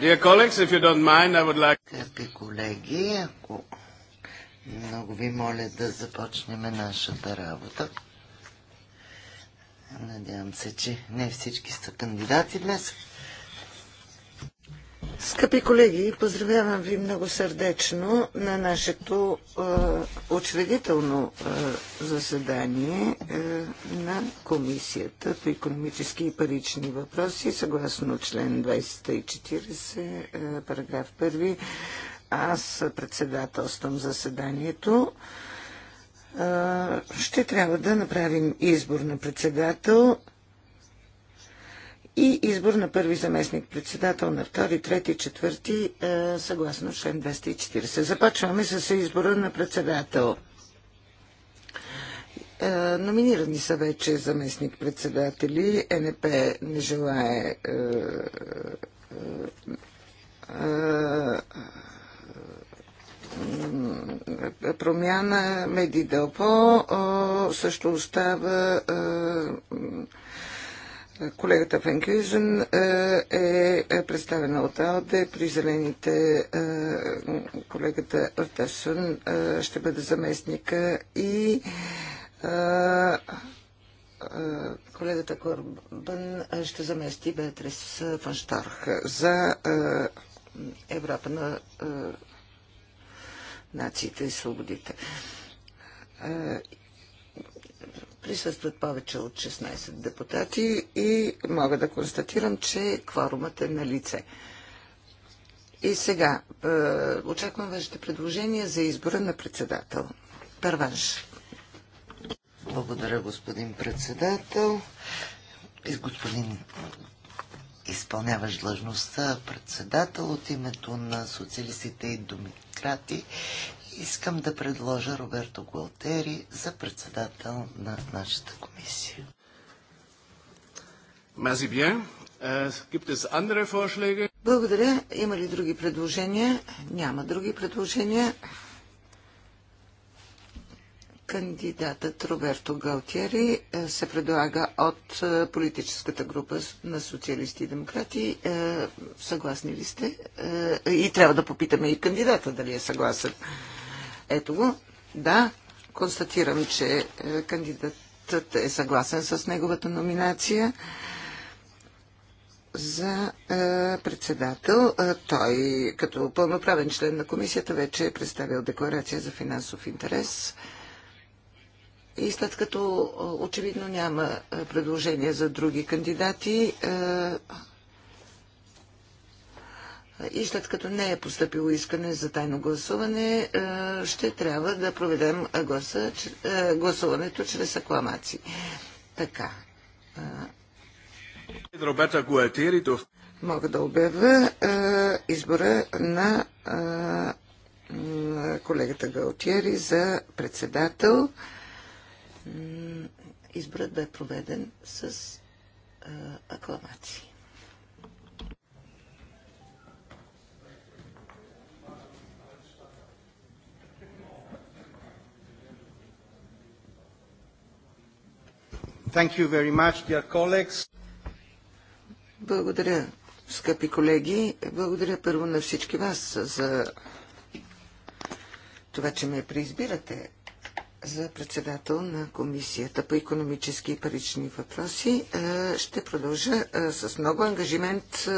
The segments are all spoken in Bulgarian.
Dear colleagues, if you don't mind, I would like... Скъпи колеги, ако много ви моля да започнем нашата работа. Надявам се, че не всички са кандидати днес. Скъпи колеги, поздравявам ви много сърдечно на нашето е, учредително е, заседание е, на Комисията по економически и парични въпроси, съгласно член 240, е, параграф 1. Аз председателствам заседанието. Е, ще трябва да направим избор на председател и избор на първи заместник председател на втори, трети, четвърти, е, съгласно член 240. Започваме с избора на председател. Е, номинирани са вече заместник председатели. Е НП не желае промяна Меди Дълпо също остава Колегата Фенкюизен е, е, е представена от АОД При зелените е, колегата Артешен ще бъде заместника и колегата Корбан ще замести Беатрис Фанштарх за Европа на нациите и свободите Присъстват повече от 16 депутати и мога да констатирам, че кворумът е на лице. И сега е, очаквам вашите предложения за избора на председател. Първанш. Благодаря, господин председател. И господин изпълняваш длъжността председател от името на социалистите и демократи. Искам да предложа Роберто Гуалтери за председател на нашата комисия. Merci bien. Е, Благодаря. Има ли други предложения? Няма други предложения. Кандидатът Роберто Галтиери е, се предлага от е, политическата група на социалисти и демократи. Съгласни ли сте? И трябва да попитаме и кандидата дали е съгласен. Ето го. Да, констатирам, че е, кандидатът е съгласен с неговата номинация за е, председател. Е, той, като пълноправен член на комисията, вече е представил декларация за финансов интерес. И след като очевидно няма предложения за други кандидати, и след като не е поступило искане за тайно гласуване, е, ще трябва да проведем гласа, е, гласуването чрез акламации. Така. Е, мога да обявя избора на колегата Галтиери за председател. Изборът бе проведен с акламации. Thank you very much, dear colleagues. Благодаря, скъпи колеги. Благодаря първо на всички вас за това, че ме преизбирате за председател на Комисията по економически и парични въпроси. Е, ще продължа е, с много ангажимент е,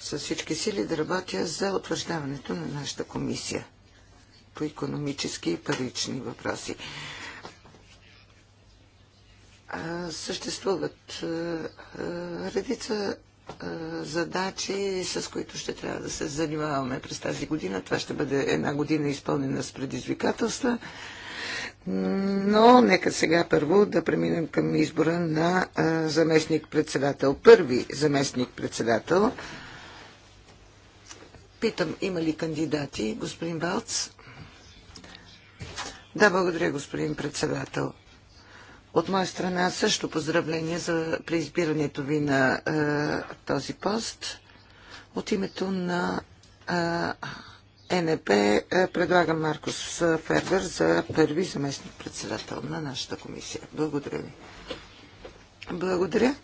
с всички сили да работя за утвърждаването на нашата комисия по економически и парични въпроси съществуват редица задачи, с които ще трябва да се занимаваме през тази година. Това ще бъде една година изпълнена с предизвикателства. Но нека сега първо да преминем към избора на заместник-председател. Първи заместник-председател. Питам, има ли кандидати, господин Балц? Да, благодаря, господин председател. От моя страна също поздравление за преизбирането ви на е, този пост. От името на е, НП е, предлагам Маркус Фербер за първи заместник председател на нашата комисия. Благодаря ви. Благодаря.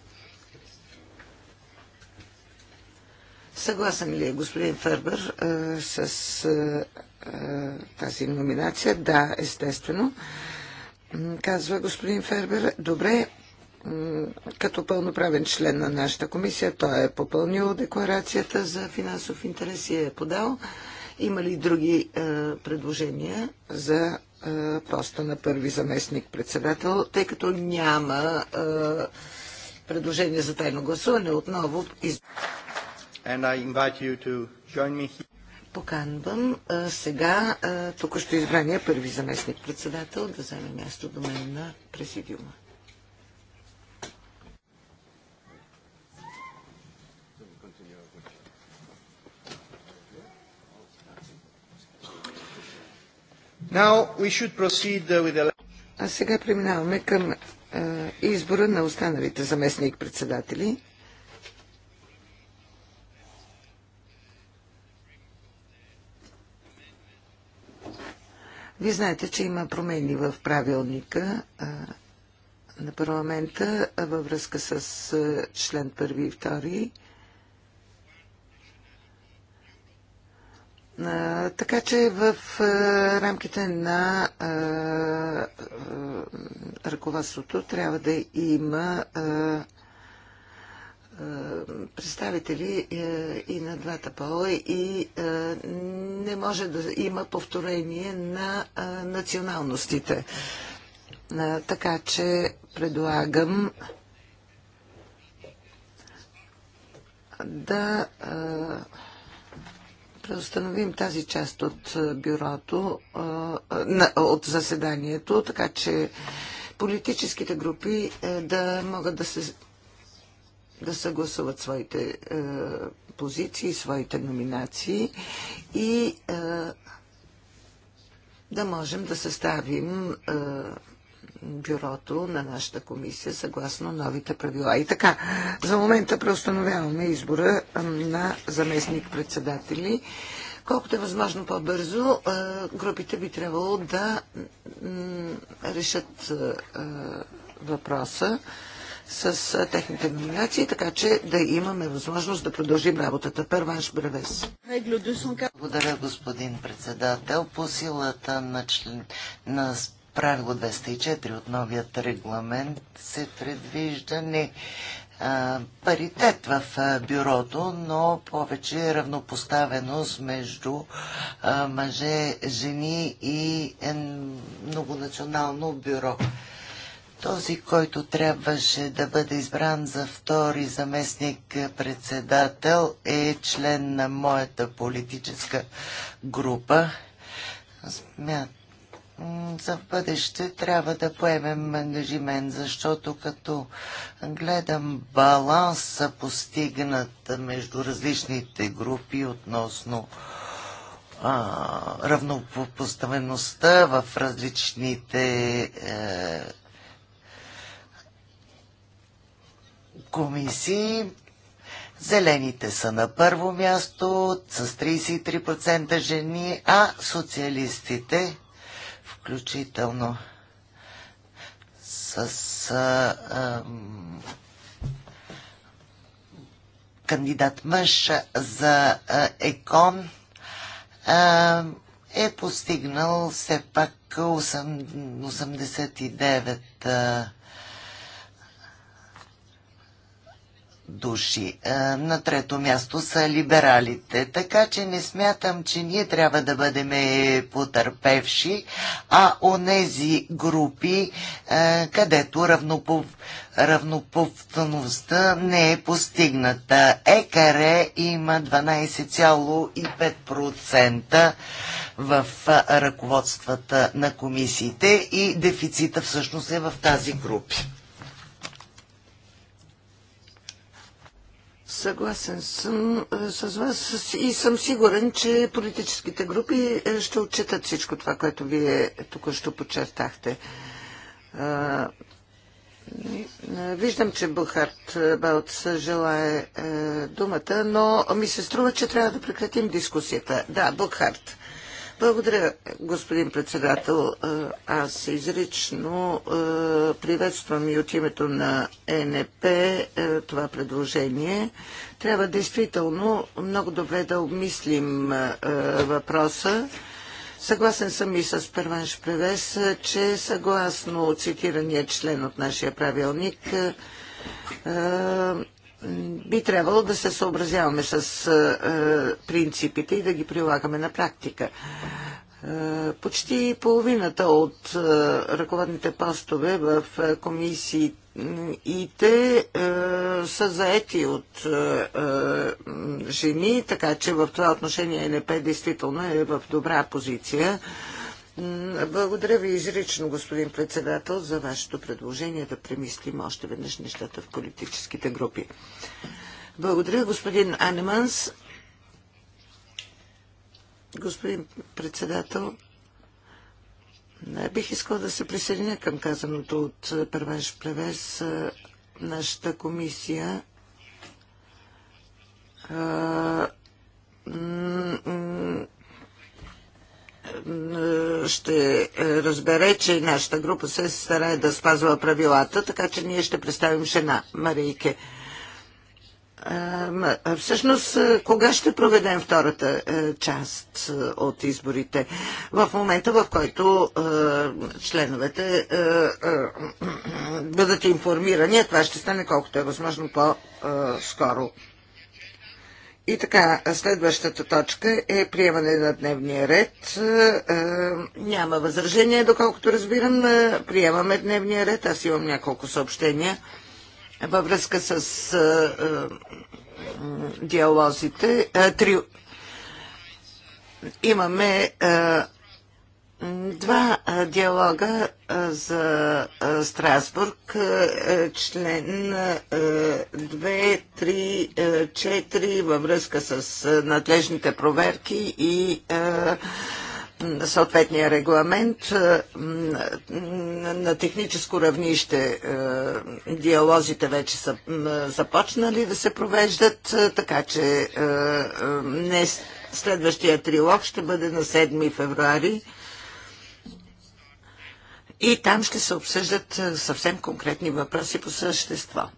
Съгласен ли е господин Фербер е, с е, е тази номинация? Да, естествено казва господин Фербер. Добре, като пълноправен член на нашата комисия, той е попълнил декларацията за финансов интерес и е подал. Има ли други е, предложения за е, поста на първи заместник председател, тъй като няма е, предложение за тайно гласуване отново? Из... And I поканвам а, сега тук ще избрания първи заместник председател да вземе място до мен на президиума. Now we should proceed uh, with the... А сега преминаваме към а, избора на останалите заместник председатели. Вие знаете, че има промени в правилника на парламента във връзка с член 1 и 2. така че в рамките на ръководството трябва да има представители е, и на двата пола и е, не може да има повторение на е, националностите. Така че предлагам да преустановим тази част от бюрото, от заседанието, така че политическите групи да могат да се да съгласуват своите е, позиции, своите номинации и е, да можем да съставим е, бюрото на нашата комисия съгласно новите правила. И така, за момента преустановяваме избора на заместник-председатели. Колкото е възможно по-бързо, е, групите би трябвало да решат е, е, въпроса с техните номинации, така че да имаме възможност да продължим работата. Първанш Бревес. Благодаря, господин председател. По силата на, член, на правило 204 от новият регламент се предвижда не паритет в бюрото, но повече равнопоставеност между мъже, жени и многонационално бюро. Този, който трябваше да бъде избран за втори заместник председател е член на моята политическа група. за бъдеще трябва да поемем ангажимент, защото като гледам баланса постигнат между различните групи относно равнопоставеността в различните е, комисии. Зелените са на първо място с 33% жени, а социалистите, включително с а, а, кандидат мъж за а, ЕКОН, а, е постигнал все пак 89%. души. На трето място са либералите, така че не смятам, че ние трябва да бъдем потърпевши, а онези групи, където равнопов... равноповтаността не е постигната. ЕКАРЕ има 12,5% в ръководствата на комисиите и дефицита всъщност е в тази групи. Съгласен съм е, с вас и съм сигурен, че политическите групи е, ще отчитат всичко това, което вие тук що подчертахте. Е, виждам, че Бухарт Балц желае думата, но ми се струва, че трябва да прекратим дискусията. Да, Бухарт. Благодаря, господин председател. Аз изрично приветствам и от името на ЕНП това предложение. Трябва действително много добре да обмислим въпроса. Съгласен съм и с първен Превес, че съгласно цитирания член от нашия правилник би трябвало да се съобразяваме с е, е, принципите и да ги прилагаме на практика. Е, почти половината от ръководните постове в комисиите е, са заети от е, жени, така че в това отношение НП действително е в добра позиция благодаря ви изрично, господин председател, за вашето предложение да премислим още веднъж нещата в политическите групи. Благодаря, господин Анеманс. Господин председател, не бих искал да се присъединя към казаното от Първенш Плевес. Нашата комисия ще разбере, че нашата група се старае да спазва правилата, така че ние ще представим жена Марийке. Всъщност, кога ще проведем втората част от изборите? В момента, в който членовете бъдат информирани, а това ще стане колкото е възможно по-скоро. И така, следващата точка е приемане на дневния ред. Е, е, няма възражение, доколкото разбирам. Е, приемаме дневния ред. Аз имам няколко съобщения във връзка с диалозите. Три... Имаме Два диалога за Страсбург, е, член 2, 3, 4 във връзка с надлежните проверки и съответния регламент на техническо равнище диалозите вече са започнали да се провеждат, така че не следващия трилог ще бъде на 7 февруари и там ще се обсъждат е, съвсем конкретни въпроси по същество.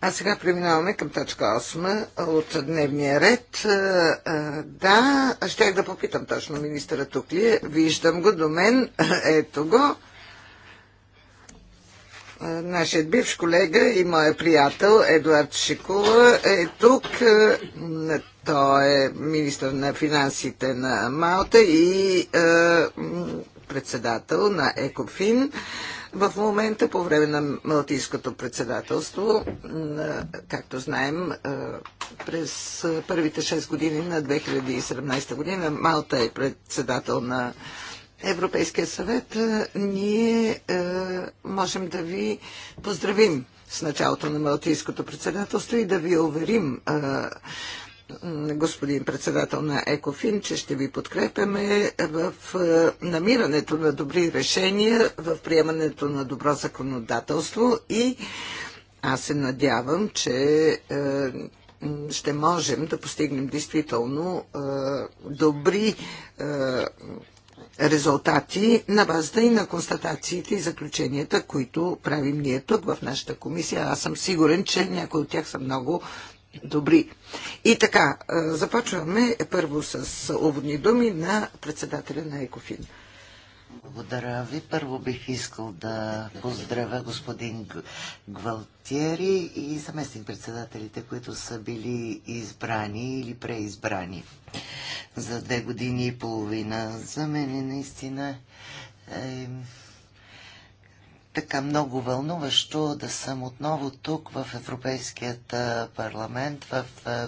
А сега преминаваме към точка 8 от дневния ред. Е, е, да, щях да попитам точно министъра тук ли е. Виждам го до мен. Ето го. Нашият бивш колега и моя приятел Едуард Шикова е тук. Той е министър на финансите на Малта и председател на ЕКОФИН. В момента, по време на Малтийското председателство, както знаем, през първите 6 години на 2017 година Малта е председател на Европейския съвет. Ние можем да ви поздравим с началото на Малтийското председателство и да ви уверим господин председател на ЕКОФИН, че ще ви подкрепяме в е, намирането на добри решения, в приемането на добро законодателство и аз се надявам, че е, ще можем да постигнем действително е, добри резултати на базата и на констатациите и заключенията, които правим ние тук в нашата комисия. Аз съм сигурен, че някои от тях са много добри. И така, започваме първо с уводни думи на председателя на Екофин. Благодаря ви. Първо бих искал да поздравя господин Гвалтиери и заместник председателите, които са били избрани или преизбрани за две години и половина. За мен е наистина е, така много вълнуващо да съм отново тук в Европейският парламент, в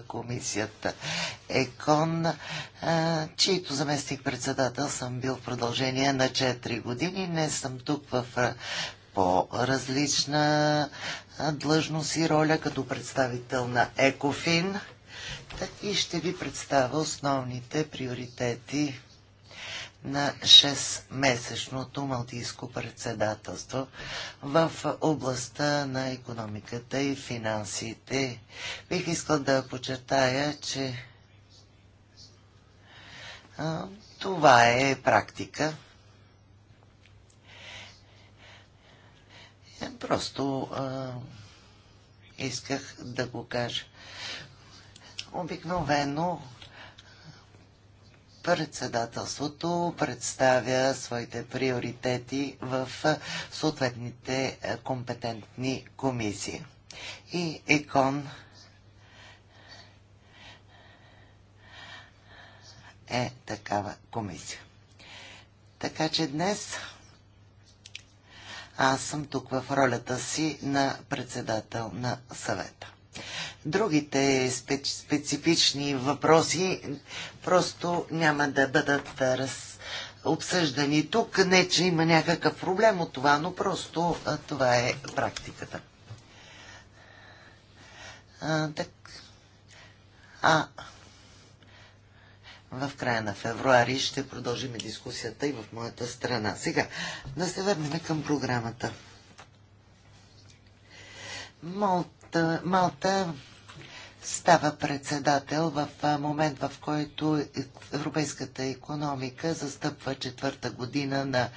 комисията ЕКОН, чието заместник председател съм бил в продължение на 4 години. Не съм тук в по-различна длъжност и роля като представител на ЕКОФИН и ще ви представя основните приоритети на 6-месечното малтийско председателство в областта на економиката и финансите. Бих искал да подчертая, че а, това е практика. Просто а, исках да го кажа. Обикновено председателството представя своите приоритети в съответните компетентни комисии. И ЕКОН е такава комисия. Така че днес аз съм тук в ролята си на председател на съвета другите специфични въпроси просто няма да бъдат раз, обсъждани тук. Не, че има някакъв проблем от това, но просто а, това е практиката. А, так. а в края на февруари ще продължим дискусията и в моята страна. Сега, да се върнем към програмата. Малта, Малта става председател в момент, в който е, европейската економика застъпва четвърта година на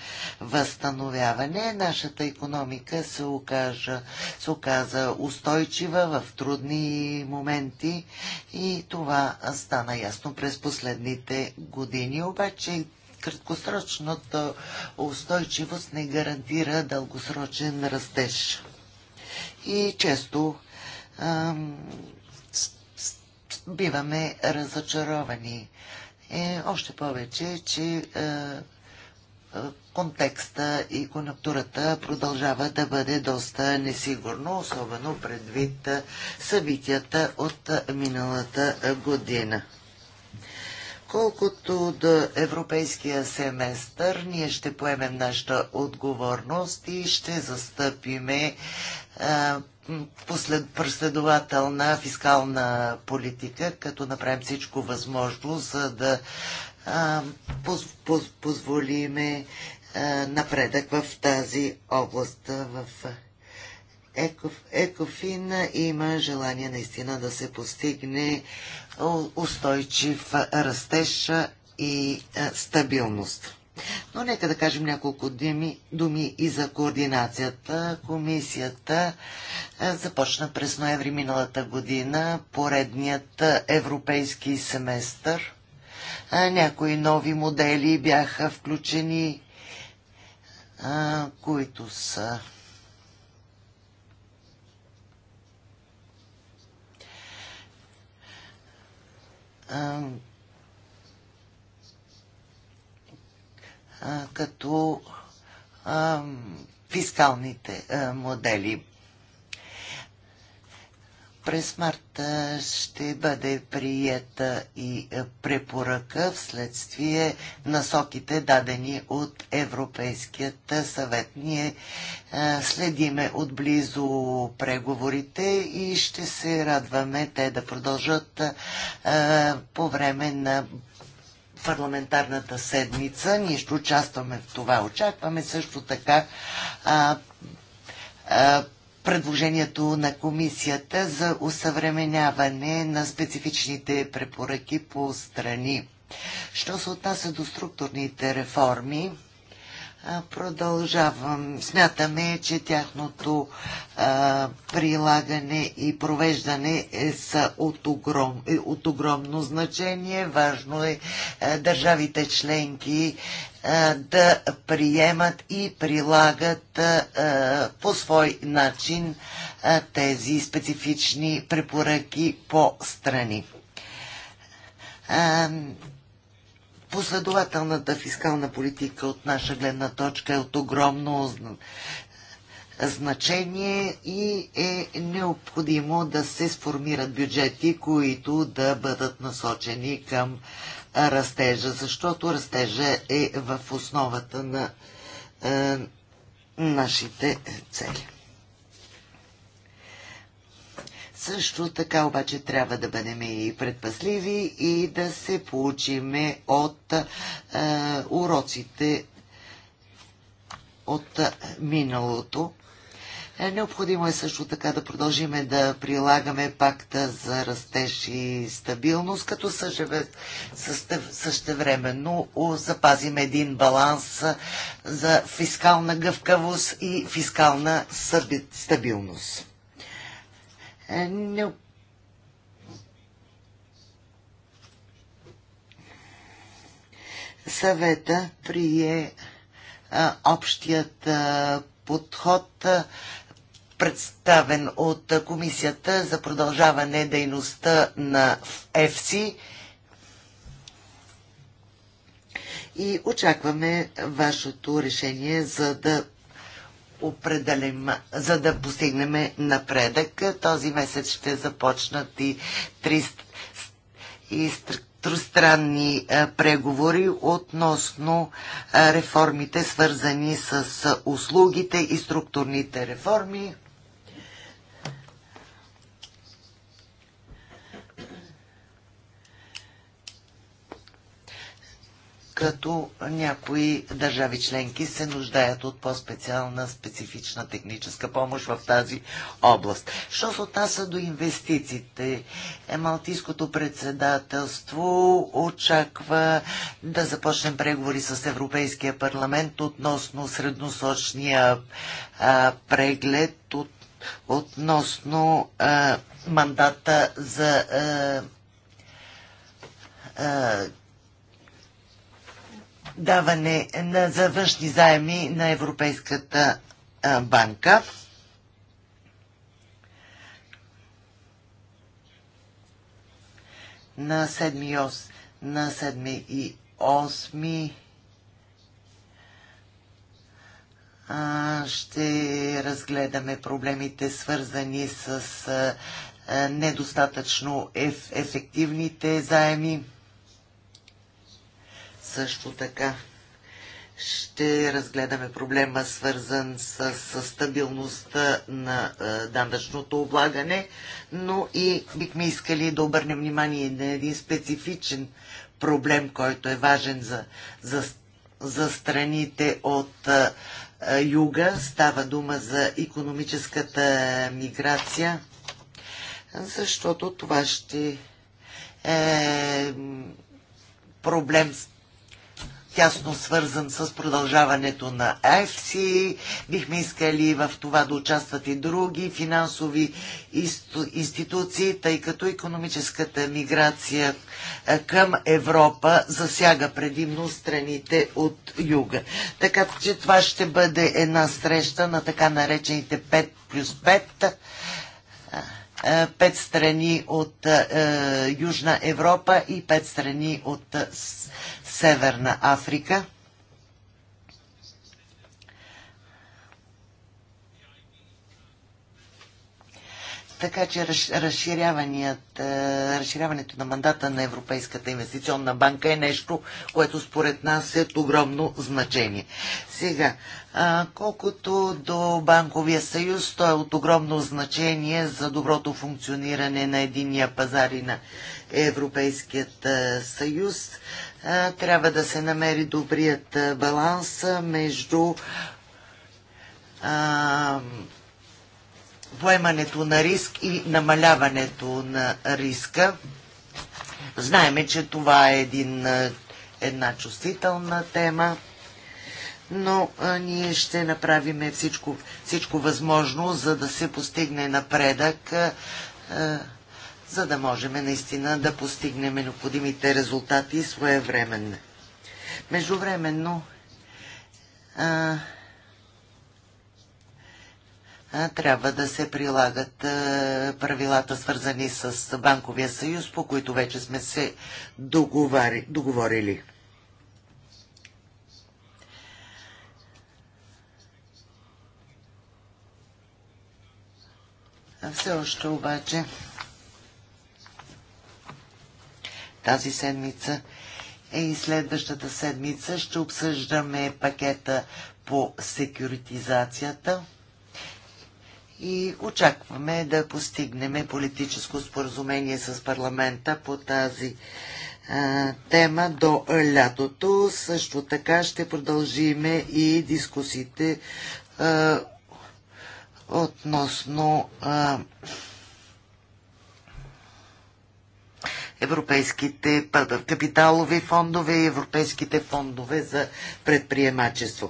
възстановяване. Нашата економика се, окажа, се оказа устойчива в трудни моменти и това стана ясно през последните години. Обаче краткосрочната устойчивост не гарантира дългосрочен растеж. И често биваме разочаровани. Е, още повече, че е, е контекста и конъктурата продължава да бъде доста несигурно, особено предвид е, събитията от е, миналата година. Колкото до европейския семестър, ние ще поемем нашата отговорност и ще застъпиме преследователна фискална политика, като направим всичко възможно, за да поз, поз, позволиме напредък в тази област. В Еков, Екофин има желание наистина да се постигне устойчив растеж и стабилност. Но нека да кажем няколко думи, думи и за координацията. Комисията започна през ноември миналата година поредният европейски семестър. Някои нови модели бяха включени, които са а, като а, фискалните а, модели. През март ще бъде приета и препоръка вследствие насоките дадени от Европейският съвет. Ние следиме отблизо преговорите и ще се радваме те да продължат по време на парламентарната седмица. Ние ще участваме в това. Очакваме също така а, а, предложението на комисията за усъвременяване на специфичните препоръки по страни. Що се отнася до структурните реформи, продължавам. Смятаме, че тяхното а, прилагане и провеждане е, са от, огром, е, от огромно значение. Важно е а, държавите членки а, да приемат и прилагат а, по свой начин а, тези специфични препоръки по страни последователната фискална политика от наша гледна точка е от огромно значение и е необходимо да се сформират бюджети, които да бъдат насочени към растежа, защото растежа е в основата на е, нашите цели. Също така обаче трябва да бъдем и предпасливи и да се получиме от е, уроците от е, миналото. Е, необходимо е също така да продължиме да прилагаме пакта за растеж и стабилност, като същевременно запазим един баланс за фискална гъвкавост и фискална стабилност. Е, не... Съвета прие а, общият а, подход, а, представен от Комисията за продължаване дейността на ЕФСИ и очакваме вашето решение, за да определим, за да постигнем напредък. Този месец ще започнат и, три, и тространни е, преговори относно е, реформите, свързани с е, услугите и структурните реформи. като някои държави членки се нуждаят от по-специална специфична техническа помощ в тази област. Що се отнася до инвестициите, е, Малтийското председателство очаква да започнем преговори с Европейския парламент относно средносочния а, преглед от, относно а, мандата за а, даване на, завършни заеми на Европейската банка. На 7 и 8, на 7 и 8 ще разгледаме проблемите свързани с недостатъчно еф, ефективните заеми. Също така ще разгледаме проблема свързан с, с стабилността на е, данъчното облагане, но и бихме искали да обърнем внимание на един специфичен проблем, който е важен за, за, за страните от е, е юга. Става дума за економическата миграция, защото това ще е проблем с тясно свързан с продължаването на ЕФСИ. Бихме искали в това да участват и други финансови институции, тъй като економическата миграция към Европа засяга предимно страните от юга. Така че това ще бъде една среща на така наречените 5 плюс 5 пет страни от е, Южна Европа и пет страни от Северна Африка Така че е, разширяването на мандата на Европейската инвестиционна банка е нещо, което според нас е от огромно значение. Сега, колкото до Банковия съюз, той е от огромно значение за доброто функциониране на единия пазар и на Европейският е, съюз. Е, трябва да се намери добрият баланс между поемането на риск и намаляването на риска. Знаеме, че това е един, една чувствителна тема, но а, ние ще направим всичко, всичко възможно, за да се постигне напредък, а, а, за да можем наистина да постигнем необходимите резултати своевременно. Междувременно, а, трябва да се прилагат правилата, свързани с Банковия съюз, по които вече сме се договорили. Все още обаче тази седмица е и следващата седмица ще обсъждаме пакета по секюритизацията – и очакваме да постигнем политическо споразумение с парламента по тази а, тема до лятото. Също така ще продължиме и дискусиите а, относно а, европейските капиталови фондове и европейските фондове за предприемачество.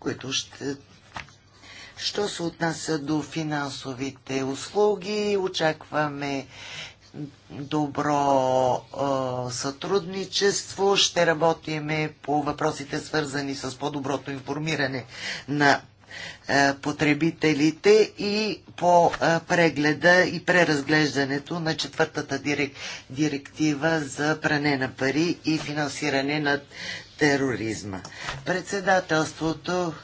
които ще Що се отнася до финансовите услуги, очакваме добро е, сътрудничество. Ще работиме по въпросите свързани с по-доброто информиране на е, потребителите и по е, прегледа и преразглеждането на четвъртата директ, директива за пране на пари и финансиране на тероризма. Председателството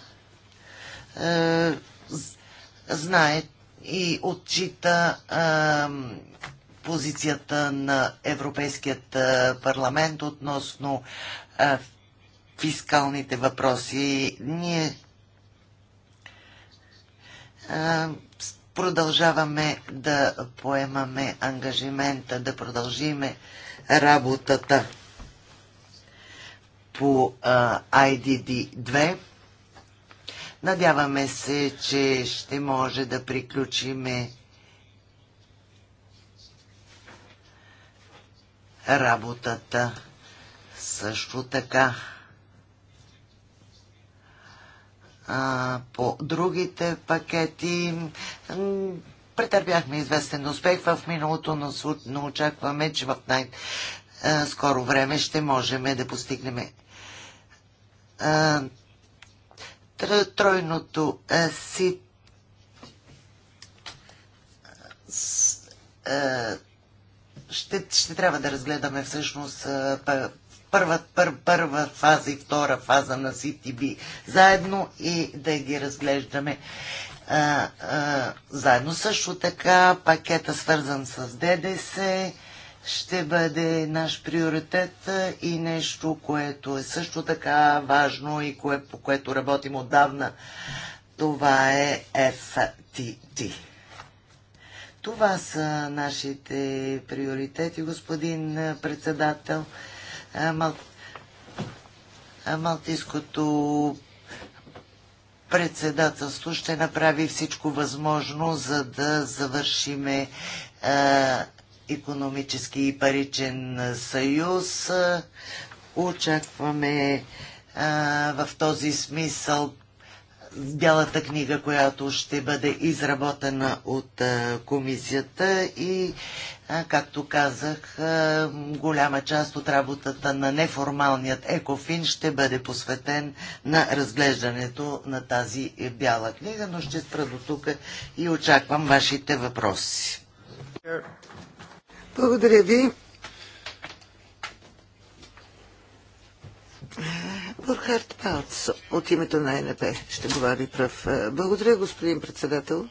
е, знае и отчита е, позицията на Европейският е, парламент относно е, фискалните въпроси. Ние е, продължаваме да поемаме ангажимента, да продължиме работата по IDD-2. Надяваме се, че ще може да приключиме работата също така. А, по другите пакети претърпяхме известен успех в миналото, но, но очакваме, че в най- скоро време ще можем да постигнем тройното си ще, ще трябва да разгледаме всъщност първа, пър, първа фаза и втора фаза на CTB заедно и да ги разглеждаме а, а, заедно. Също така пакета свързан с ДДС, ще бъде наш приоритет и нещо, което е също така важно и кое, по което работим отдавна. Това е FTT. Това са нашите приоритети, господин председател. Мал... Малтийското председателство ще направи всичко възможно, за да завършиме економически и паричен съюз. Очакваме а, в този смисъл бялата книга, която ще бъде изработена от а, комисията и, а, както казах, а, голяма част от работата на неформалният екофин ще бъде посветен на разглеждането на тази бяла книга, но ще спра до тук и очаквам вашите въпроси. Е, благодаря ви. Бурхард Палц от името на НП ще говори прав. Благодаря, господин председател.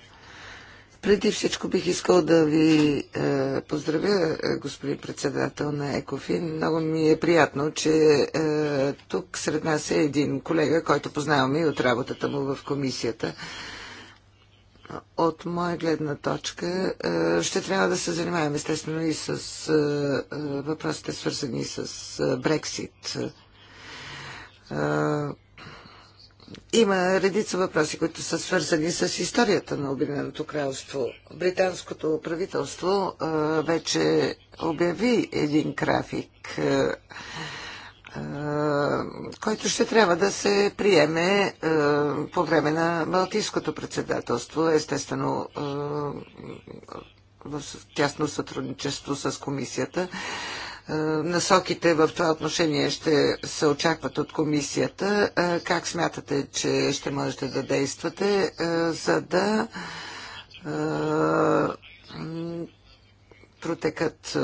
Преди всичко бих искал да ви е, поздравя, е, господин председател на Екофин. Много ми е приятно, че е, тук сред нас е един колега, който познаваме и от работата му в комисията от моя гледна точка е, ще трябва да се занимаваме естествено и с е, е, въпросите свързани с Брексит. Има редица въпроси, които са свързани с историята на Обединеното кралство. Британското правителство вече обяви един график който ще трябва да се приеме по време на Балтийското председателство, естествено в тясно сътрудничество с комисията. Насоките в това отношение ще се очакват от комисията. Как смятате, че ще можете да действате, за да протекат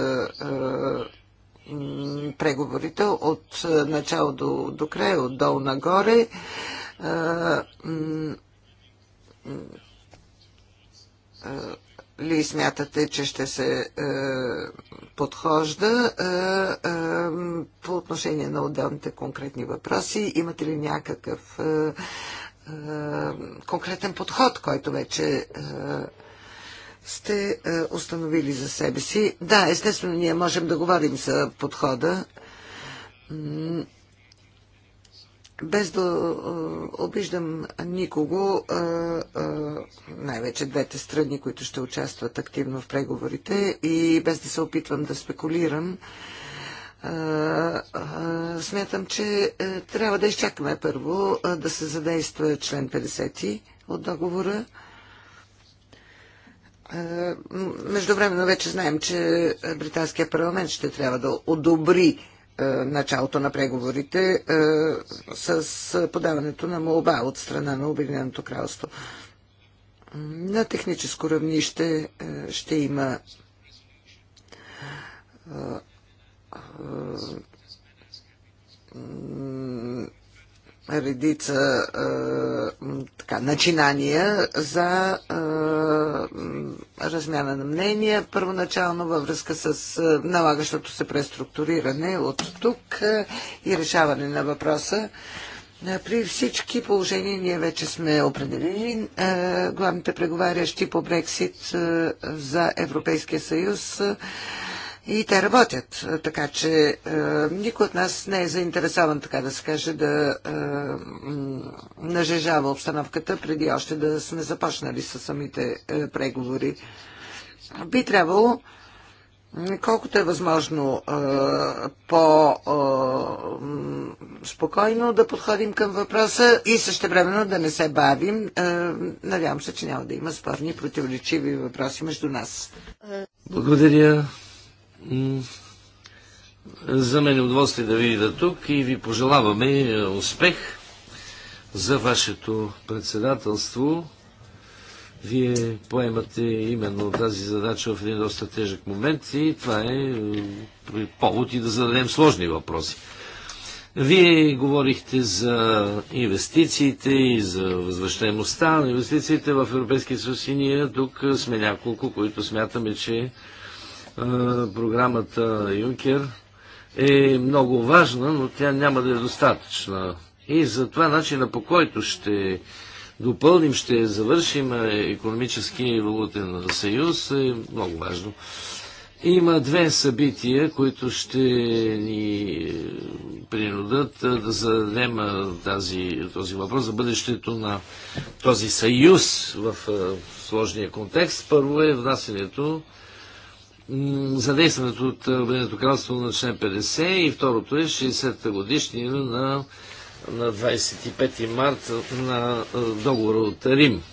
преговорите от е, начало до, до края, отдолу нагоре. Е, е, ли смятате, че ще се е, подхожда е, е, по отношение на отделните конкретни въпроси? Имате ли някакъв е, е, конкретен подход, който вече е, сте е, установили за себе си. Да, естествено, ние можем да говорим за подхода, без да е, обиждам никого, е, най-вече двете страни, които ще участват активно в преговорите и без да се опитвам да спекулирам, смятам, че трябва да изчакаме първо да се задейства член 50 от договора. Е, междувременно вече знаем, че британския парламент ще трябва да одобри е, началото на преговорите е, с подаването на молба от страна на Обединеното кралство. На техническо равнище ще има редица а, така, начинания за а, размяна на мнения, първоначално във връзка с налагащото се преструктуриране от тук а, и решаване на въпроса. При всички положения ние вече сме определили а, главните преговарящи по Брексит а, за Европейския съюз. А, и те работят, така че е, никой от нас не е заинтересован, така да се каже, да е, нажежава обстановката преди още да сме започнали с самите е, преговори. Би трябвало, колкото е възможно е, по-спокойно е, да подходим към въпроса и същевременно да не се бавим. Е, надявам се, че няма да има спорни противоречиви въпроси между нас. Благодаря. За мен е удоволствие да ви видя тук и ви пожелаваме е, успех за вашето председателство. Вие поемате именно тази задача в един доста тежък момент и това е, е повод и да зададем сложни въпроси. Вие говорихте за инвестициите и за възвръщаемостта на инвестициите в Европейския съюз и ние тук сме няколко, които смятаме, че програмата Юнкер е много важна, но тя няма да е достатъчна. И за това начина по който ще допълним, ще завършим е економически и валутен съюз е много важно. Има две събития, които ще ни е, принудат е, да зададем тази, този въпрос за бъдещето на този съюз в сложния контекст. Първо е внасянето задействането от е, Обединеното кралство на член 50 и второто е 60-та годишнина на, на 25 март на е, договора от Рим.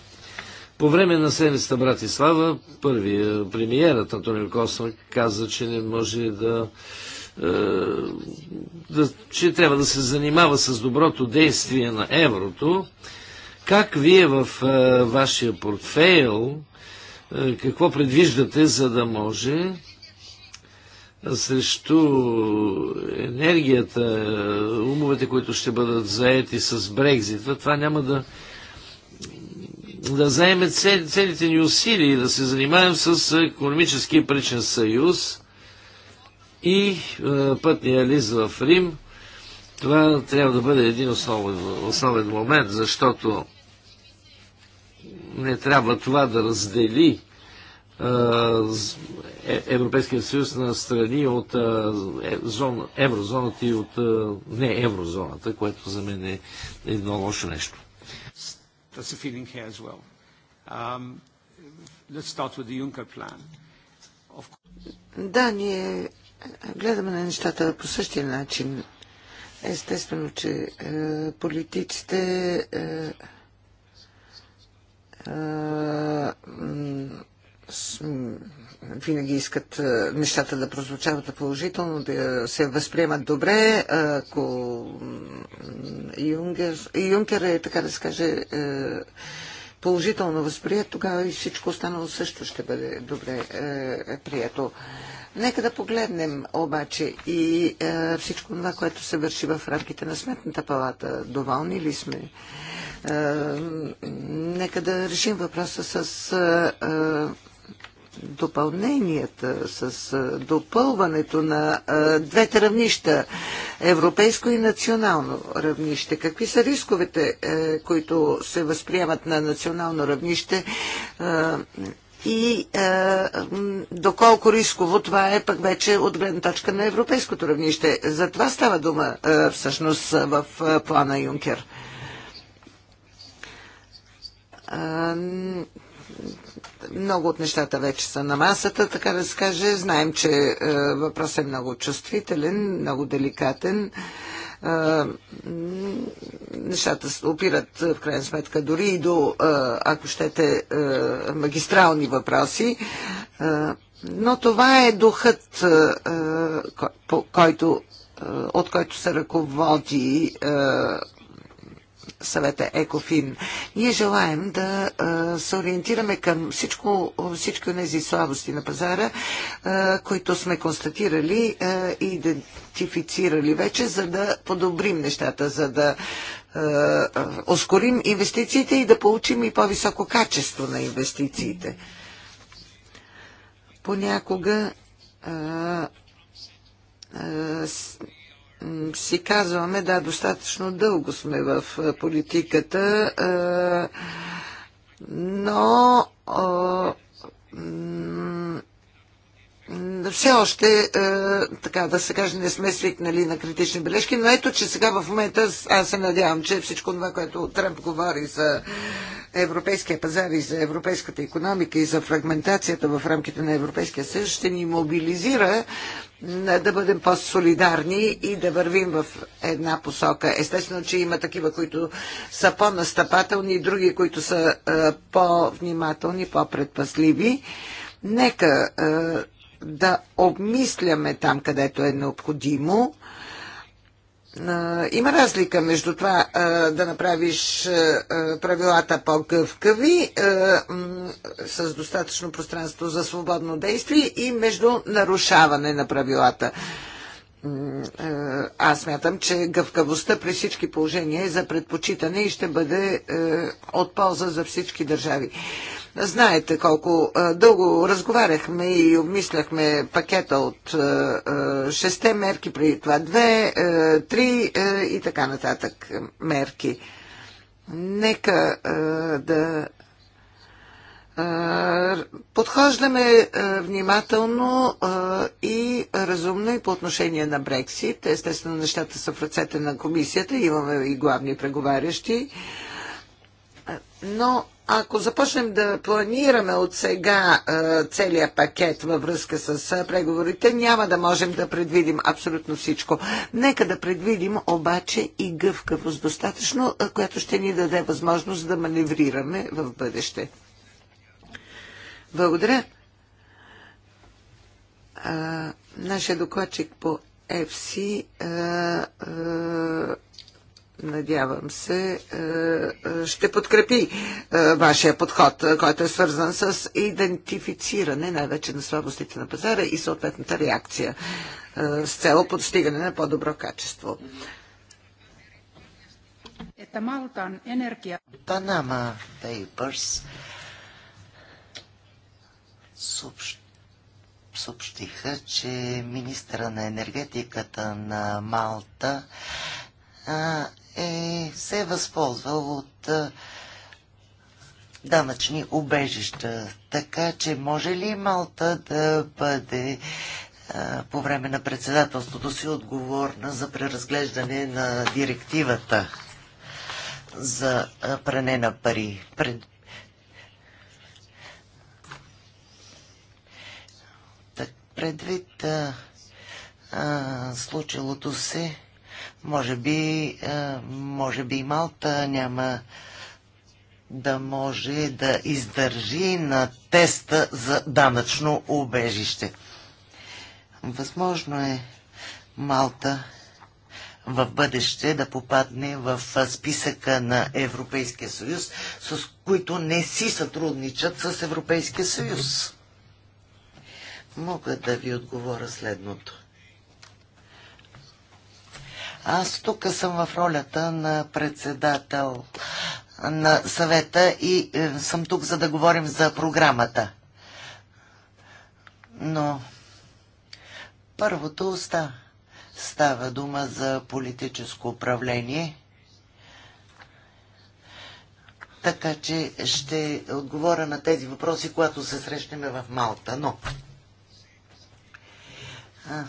По време на седмицата Братислава, първият премиерът Антонио Косма каза, че не може да, е, да че трябва да се занимава с доброто действие на еврото. Как вие в е, вашия портфейл е, какво предвиждате, за да може срещу енергията, умовете, които ще бъдат заети с Брекзита, това няма да да заеме цели, целите ни усилия и да се занимаем с економически причин съюз и е, пътния лист в Рим. Това трябва да бъде един основен, основен момент, защото не трябва това да раздели е, Европейския съюз на страни от е, еврозоната и от не еврозоната, което за мен е едно лошо нещо. That's a feeling here as well. Um, let's start with the Juncker plan. Of... Да, ние гледаме на нещата по същия начин. Естествено, че е, политиците е, винаги искат нещата да прозвучават положително, да се възприемат добре. Ако Юнгер, Юнкер е, така да се каже, положително възприят, тогава и всичко останало също ще бъде добре е, прието. Нека да погледнем обаче и е, всичко това, което се върши в рамките на Сметната палата. Доволни ли сме? Е, нека да решим въпроса с е, е, допълненията, с допълването на двете равнища, европейско и национално равнище. Какви са рисковете, които се възприемат на национално равнище и доколко рисково това е пък вече от гледна точка на европейското равнище. За това става дума всъщност в плана Юнкер много от нещата вече са на масата, така да се каже. Знаем, че е, въпросът е много чувствителен, много деликатен. Нещата опират в крайна сметка дори и до, е, ако щете, е, магистрални въпроси. Но това е духът, който, от който се ръководи съвета ЕКОФИН. Ние желаем да се ориентираме към всичко, всички от тези слабости на пазара, които сме констатирали и идентифицирали вече, за да подобрим нещата, за да ускорим инвестициите и да получим и по-високо качество на инвестициите. Понякога си казваме, да, достатъчно дълго сме в политиката, но все още, е, така да се каже, не сме свикнали на критични бележки, но ето, че сега в момента аз се надявам, че всичко това, което Тръмп говори за европейския пазар и за европейската економика и за фрагментацията в рамките на Европейския съюз, ще ни мобилизира да бъдем по-солидарни и да вървим в една посока. Естествено, че има такива, които са по-настъпателни, други, които са е, по-внимателни, по-предпасливи. Нека е, да обмисляме там, където е необходимо. Има разлика между това да направиш правилата по-гъвкави с достатъчно пространство за свободно действие и между нарушаване на правилата. Аз смятам, че гъвкавостта при всички положения е за предпочитане и ще бъде от полза за всички държави. Знаете колко дълго разговаряхме и обмисляхме пакета от шесте мерки, преди това две, три и така нататък мерки. Нека да подхождаме внимателно и разумно и по отношение на Брексит. Естествено, нещата са в ръцете на комисията, имаме и главни преговарящи. Но ако започнем да планираме от сега целият пакет във връзка с преговорите, няма да можем да предвидим абсолютно всичко. Нека да предвидим обаче и гъвкавост достатъчно, която ще ни даде възможност да маневрираме в бъдеще. Благодаря. нашия докладчик по FC а, а, надявам се, е, е, ще подкрепи е, вашия подход, който е свързан с идентифициране най-вече на слабостите на пазара и съответната реакция с цел подстигане на по-добро качество. Панама Papers съобщиха, че министра на енергетиката на Малта е, се е възползвал от а, е, данъчни убежища. Така че може ли Малта да бъде а, е, по време на председателството си отговорна за преразглеждане на директивата за е, пране на пари? Пред... Так, предвид а, а, случилото се може би, е, може би и Малта няма да може да издържи на теста за данъчно убежище. Възможно е Малта в бъдеще да попадне в списъка на Европейския съюз, с които не си сътрудничат с Европейския съюз. Мога да ви отговоря следното. Аз тук съм в ролята на председател на съвета и е, съм тук за да говорим за програмата. Но първото остава. Става дума за политическо управление. Така че ще отговоря на тези въпроси, когато се срещнем в Малта. Но а,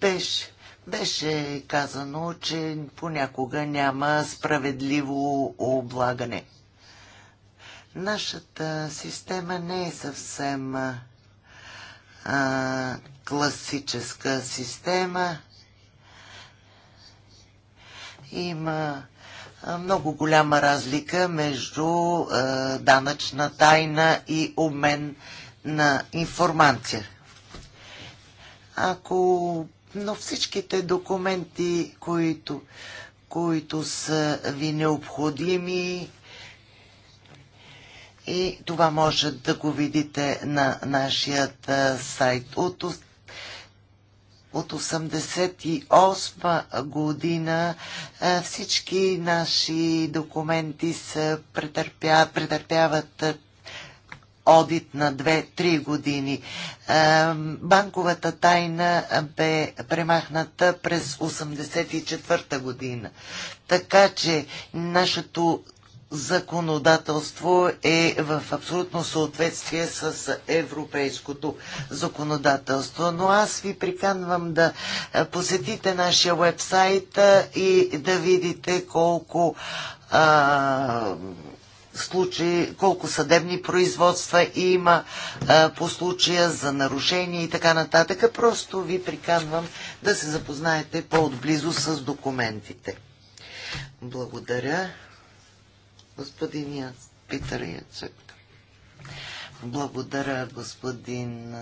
беше беше казано, че понякога няма справедливо облагане. Нашата система не е съвсем а, класическа система. Има много голяма разлика между а, данъчна тайна и обмен на информация. Ако но всичките документи, които, които са ви необходими, и това може да го видите на нашия сайт. От, от 88 година всички наши документи са претърпя, претърпяват одит на 2-3 години. Банковата тайна бе премахната през 1984 година. Така че нашето законодателство е в абсолютно съответствие с европейското законодателство. Но аз ви приканвам да е, посетите нашия вебсайт е, и да видите колко а, случаи, колко съдебни производства има а, по случая за нарушения и така нататък. Просто ви приканвам да се запознаете по-отблизо с документите. Благодаря. Господин Питър Яцек. Благодаря, господин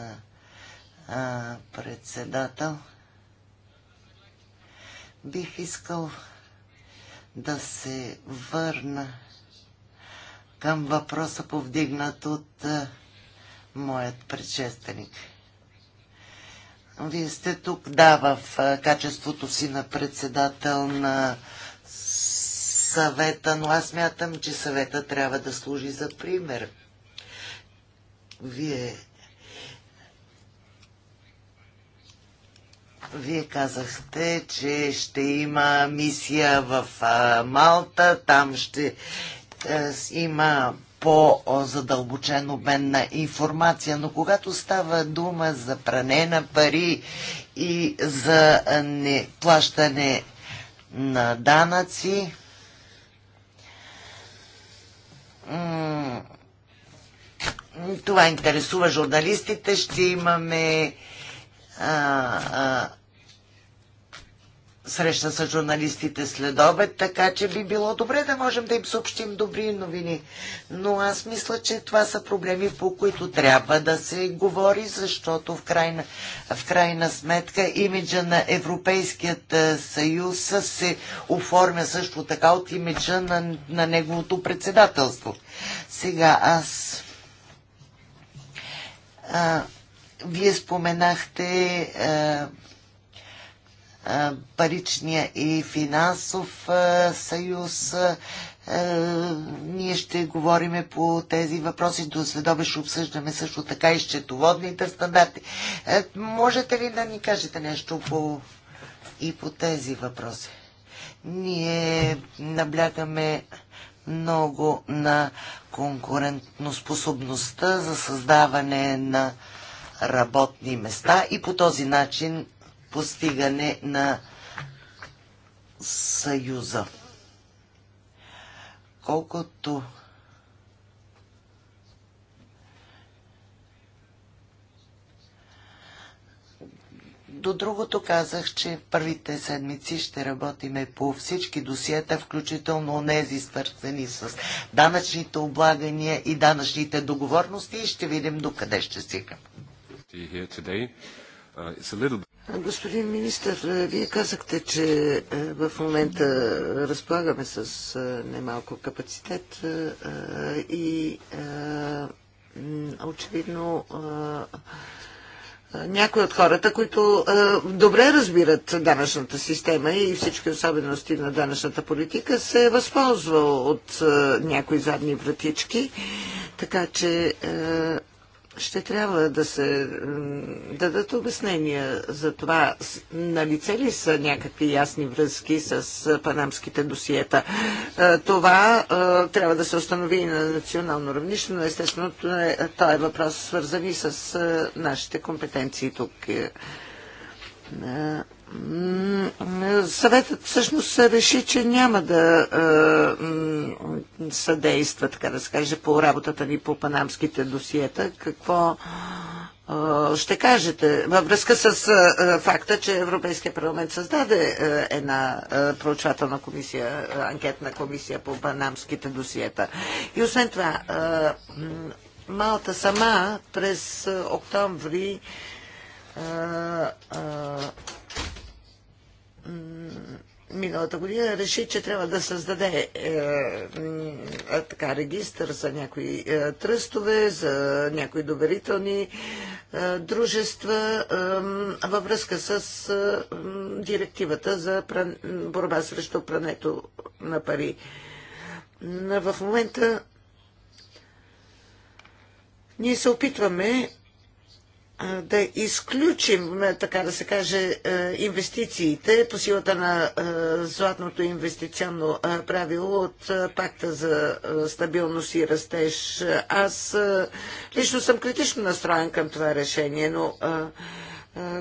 а, председател. Бих искал да се върна към въпроса повдигнат от а, моят предшественик. Вие сте тук, да, в а, качеството си на председател на съвета, но аз мятам, че съвета трябва да служи за пример. Вие Вие казахте, че ще има мисия в Малта, там ще е, има по-задълбочен обмен на информация, но когато става дума за пране на пари и за плащане на данъци, това интересува журналистите. Ще имаме а, а, среща с журналистите след обед, така че би било добре да можем да им съобщим добри новини. Но аз мисля, че това са проблеми, по които трябва да се говори, защото в крайна, в крайна сметка имиджа на Европейският е, съюз се оформя също така от имиджа на, на неговото председателство. Сега аз. А, вие споменахте. А, е, паричния и финансов съюз. Ние ще говориме по тези въпроси. До следове ще обсъждаме също така и счетоводните стандарти. Можете ли да ни кажете нещо по, и по тези въпроси? Ние наблягаме много на конкурентноспособността за създаване на работни места и по този начин постигане на съюза. Колкото До другото казах, че първите седмици ще работиме по всички досиета, включително онези свързани с данъчните облагания и данъчните договорности и ще видим докъде ще стигам. Uh, little... Господин министър, е, вие казахте, че е, в момента разполагаме с е, немалко капацитет и очевидно някои от хората, които добре разбират данъчната система и всички особености на данъчната политика, се е възползвал от някои задни вратички. Така че ще трябва да се дадат обяснения за това, на лице ли са някакви ясни връзки с панамските досиета. Това трябва да се установи и на национално равнище, но естествено това е, е въпрос свързан и с нашите компетенции тук съветът всъщност се реши, че няма да е, съдейства, така да се каже, по работата ни по панамските досиета. Какво е, ще кажете във връзка с е, е факта, че Европейския парламент създаде е, една е, проучвателна комисия, е, анкетна комисия по панамските досиета. И освен това, е, Малта сама през е, октомври е, е, миналата година реши, че трябва да създаде е, е, така, регистър за някои е, тръстове, за някои доверителни е, дружества е, във връзка с е, директивата за пран, борба срещу прането на пари. В момента ние се опитваме да изключим, е, така да се каже, е, инвестициите по силата на е, златното инвестиционно правило от пакта за стабилност и растеж. Аз лично съм критично настроен към това решение, но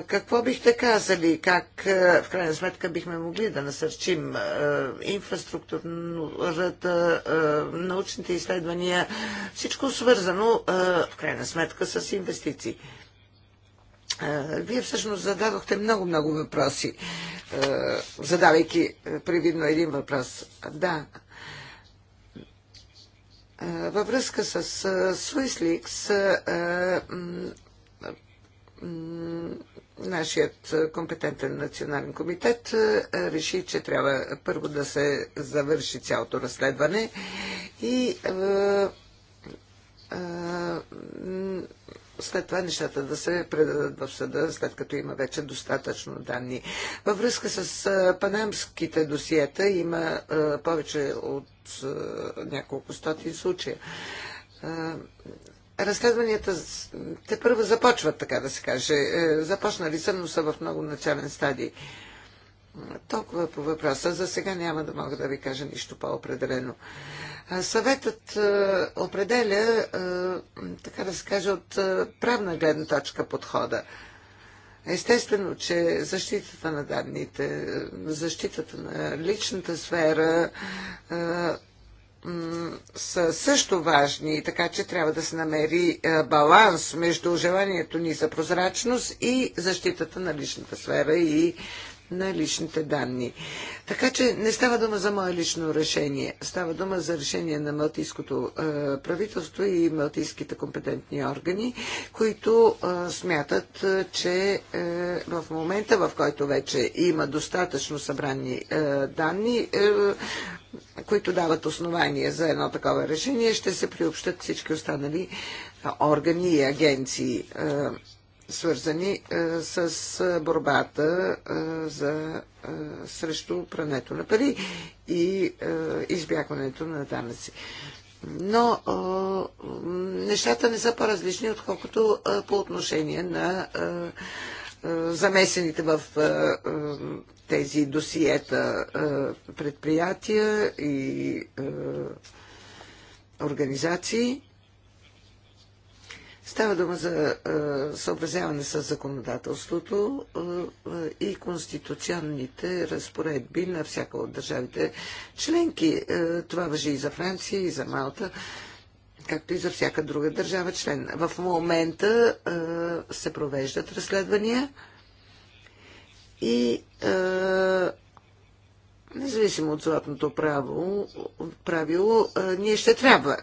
какво бихте казали, как в крайна сметка бихме могли да насърчим инфраструктурата, научните изследвания, всичко свързано в крайна сметка с инвестиции? Вие всъщност зададохте много-много въпроси, задавайки привидно един въпрос. Да. Във връзка с Суисликс, нашият компетентен национален комитет реши, че трябва първо да се завърши цялото разследване и след това нещата да се предадат в съда, след като има вече достатъчно данни. Във връзка с панамските досиета има повече от няколко стоти случая. Разследванията те първо започват, така да се каже. Е, започнали са, но са в много начален стадий. Толкова по въпроса. За сега няма да мога да ви кажа нищо по-определено. Съветът определя, така да се каже, от правна гледна точка подхода. Естествено, че защитата на данните, защитата на личната сфера са също важни, така че трябва да се намери баланс между желанието ни за прозрачност и защитата на личната сфера и на личните данни. Така че не става дума за мое лично решение. Става дума за решение на малтийското е, правителство и малтийските компетентни органи, които е, смятат, е, че е, в момента, в който вече има достатъчно събрани е, данни, е, които дават основания за едно такова решение, ще се приобщат всички останали е, органи и агенции. Е, свързани е, с е, борбата е, за, срещу прането на пари и избягването на данъци. Но нещата не са по-различни, отколкото по отношение на замесените в тези досиета предприятия и организации. Става дума за съобразяване с законодателството и конституционните разпоредби на всяка от държавите членки. Това въжи и за Франция, и за Малта, както и за всяка друга държава член. В момента се провеждат разследвания и независимо от златното право, правило, ние ще трябва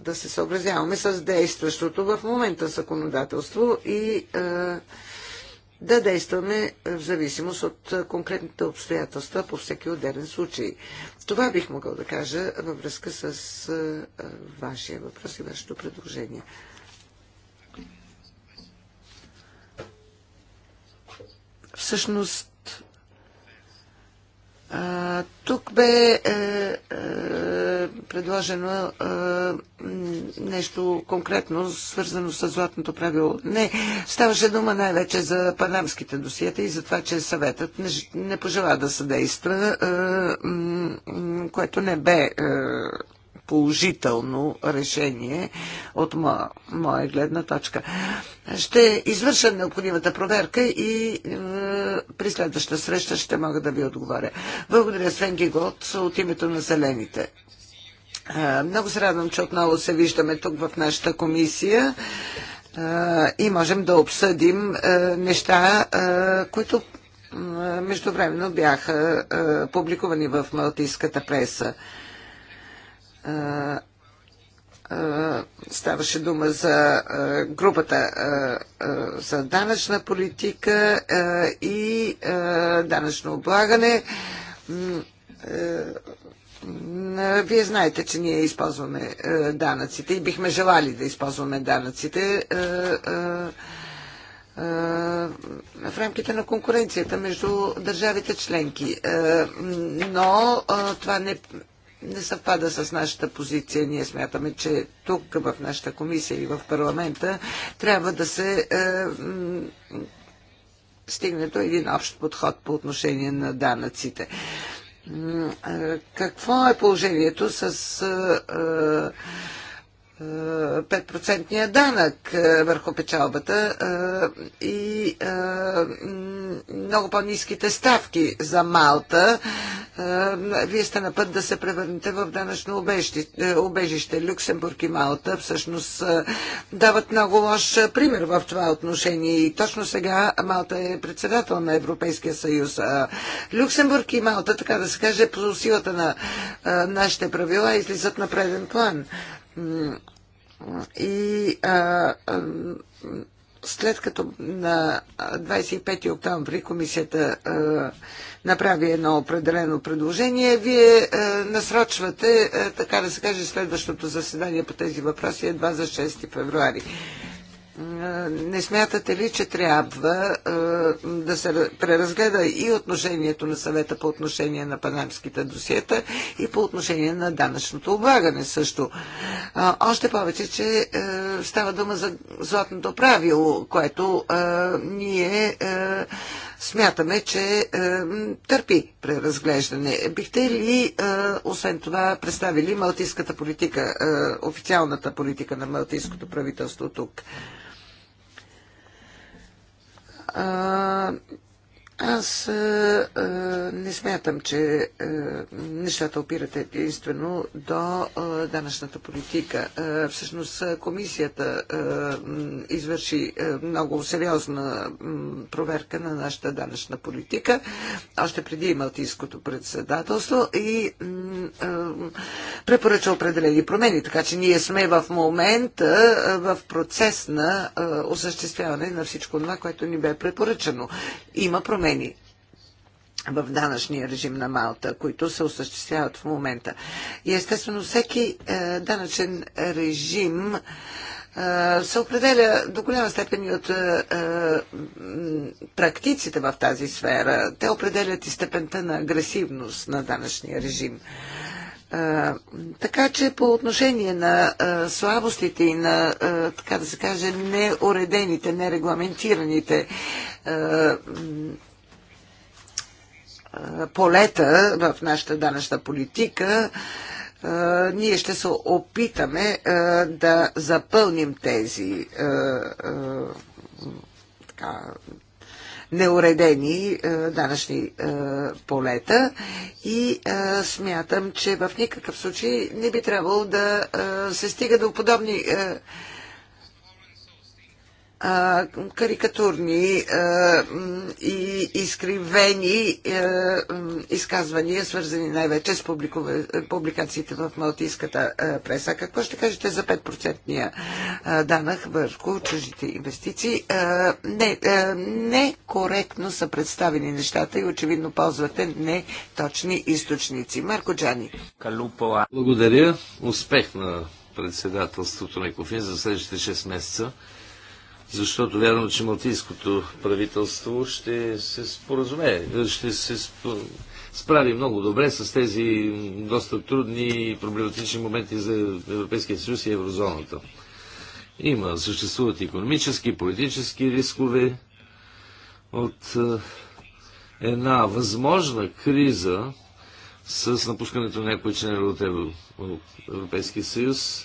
да се съобразяваме с действащото в момента законодателство и е, да действаме в зависимост от конкретните обстоятелства по всеки отделен случай. Това бих могъл да кажа във връзка с е, вашия въпрос и вашето предложение. Всъщност, а, тук бе е, е, предложено е, нещо конкретно, свързано с златното правило. Не, ставаше дума най-вече за панамските досиета и за това, че съветът не, не пожела да съдейства, е, което не бе. Е, положително решение от моя, моя гледна точка. Ще извърша необходимата проверка и е, при следваща среща ще мога да ви отговоря. Благодаря Свен Гигот от името на Зелените. Е, много се радвам, че отново се виждаме тук в нашата комисия е, и можем да обсъдим е, неща, е, които е, междувременно бяха е, публикувани в малтийската преса. Е, ставаше дума за групата за данъчна политика и данъчно облагане. Вие знаете, че ние използваме данъците и бихме желали да използваме данъците в рамките на конкуренцията между държавите членки. Но това не не съвпада с нашата позиция. Ние смятаме, че тук в нашата комисия и в парламента трябва да се е, стигне до един общ подход по отношение на данъците. Е, какво е положението с е, е 5 данък е, върху печалбата е, и е, много по-низките ставки за Малта. Вие сте на път да се превърнете в данъчно убежище. Люксембург и Малта всъщност дават много лош пример в това отношение. И точно сега Малта е председател на Европейския съюз. Люксембург и Малта, така да се каже, по силата на нашите правила излизат на преден план. И а, а, след като на 25 октомври комисията а, направи едно определено предложение, вие а, насрочвате, а, така да се каже, следващото заседание по тези въпроси едва за 6 февруари. Не смятате ли, че трябва да се преразгледа и отношението на съвета по отношение на панамските досиета и по отношение на данъчното облагане също? Още повече, че става дума за златното правило, което ние смятаме, че търпи преразглеждане. Бихте ли, освен това, представили малтийската политика, официалната политика на малтийското правителство тук? а, аз а, е, а, е, не смятам, че а, е, нещата опират единствено до а, данъчната политика. А, всъщност комисията а, извърши а, много сериозна а, проверка на нашата данъчна политика, още преди Малтийското председателство и а, препоръча определени промени. Така че ние сме в момента а, в процес на а, осъществяване на всичко това, което ни бе препоръчано. Има промени промени в данъчния режим на Малта, които се осъществяват в момента. И естествено, всеки е, данъчен режим е, се определя до голяма степен и от е, е практиците в тази сфера. Те определят и степента на агресивност на данъчния режим. Е, така че по отношение на е, слабостите и на, така да се каже, неуредените, нерегламентираните полета в нашата данъчна политика, е, ние ще се опитаме е, да запълним тези е, така, неуредени данъчни полета и смятам, че в никакъв случай не би трябвало да се стига до подобни а, карикатурни а, и изкривени а, изказвания, свързани най-вече с публикациите в малтийската а, преса. Какво ще кажете за 5% данък върху чужите инвестиции? А, не, а, некоректно са представени нещата и очевидно ползвате неточни източници. Марко Джани. Благодаря. Успех на председателството на Екофин за следващите 6 месеца защото вярвам, че малтийското правителство ще се споразумее, ще се справи много добре с тези доста трудни и проблематични моменти за Европейския съюз и еврозоната. Има, съществуват економически, политически рискове от е, една възможна криза с напускането на някои членове от Европейския съюз,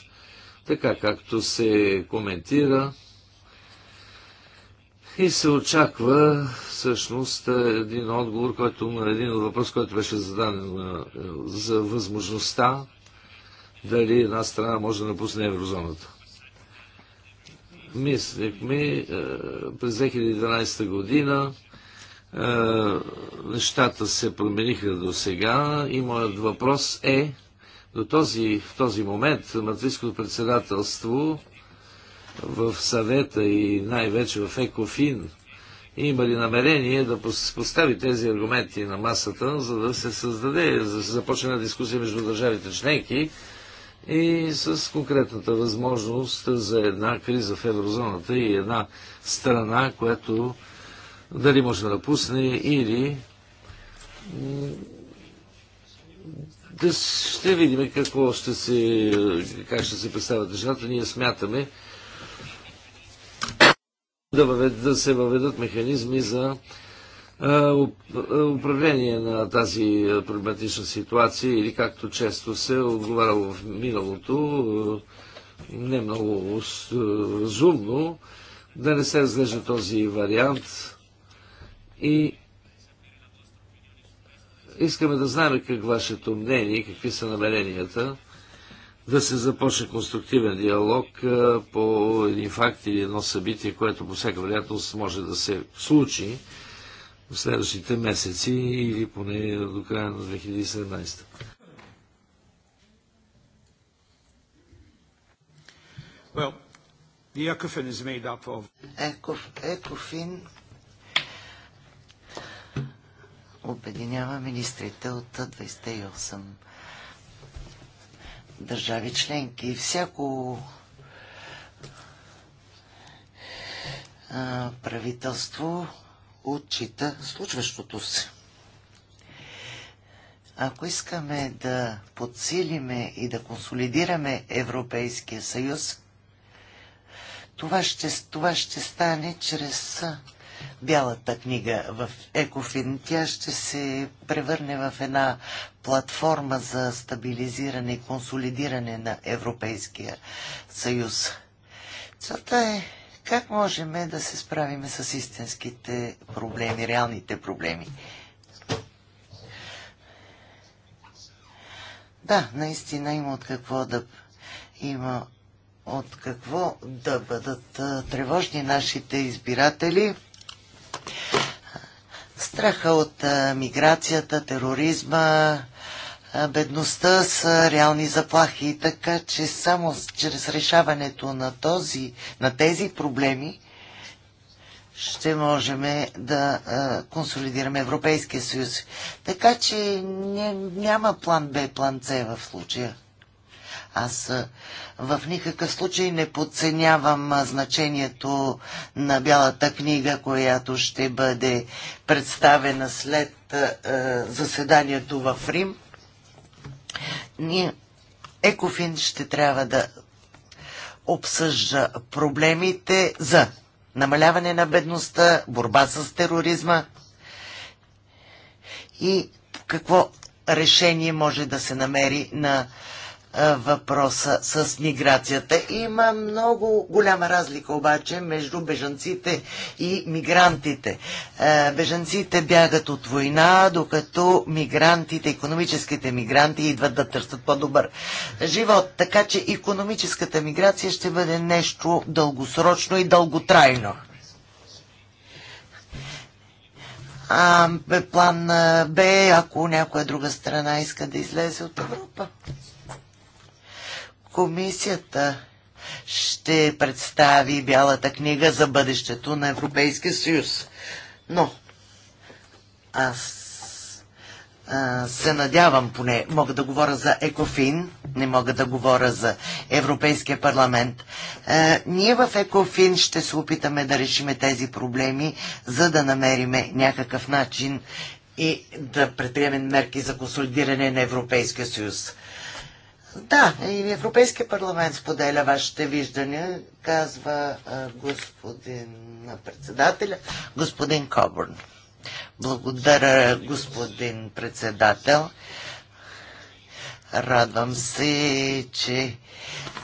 така както се коментира и се очаква всъщност е, един отговор, който на е, един въпрос, който беше зададен е, за възможността дали една страна може да напусне еврозоната. ми, през 2012 година нещата се промениха до сега и моят въпрос е до този, в този момент Матрийското председателство в съвета и най-вече в ЕКОФИН има ли намерение да постави тези аргументи на масата, за да се създаде, за да се започне една дискусия между държавите членки и с конкретната възможност за една криза в еврозоната и една страна, която дали може да напусне или да ще видим какво ще се, как ще се представят нещата. Ние смятаме, да, въвед, да се въведат механизми за управление на тази проблематична ситуация или както често се е отговаряло в миналото, не много разумно, да не се разглежда този вариант и искаме да знаем как е вашето мнение, какви са намеренията да се започне конструктивен диалог по един факт или едно събитие, което по всяка вероятност може да се случи в следващите месеци или поне до края на 2017. Well, the ECOFIN is made up of... ECOFIN обединява министрите от 28 държави членки. Всяко правителство отчита случващото се. Ако искаме да подсилиме и да консолидираме Европейския съюз, това ще, това ще стане чрез бялата книга в Екофин. Тя ще се превърне в една платформа за стабилизиране и консолидиране на Европейския съюз. Целта е как можем да се справим с истинските проблеми, реалните проблеми. Да, наистина има от какво да има от какво да бъдат тревожни нашите избиратели. Страха от миграцията, тероризма, бедността са реални заплахи, така че само чрез решаването на, този, на тези проблеми ще можем да а, консолидираме Европейския съюз. Така че не, няма план Б, план С в случая. Аз в никакъв случай не подценявам значението на Бялата книга, която ще бъде представена след заседанието в Рим. Ние, Екофин, ще трябва да обсъжда проблемите за намаляване на бедността, борба с тероризма и какво решение може да се намери на въпроса с миграцията. Има много голяма разлика обаче между бежанците и мигрантите. Бежанците бягат от война, докато мигрантите, економическите мигранти идват да търсят по-добър живот. Така че економическата миграция ще бъде нещо дългосрочно и дълготрайно. А, план Б, ако някоя друга страна иска да излезе от Европа. Комисията ще представи Бялата книга за бъдещето на Европейския съюз. Но аз а, се надявам поне, мога да говоря за Екофин, не мога да говоря за Европейския парламент. А, ние в Екофин ще се опитаме да решиме тези проблеми, за да намериме някакъв начин и да предприемем мерки за консолидиране на Европейския съюз. Да, и Европейския парламент споделя вашите виждания, казва господин председателя, господин Кобърн. Благодаря, господин председател. Радвам се, че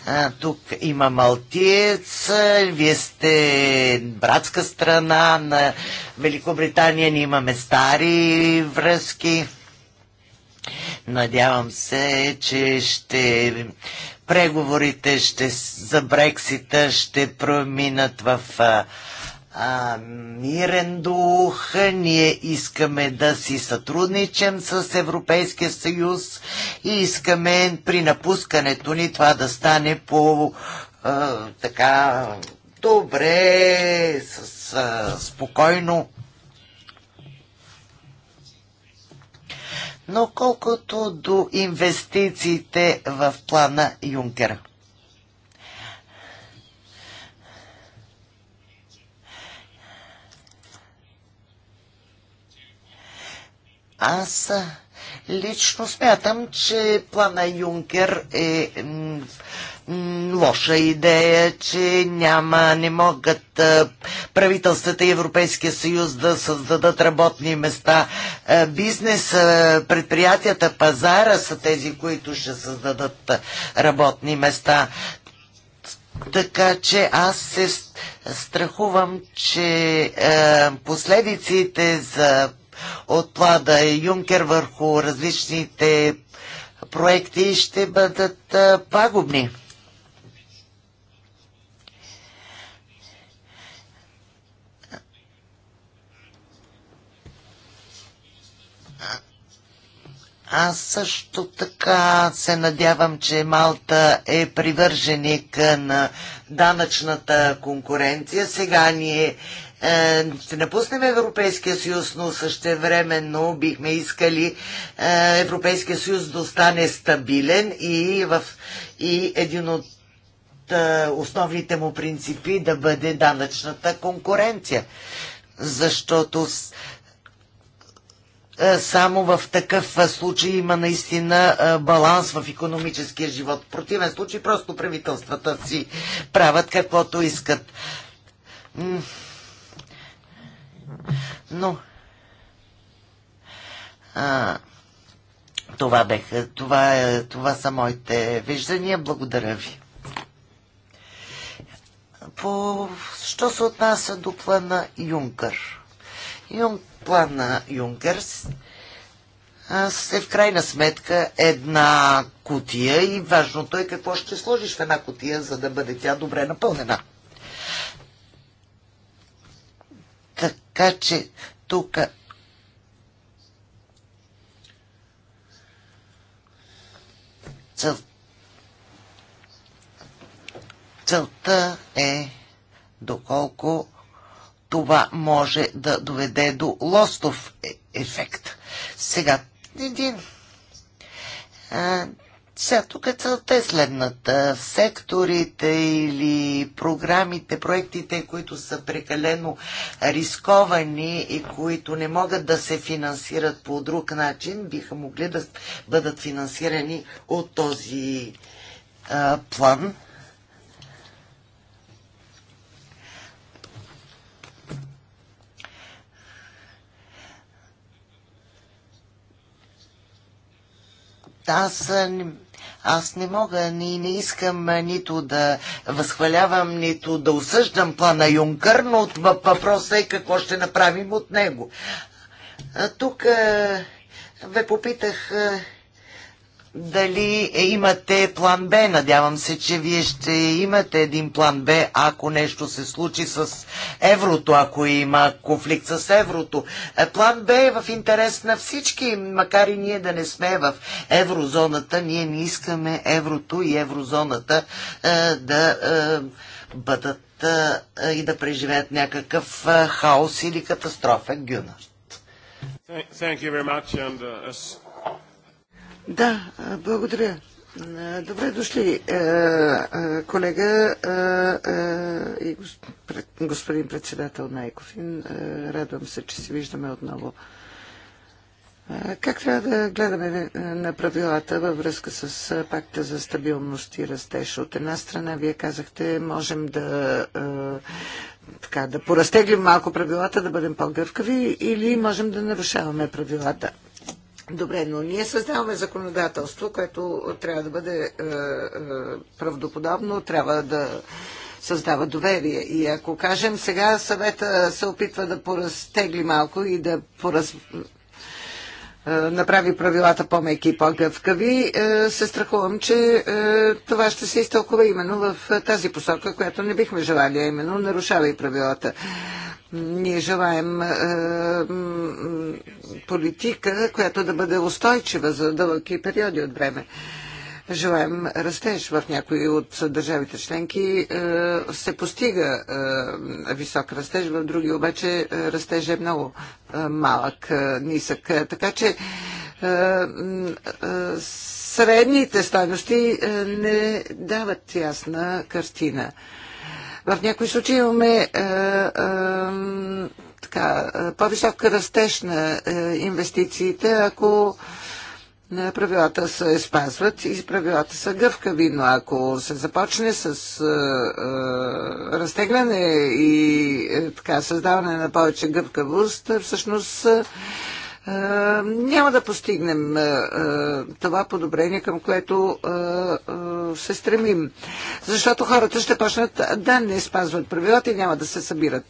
а, тук има малтиец. Вие сте братска страна на Великобритания. Ние имаме стари връзки. Надявам се, че ще преговорите ще, за Брексита ще проминат в а, а, мирен дух. Ние искаме да си сътрудничем с Европейския съюз и искаме при напускането ни това да стане по а, така добре, с, с, спокойно Но колкото до инвестициите в плана Юнкер. Аз лично смятам, че плана Юнкер е лоша идея, че няма, не могат правителствата и Европейския съюз да създадат работни места. Бизнес, предприятията, пазара са тези, които ще създадат работни места. Така че аз се страхувам, че последиците за от Юнкер върху различните проекти ще бъдат пагубни. Аз също така се надявам, че Малта е привърженик на данъчната конкуренция. Сега ние е, ще напуснем Европейския съюз, но същевременно бихме искали е, Европейския съюз да стане стабилен и, в, и един от е, основните му принципи да бъде данъчната конкуренция. Защото е, само в такъв е, случай има наистина е, баланс в економическия живот. В противен случай просто правителствата си правят каквото искат. Но а, това, бех, това, е, това са моите виждания. Благодаря ви. По, що се отнася до плана Юнкър? Юнк, план на Юнкерс е в крайна сметка една кутия и важното е какво ще сложиш в една кутия, за да бъде тя добре напълнена. Така че тук цел... целта е доколко това може да доведе до лостов е, ефект. Сега, един... А, сега тук е целта е следната. Секторите или програмите, проектите, които са прекалено рисковани и които не могат да се финансират по друг начин, биха могли да бъдат финансирани от този а, план. аз, аз не мога и не искам нито да възхвалявам, нито да осъждам плана Юнкър, но въпросът е какво ще направим от него. А, тук а, ве попитах а, дали имате план Б. Надявам се, че вие ще имате един план Б, ако нещо се случи с еврото, ако има конфликт с еврото. Е, план Б е в интерес на всички, макар и ние да не сме в еврозоната. Ние не искаме еврото и еврозоната е, да е, бъдат е, е и да преживеят някакъв е, хаос или катастрофа. Гюнард. Thank you very much and, uh, да, благодаря. Добре дошли, е, е, колега е, и господин председател на Екофин. Радвам се, че се виждаме отново. Как трябва да гледаме на правилата във връзка с пакта за стабилност и растеж? От една страна, вие казахте, можем да, така, да поразтеглим малко правилата, да бъдем по-гъвкави или можем да нарушаваме правилата. Добре, но ние създаваме законодателство, което трябва да бъде е, е, правдоподобно, трябва да създава доверие. И ако кажем сега съвета се опитва да поразтегли малко и да пораз, е, направи правилата по-меки и по-гъвкави, е, се страхувам, че е, това ще се изтълкува именно в тази посока, която не бихме желали, а именно нарушава и правилата. Ние желаем политика, която да бъде устойчива за дълъги периоди от време желаем растеж в някои от държавите членки, е, се постига е, висок растеж, в други обаче е, растеж е много малък, нисък. Така че средните стойности не дават ясна картина. В някои случаи имаме така, по-висок растеж на инвестициите, ако правилата се спазват и правилата са гъвкави, но ако се започне с е, е, разтегляне и е, така създаване на повече гъвкавост, всъщност е, няма да постигнем е, е, това подобрение, към което се стремим. Защото хората ще почнат да не спазват правилата и няма да се събират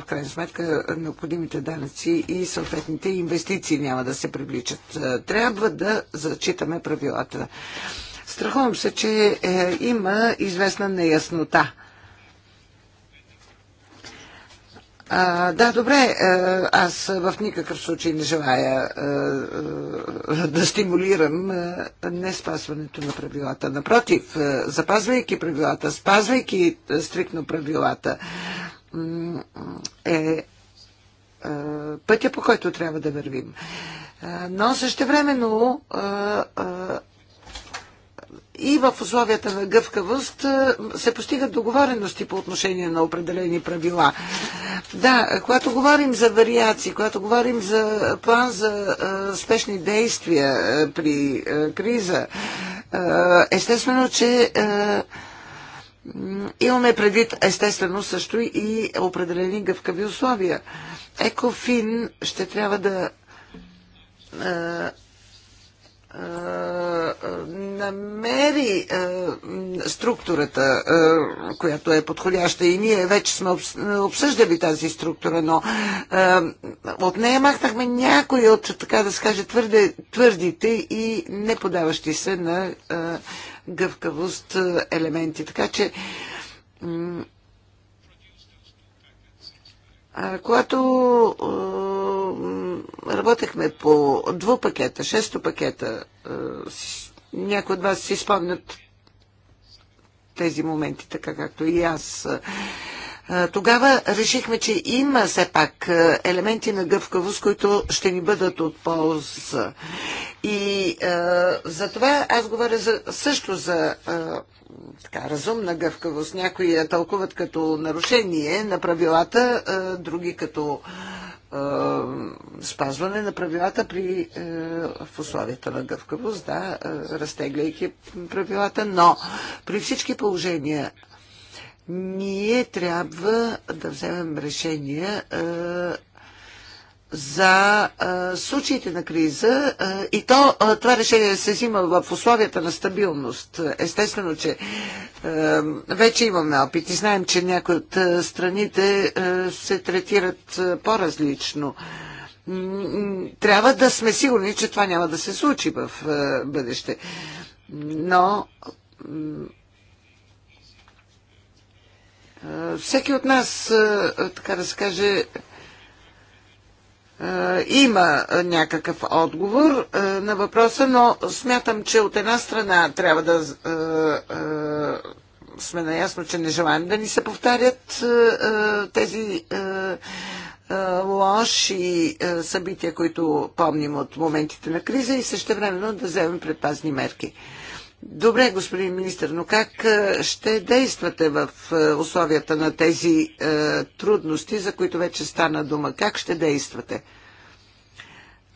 в крайна сметка необходимите данъци и съответните инвестиции няма да се привличат. Трябва да зачитаме правилата. Страхувам се, че има известна неяснота А, да, добре, е, аз в никакъв случай не желая а, е, е, да стимулирам а, не спазването на правилата. Напротив, а, запазвайки правилата, спазвайки а, стрикно правилата, е а, пътя по който трябва да вървим. А, но същевременно а, а, и в условията на гъвкавост е, се постигат договорености по отношение на определени правила. Да, когато говорим за вариации, когато говорим за план за е, спешни действия е, при криза, естествено, че имаме предвид естествено също и определени гъвкави условия. Екофин ще трябва да намери структурата, която е подходяща и ние вече сме обсъждали тази структура, но от нея махнахме някои от, така да се каже, твърде, твърдите и не подаващи се на гъвкавост елементи. Така че когато работехме по дву пакета, шесто пакета. Е, някои от вас си спомнят тези моменти, така както и аз. Е, тогава решихме, че има все пак е, елементи на гъвкавост, които ще ни бъдат от полза. И а, за това аз говоря за, също за а, така, разумна гъвкавост. Някои я тълкуват като нарушение на правилата, а, други като а, спазване на правилата при, а, в условията на гъвкавост, да, а, разтегляйки правилата, но при всички положения ние трябва да вземем решения. А, за а, случаите на криза а, и то а, това решение се взима в условията на стабилност. Естествено, че а, вече имаме опит и знаем, че някои от страните а, се третират по-различно. Трябва да сме сигурни, че това няма да се случи в а, бъдеще. Но а, всеки от нас, а, така да се каже, е, има някакъв отговор е, на въпроса, но смятам, че от една страна трябва да е, сме наясно, че не желаем да ни се повтарят тези лоши събития, които помним от моментите на криза и също времено да вземем предпазни мерки. Добре, господин министр, но как е, ще действате в е, условията на тези е, трудности, за които вече стана дума? Как ще действате?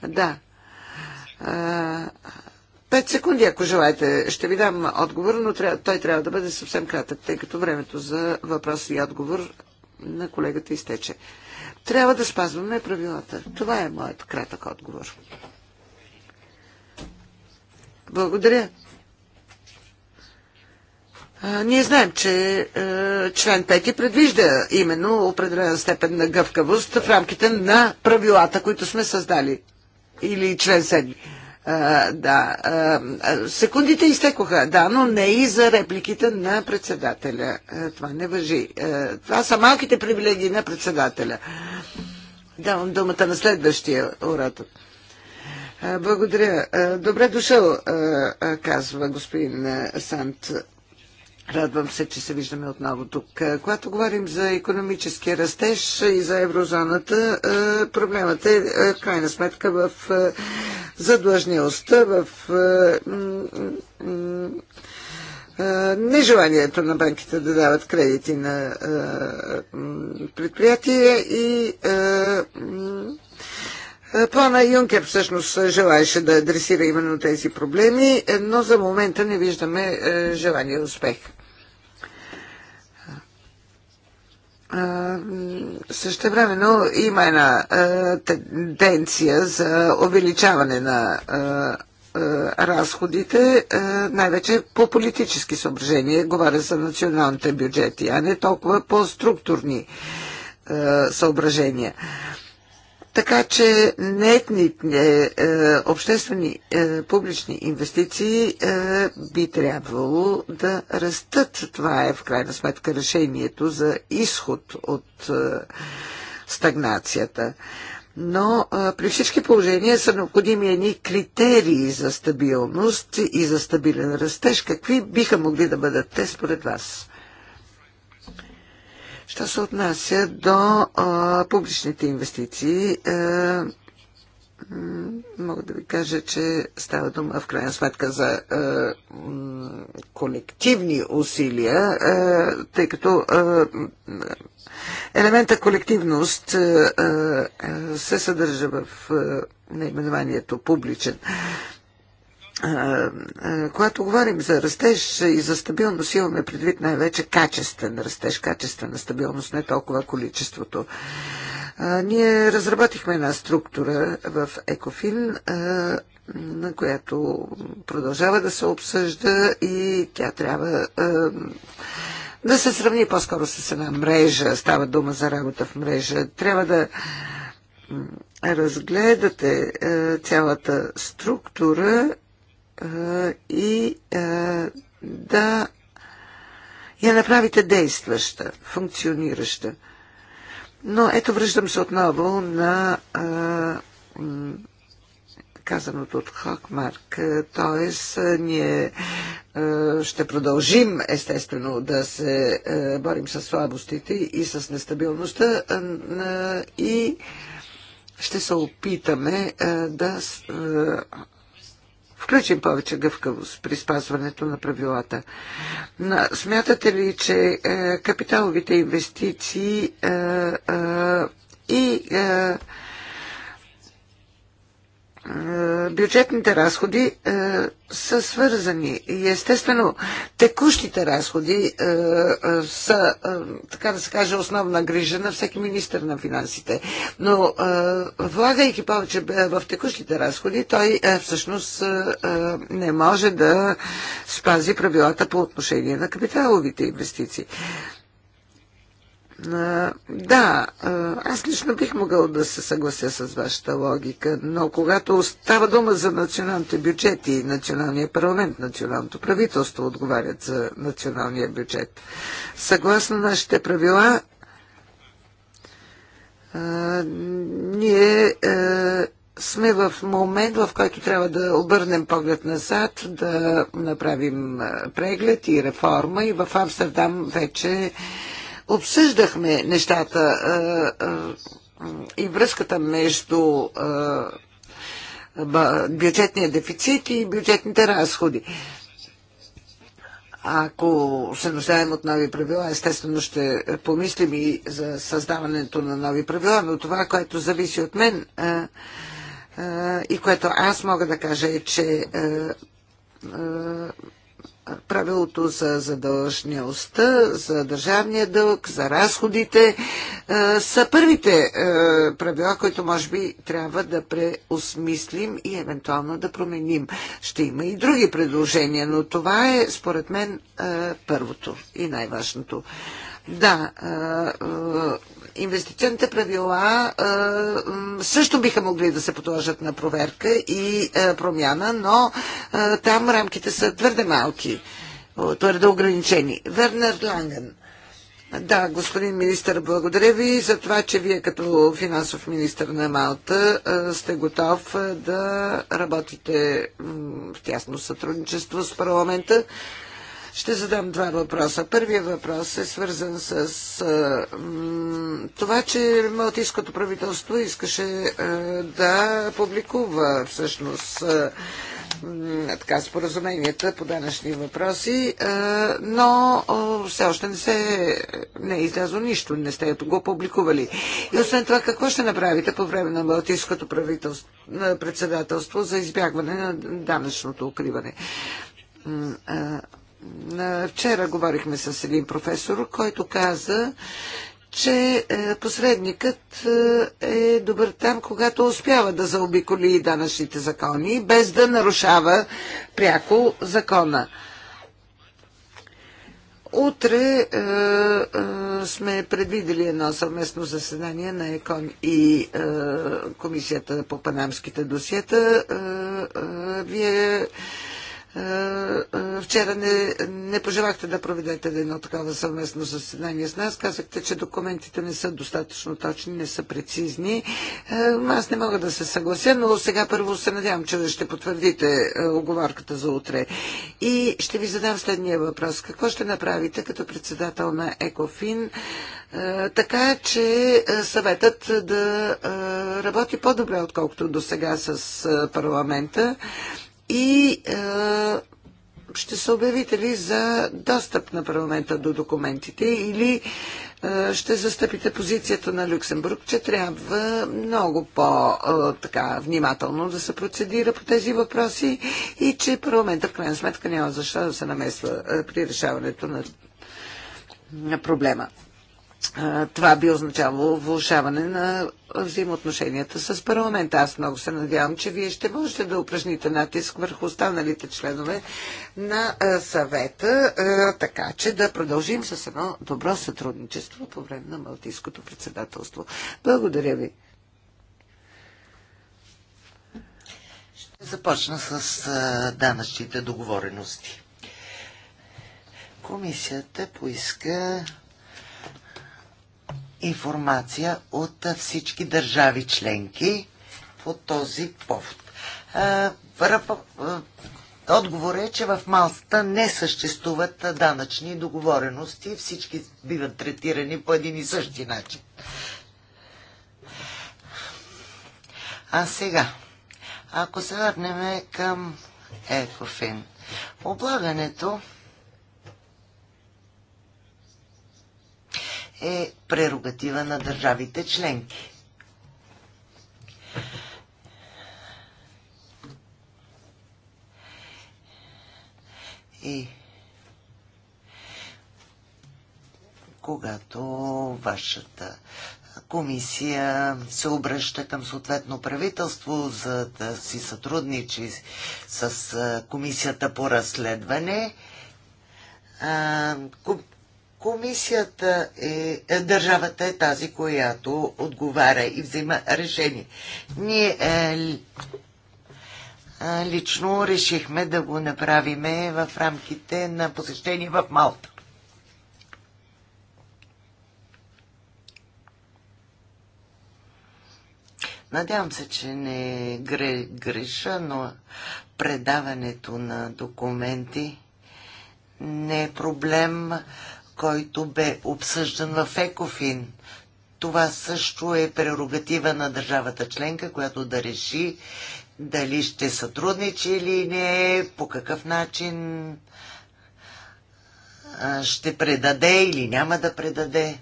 Да. Е, пет секунди, ако желаете, ще ви дам отговор, но трябва, той трябва да бъде съвсем кратък, тъй като времето за въпрос и отговор на колегата изтече. Трябва да спазваме правилата. Това е моят кратък отговор. Благодаря. Ние знаем, че е, член 5 предвижда именно определена степен на гъвкавост в рамките на правилата, които сме създали. Или член 7. да. секундите изтекоха, да, но не и за репликите на председателя. Е, това не въжи. Е, това са малките привилегии на председателя. Давам думата на следващия оратор. Благодаря. Добре дошъл, казва господин Сант. Радвам се, че се виждаме отново тук. Е, когато говорим за економическия растеж и за еврозоната, е, проблемът е, е в крайна сметка в задлъжнилостта, в нежеланието на банките да дават кредити на предприятия и Плана Юнкер всъщност желаеше да адресира именно тези проблеми, но за момента не виждаме желания успех. също но има една тенденция за увеличаване на разходите, най-вече по политически съображения, говоря за националните бюджети, а не толкова по структурни съображения. Така че нетните е, обществени е, публични инвестиции е, би трябвало да растат. Това е в крайна сметка решението за изход от е, стагнацията. Но а, е, при всички положения са необходими едни критерии за стабилност и за стабилен растеж. Какви биха могли да бъдат те според вас? Що се отнася до а, публичните инвестиции, а, мога да ви кажа, че става дума в крайна сметка за а, колективни усилия, а, тъй като а, елемента колективност а, а, се съдържа в а, наименованието публичен. А, когато говорим за растеж и за стабилност, имаме предвид най-вече качествен растеж, качествена стабилност, не толкова количеството. Ние разработихме една структура в Екофин, на която продължава да се обсъжда и тя трябва да се сравни по-скоро с една мрежа. Става дума за работа в мрежа. Трябва да разгледате цялата структура и е, да я направите действаща, функционираща. Но ето връщам се отново на е, казаното от Хокмарк. Тоест, е, ние ще продължим, естествено, да се борим с слабостите и с нестабилността и ще се опитаме да включим повече гъвкавост при спазването на правилата. Смятате ли, че е, капиталовите инвестиции е, е, и е, бюджетните разходи е, са свързани и естествено текущите разходи е, е, са, е, така да се каже, основна грижа на всеки министр на финансите. Но е, влагайки повече е, в текущите разходи, той е, всъщност е, е, не може да спази правилата по отношение на капиталовите инвестиции. Е, да, аз лично бих могъл да се съглася с вашата логика, но когато става дума за националните бюджети, националния парламент, националното правителство отговарят за националния бюджет. Съгласно нашите правила, ние сме в момент, в който трябва да обърнем поглед назад, да направим преглед и реформа и в Амстердам вече обсъждахме нещата и връзката между бюджетния дефицит и бюджетните разходи. Ако се нуждаем от нови правила, естествено ще помислим и за създаването на нови правила, но това, което зависи от мен и което аз мога да кажа е, че правилото за задължнялостта, за държавния дълг, за разходите е, са първите е, правила, които може би трябва да преосмислим и евентуално да променим. Ще има и други предложения, но това е според мен е, първото и най-важното. Да, инвестиционните правила също биха могли да се подложат на проверка и промяна, но там рамките са твърде малки, твърде ограничени. Вернер Ланген. Да, господин министър, благодаря ви за това, че вие като финансов министр на Малта сте готов да работите в тясно сътрудничество с парламента. Ще задам два въпроса. Първият въпрос е свързан с а, м, това, че Малтийското правителство искаше а, да публикува всъщност а, така, споразуменията по данъчни въпроси, а, но а, все още не, се, не е излязло нищо, не сте го публикували. И освен това, какво ще направите по време на Малтийското председателство за избягване на данъчното укриване? Вчера говорихме с един професор, който каза, че е, посредникът е, е добър там, когато успява да заобиколи данъчните закони, без да нарушава пряко закона. Утре е, е, сме предвидели едно съвместно заседание на ЕКОН и е, Комисията по панамските досиета. Е, е, вие е, е, вчера не, не пожелахте да проведете едно такова съвместно заседание с нас. Казахте, че документите не са достатъчно точни, не са прецизни. Е, аз не мога да се съглася, но сега първо се надявам, че ще потвърдите оговорката за утре. И ще ви задам следния въпрос. Какво ще направите като председател на ЕКОФИН, така че съветът да работи по-добре, отколкото до сега с парламента? и е, ще се обявите ли за достъп на парламента до документите или е, ще застъпите позицията на Люксембург, че трябва много по-внимателно е, да се процедира по тези въпроси и че парламента в крайна сметка няма защо да се намесва е, при решаването на, на проблема това би означало влушаване на взаимоотношенията с парламента. Аз много се надявам, че вие ще можете да упражните натиск върху останалите членове на съвета, така че да продължим с едно добро сътрудничество по време на Малтийското председателство. Благодаря ви. Ще започна с данъчните договорености. Комисията поиска информация от всички държави членки по този повод. Отговор е, че в Малста не съществуват данъчни договорености. Всички биват третирани по един и същи начин. А сега, ако се върнем към Екофин, облагането е прерогатива на държавите членки. И когато вашата комисия се обръща към съответно правителство, за да си сътрудничи с комисията по разследване, Комисията е, е, държавата е тази, която отговаря и взима решение. Ние е, е, лично решихме да го направиме в рамките на посещение в Малта. Надявам се, че не е греша, но предаването на документи не е проблем който бе обсъждан в Екофин. Това също е прерогатива на държавата членка, която да реши дали ще сътрудничи или не, по какъв начин ще предаде или няма да предаде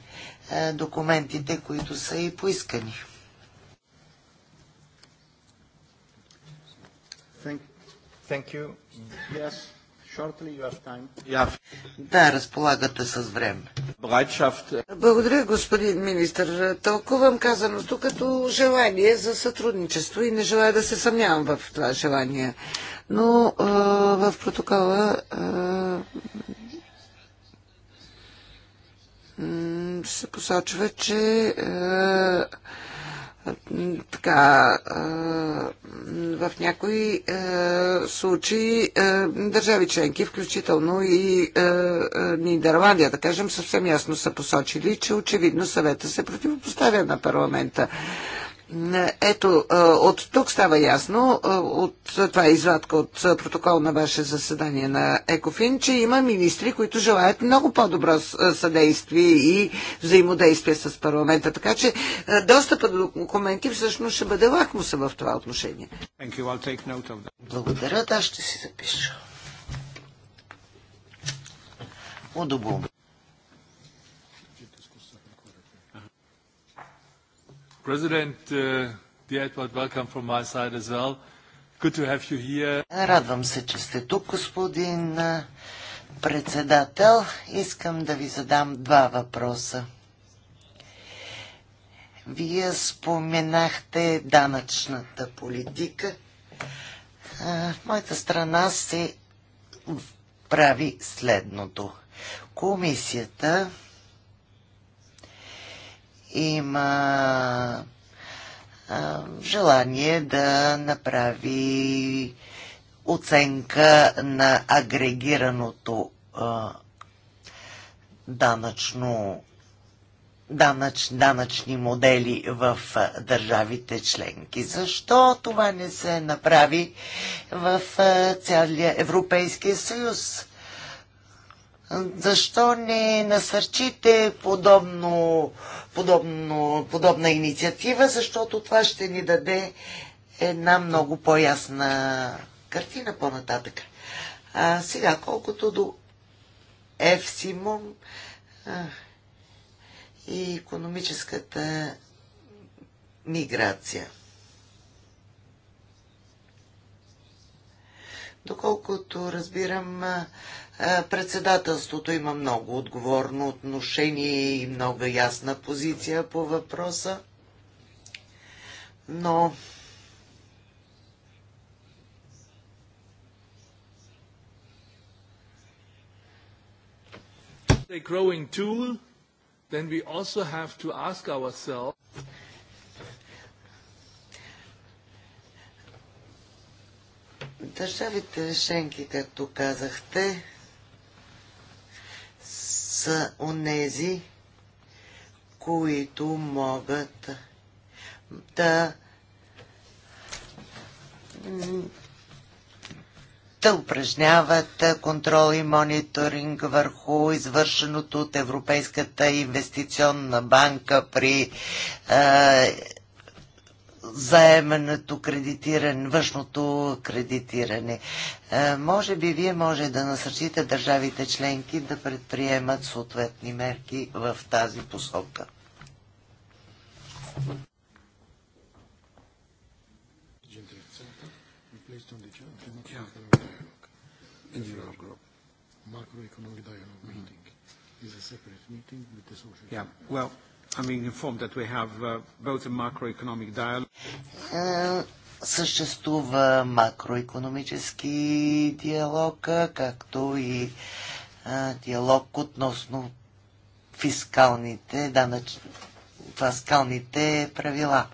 документите, които са и поискани. Thank you. Yes. Да, разполагате с време. Äh, Благодаря, господин министр. Тълкувам казаното като желание за сътрудничество и не желая да се съмнявам в това желание. Но в протокола се посочва, че така, в някои случаи държави членки, включително и Нидерландия, да кажем, съвсем ясно са посочили, че очевидно съвета се противопоставя на парламента. Ето, от тук става ясно, от това е извадка от протокол на ваше заседание на Екофин, че има министри, които желаят много по-добро съдействие и взаимодействие с парламента. Така че достъпът до документи всъщност ще бъде лакмуса в това отношение. Благодаря, да, ще си запиша. Удобно. Uh, Радвам се, че сте тук, господин председател. Искам да ви задам два въпроса. Вие споменахте данъчната политика. В моята страна се прави следното. Комисията има а, желание да направи оценка на агрегираното а, данъчно данъч, данъчни модели в държавите членки. Защо това не се направи в целия Европейския съюз? Защо не насърчите подобно, подобно, подобна инициатива, защото това ще ни даде една много по-ясна картина по-нататък. А, сега, колкото до Евсимум и економическата миграция. Доколкото разбирам, Председателството има много отговорно отношение и много ясна позиция по въпроса, но a growing tool, then we also have to ask ourselves. Държавите Шенки, както казахте, са онези, които могат да да упражняват контрол и мониторинг върху извършеното от Европейската инвестиционна банка при е, заемането кредитиране, външното кредитиране. Е, може би вие може да насърчите държавите членки да предприемат съответни мерки в тази посока. Yeah, well, I'm being informed that we have uh, both a macroeconomic dialogue. Е, съществува макроекономически диалог, както и диалог относно фискалните, данъч... фискалните правила.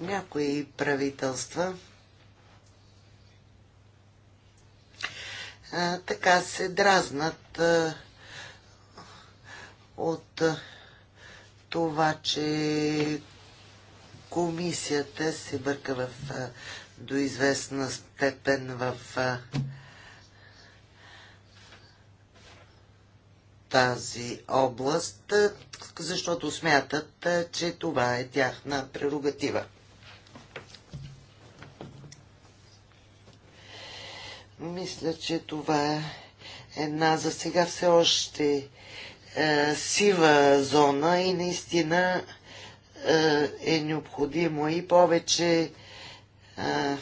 Някои правителства а, така се дразнат а, от това, че комисията се бърка в, до известна степен в тази област, защото смятат, че това е тяхна прерогатива. Мисля, че това е една за сега все още е, сива зона и наистина е, е необходимо и повече е,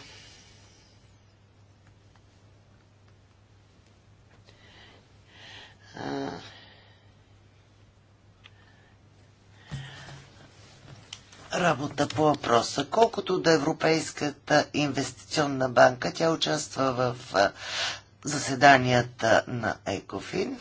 работа по въпроса. Колкото до Европейската инвестиционна банка, тя участва в заседанията на ЕКОФИН.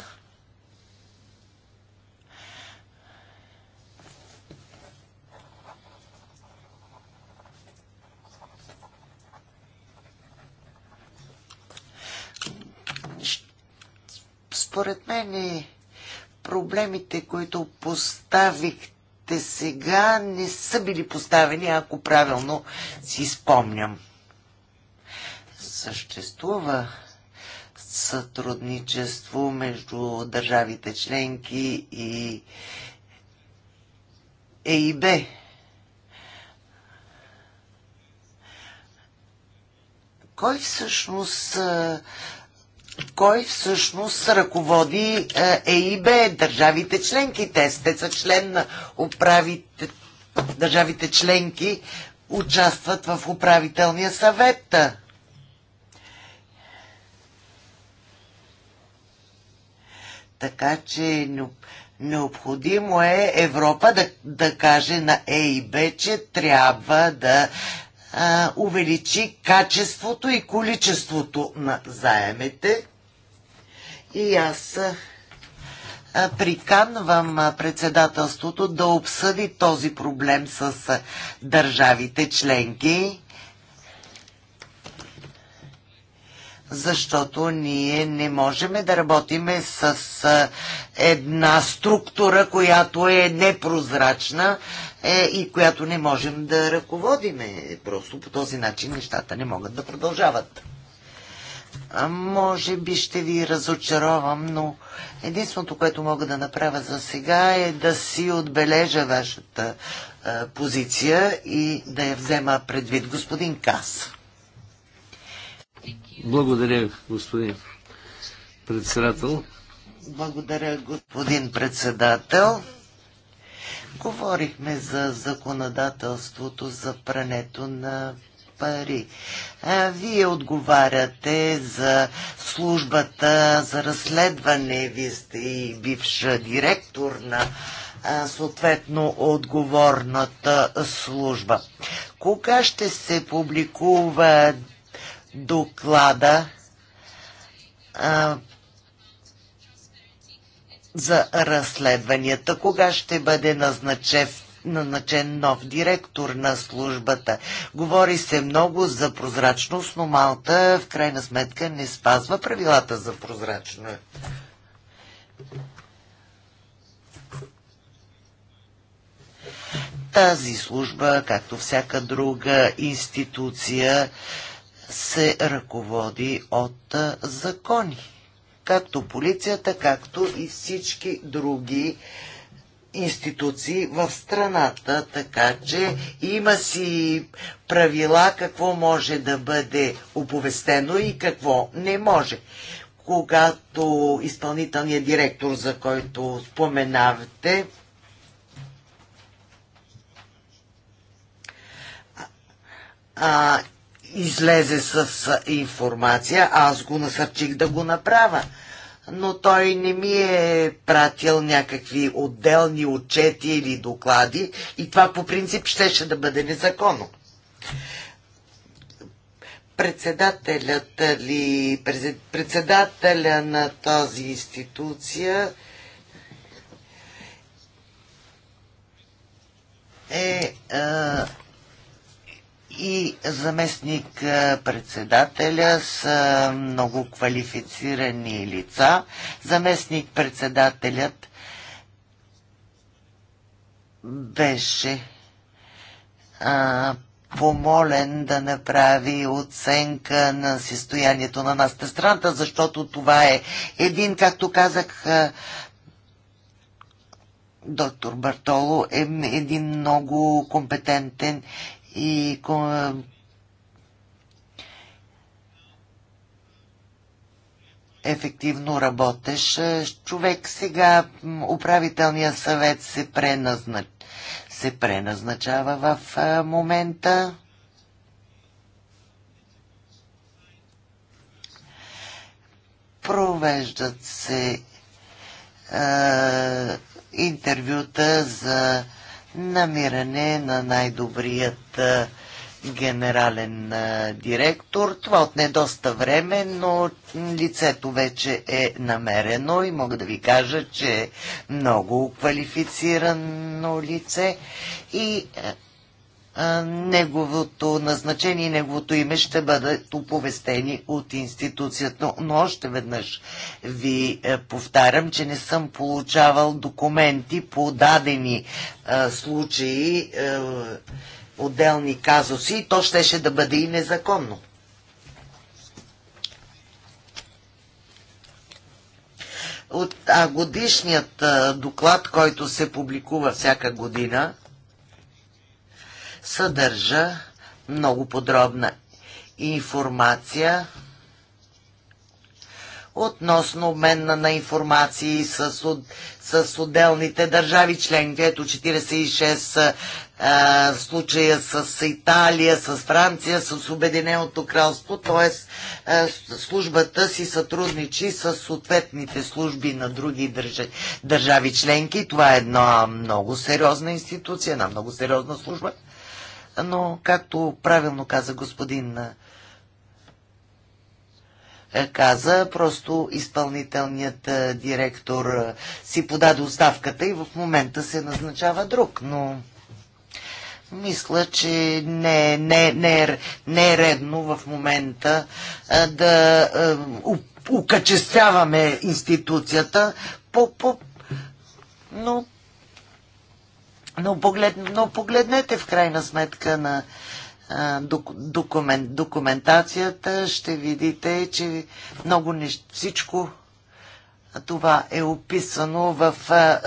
Според мен е, проблемите, които поставихте сега, не са били поставени, ако правилно си спомням. Съществува сътрудничество между държавите членки и ЕИБ. Кой всъщност кой всъщност ръководи ЕИБ, е държавите членки. Те, сте са член на управите, държавите членки, участват в управителния съвет. Така че необходимо е Европа да, да каже на ЕИБ, че трябва да а, увеличи качеството и количеството на заемите и аз приканвам председателството да обсъди този проблем с държавите членки, защото ние не можем да работим с една структура, която е непрозрачна е, и която не можем да ръководиме. Просто по този начин нещата не могат да продължават може би ще ви разочаровам, но единственото, което мога да направя за сега е да си отбележа вашата а, позиция и да я взема предвид. Господин Кас. Благодаря, господин председател. Благодаря, господин председател. Говорихме за законодателството за прането на пари. Вие отговаряте за службата за разследване. Вие сте и бивш директор на съответно отговорната служба. Кога ще се публикува доклада а, за разследванията? Кога ще бъде назначен назначен нов директор на службата. Говори се много за прозрачност, но Малта в крайна сметка не спазва правилата за прозрачност. Тази служба, както всяка друга институция, се ръководи от закони. Както полицията, както и всички други институции в страната, така че има си правила какво може да бъде оповестено и какво не може. Когато изпълнителният директор, за който споменавате, а, излезе с информация, аз го насърчих да го направя но той не ми е пратил някакви отделни отчети или доклади и това по принцип щеше да бъде незаконно. Председателят ли, председателя на тази институция е а, и заместник председателя са много квалифицирани лица. Заместник председателят беше а, помолен да направи оценка на състоянието на нашата страната, защото това е един, както казах, доктор Бартоло е един много компетентен и ефективно работеш. Човек сега, управителният съвет се, преназнач... се преназначава в момента. Провеждат се е, интервюта за намиране на най-добрият генерален директор. Това отне доста време, но лицето вече е намерено и мога да ви кажа, че е много квалифицирано лице и неговото назначение и неговото име ще бъдат оповестени от институцията. Но още веднъж ви е, повтарям, че не съм получавал документи по дадени е, случаи, е, отделни казуси и то щеше да бъде и незаконно. От а годишният доклад, който се публикува всяка година, съдържа много подробна информация относно обменна на информации с, с отделните държави членки. Ето 46 а, случая с Италия, с Франция, с Обединеното кралство, т.е. службата си сътрудничи с съответните служби на други държави членки. Това е една много сериозна институция, една много сериозна служба но както правилно каза господин е, каза, просто изпълнителният директор си подаде оставката и в момента се назначава друг, но мисля, че не, не, не, е, не е редно в момента да укачествяваме институцията по, по, но но, поглед, но погледнете в крайна сметка на документ, документацията, ще видите, че много нещ, всичко това е описано в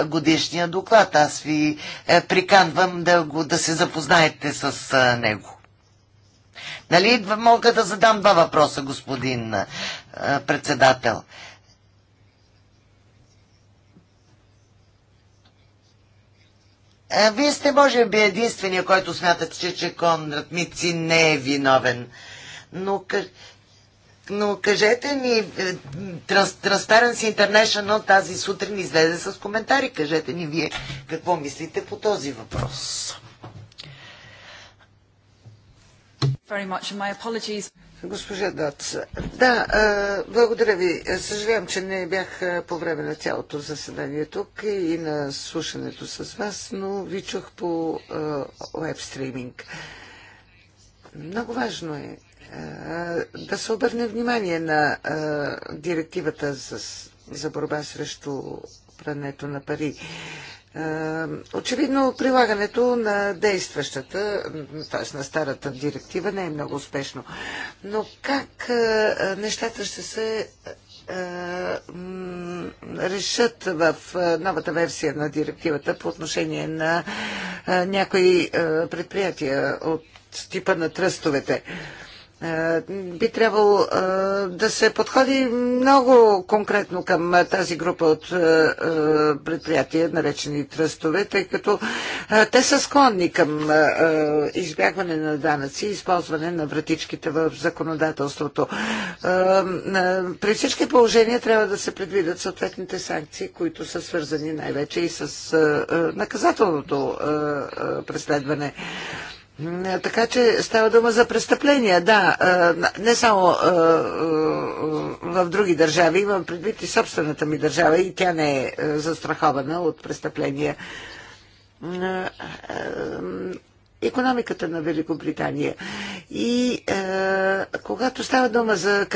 годишния доклад. Аз ви е, приканвам да, го, да се запознаете с него. Нали мога да задам два въпроса, господин председател? Вие сте, може би, единствения, който смятате, че, че Конрад Мици не е виновен. Но, но кажете ни, е, Transparency International тази сутрин излезе с коментари. Кажете ни вие какво мислите по този въпрос. Госпожа Доц. Да, благодаря ви. Съжалявам, че не бях по време на цялото заседание тук и на слушането с вас, но ви чух по веб стриминг. Много важно е да се обърне внимание на директивата за борба срещу прането на пари. Е, очевидно прилагането на действащата, т.е. на старата директива не е много успешно. Но как е, нещата ще се е, решат в новата версия на директивата по отношение на някои предприятия от типа на тръстовете? Е, би трябвало е, да се подходи много конкретно към тази група от е, предприятия, наречени тръстове, тъй като те са склонни към избягване на данъци и използване на вратичките в законодателството. При всички положения трябва да се предвидят съответните санкции, които са свързани най-вече и с наказателното преследване. Е, така че става дума за престъпления, да, е, не само е, в други държави, имам предвид и собствената ми държава и тя не е застрахована от престъпления. Економиката на Великобритания. И когато става дума за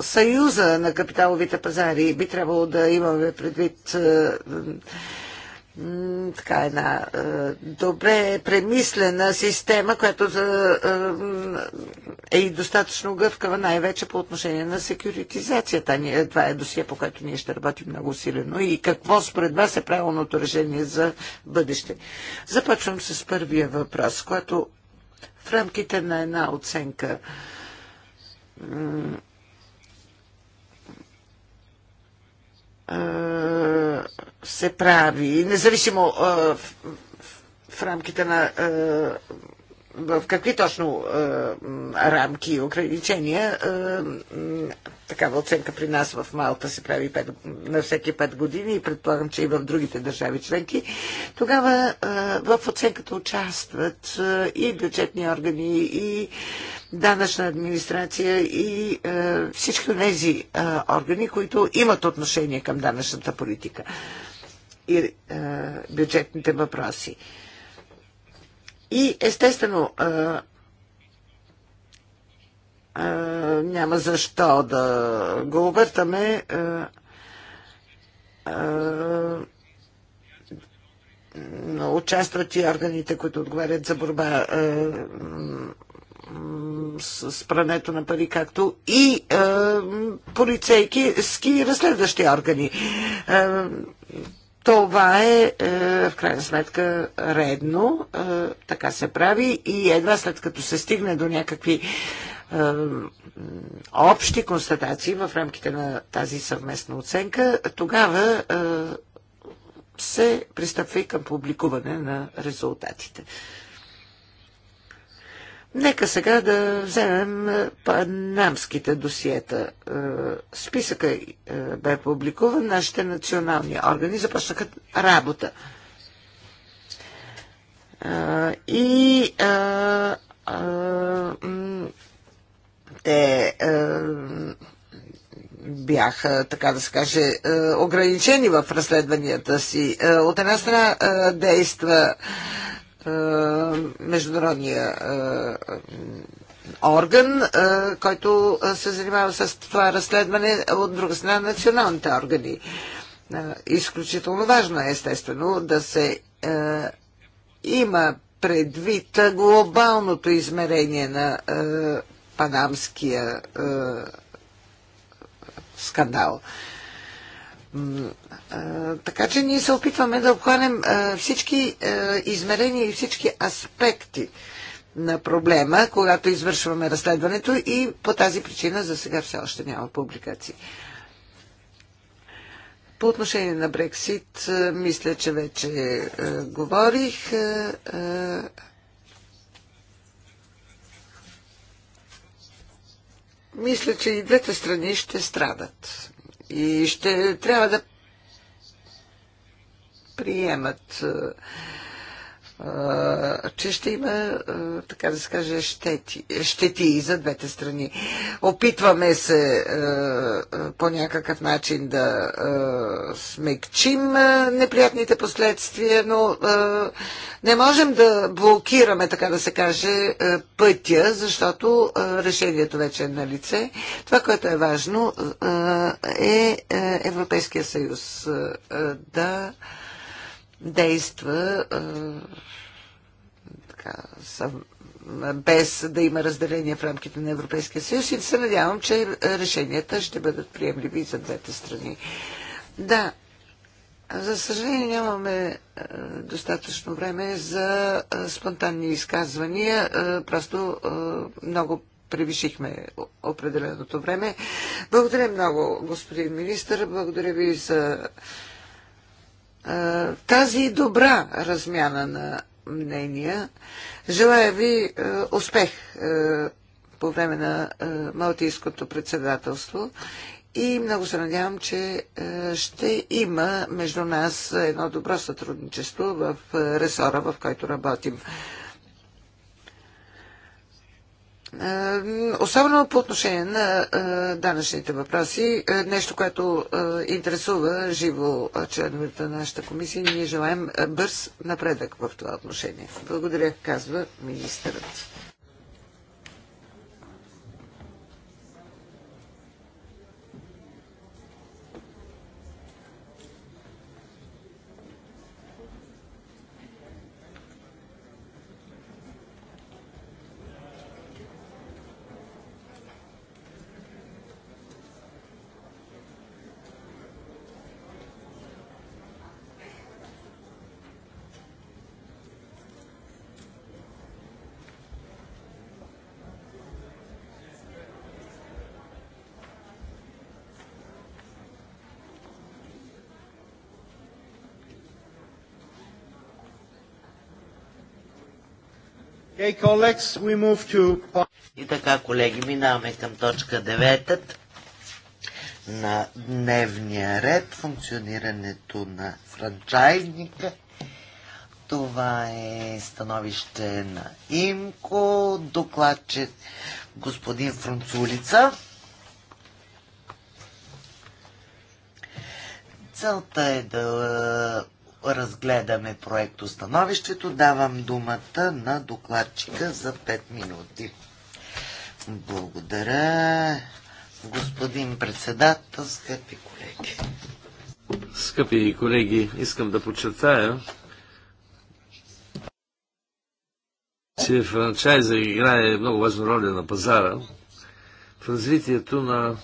съюза на капиталовите пазари, би трябвало да имаме предвид така една е, добре премислена система, която за, е, е и достатъчно гъвкава, най-вече по отношение на секюритизацията. Ние, това е досия, по което ние ще работим много силено И какво според вас е правилното решение за бъдеще? Започвам с първия въпрос, който в рамките на една оценка се прави, независимо в, рамките на в какви точно е, рамки и ограничения е, такава оценка при нас в Малта се прави 5, на всеки 5 години и предполагам, че и в другите държави членки, тогава е, в оценката участват е, и бюджетни органи, и данъчна администрация, и е, всички от тези е, органи, които имат отношение към данъчната политика и е, бюджетните въпроси. Е, и естествено, няма защо да го объртаме. Участват и органите, които отговарят за борба с прането на пари, както и полицейки и разследващи органи това е, е, в крайна сметка, редно. Е, така се прави и едва след като се стигне до някакви е, общи констатации в рамките на тази съвместна оценка, тогава се пристъпва и към публикуване на резултатите. Нека сега да вземем е, панамските досиета. Е, списъка е, бе публикуван, нашите национални органи започнаха работа. И а, а, те а, бяха, така да се каже, ограничени в разследванията си. От една страна действа е, международния е, орган, е, който се занимава с това разследване, от друга страна националните органи. Изключително важно е, естествено, да се има предвид глобалното измерение на панамския скандал. Така че ние се опитваме да обхванем всички измерения и всички аспекти на проблема, когато извършваме разследването и по тази причина за сега все още няма публикации. По отношение на Брексит, мисля, че вече е, говорих. Е, е, мисля, че и двете страни ще страдат и ще трябва да приемат че ще има, така да се каже, щети, щети и за двете страни. Опитваме се по някакъв начин да смекчим неприятните последствия, но не можем да блокираме, така да се каже, пътя, защото решението вече е на лице. Това, което е важно, е Европейския съюз да действа така, без да има разделение в рамките на Европейския съюз и се надявам, че решенията ще бъдат приемливи за двете страни. Да, за съжаление нямаме достатъчно време за спонтанни изказвания. Просто много превишихме определеното време. Благодаря много, господин министър. Благодаря ви за тази добра размяна на мнения. Желая ви успех по време на Малтийското председателство и много се надявам, че ще има между нас едно добро сътрудничество в ресора, в който работим. Е, особено по отношение на е, данъчните въпроси, е, нещо, което интересува живо членовете на нашата комисия, ние желаем бърз напредък в това отношение. Благодаря, казва министърът. Okay, colleagues, we move to... И така, колеги, минаваме към точка 9 на дневния ред, функционирането на франчайзника. Това е становище на ИМКО, докладче господин Францулица. Целта е да разгледаме проектостановището. Давам думата на докладчика за 5 минути. Благодаря, господин председател, скъпи колеги. Скъпи колеги, искам да подчертая, че франчайза играе много важна роля на пазара в развитието на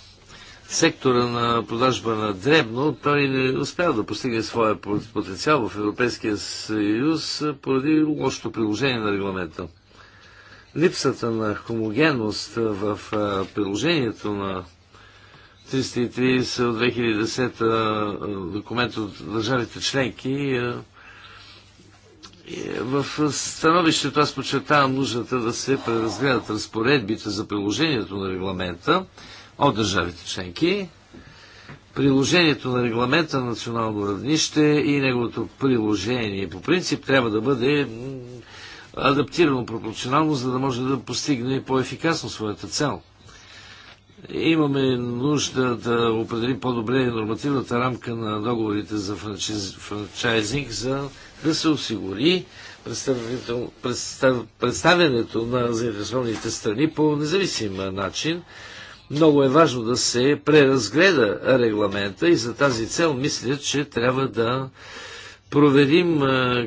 сектора на продажба на дребно, той не успява да постигне своя потенциал в Европейския съюз поради лошото приложение на регламента. Липсата на хомогенност в приложението на 330 от 2010 документ от държавите членки в становището аз подчертавам нуждата да се преразгледат разпоредбите за приложението на регламента от държавите членки. Приложението на регламента на национално равнище и неговото приложение по принцип трябва да бъде адаптирано пропорционално, за да може да постигне по-ефикасно своята цел. Имаме нужда да определим по-добре нормативната рамка на договорите за франчиз... франчайзинг, за да се осигури представянето на заинтересованите страни по независим начин много е важно да се преразгледа регламента и за тази цел мисля, че трябва да проверим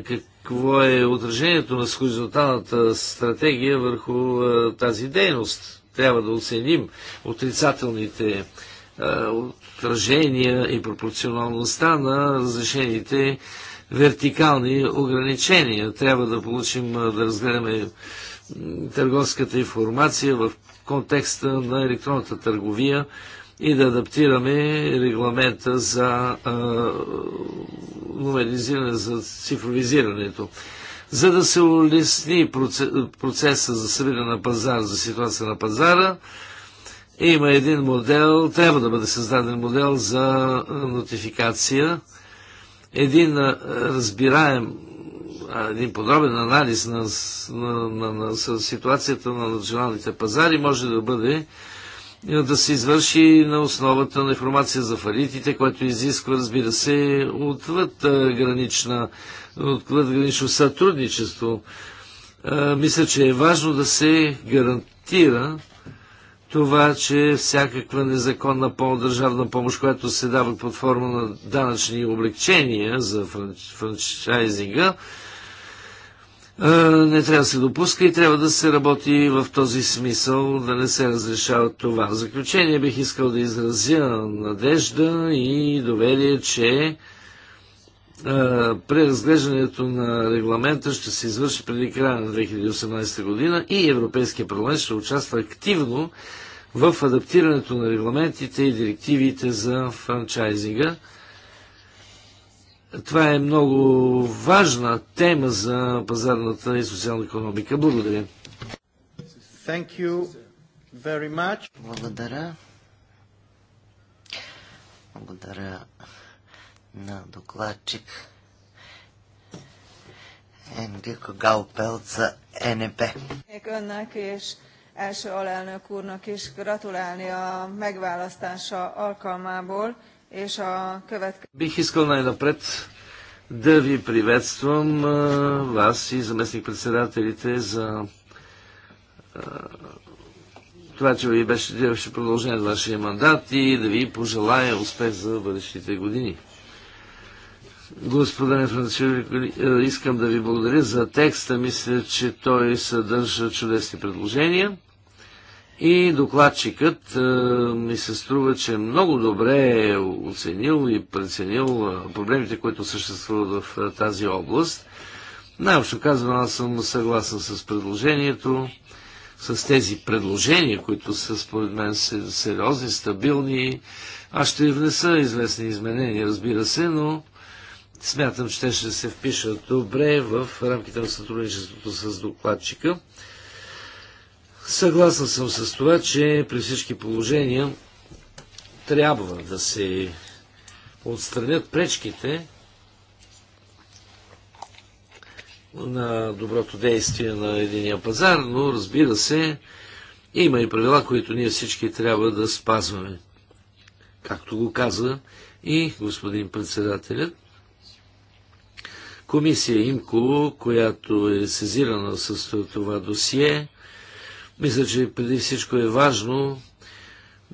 какво е отражението на хоризонталната стратегия върху тази дейност. Трябва да оценим отрицателните отражения и пропорционалността на разрешените вертикални ограничения. Трябва да получим, да разгледаме търговската информация в контекста на електронната търговия и да адаптираме регламента за номеризиране, за цифровизирането. За да се улесни процеса за събиране на пазар, за ситуация на пазара, има един модел, трябва да бъде създаден модел за нотификация, един разбираем един подробен анализ на, на, на, на, на ситуацията на националните пазари може да бъде да се извърши на основата на информация за фалитите, което изисква, разбира се, отвъд гранична, отвъд гранично сътрудничество. мисля, че е важно да се гарантира това, че всякаква незаконна държавна помощ, която се дава под форма на данъчни облегчения за франчайзинга, е, не трябва да се допуска и трябва да се работи в този смисъл, да не се разрешава това. В заключение бих искал да изразя надежда и доверие, че е, преразглеждането на регламента ще се извърши преди края на 2018 година и Европейския парламент ще участва активно в адаптирането на регламентите и директивите за франчайзинга това е много важна тема за пазарната и социална економика. Благодаря. Thank you very much. Благодаря. Благодаря на докладчик Енгико Гаупел за НП. első alelnök úrnak is gratulálni a megválasztása alkalmából. Бих искал най-напред да ви приветствам вас и заместник-председателите за това, че ви беше, беше продължение на вашия мандат и да ви пожелая успех за бъдещите години. Господин Французи, искам да ви благодаря за текста. Мисля, че той съдържа чудесни предложения. И докладчикът е, ми се струва, че много добре е оценил и преценил е, проблемите, които съществуват в е, тази област. Най-общо казвам, аз съм съгласен с предложението, с тези предложения, които са според мен сериозни, стабилни. Аз ще внеса известни изменения, разбира се, но смятам, че те ще се впишат добре в рамките на сътрудничеството с докладчика. Съгласен съм с това, че при всички положения трябва да се отстранят пречките на доброто действие на единия пазар, но разбира се, има и правила, които ние всички трябва да спазваме. Както го каза и господин председателят, комисия ИМКО, която е сезирана с това досие, мисля, че преди всичко е важно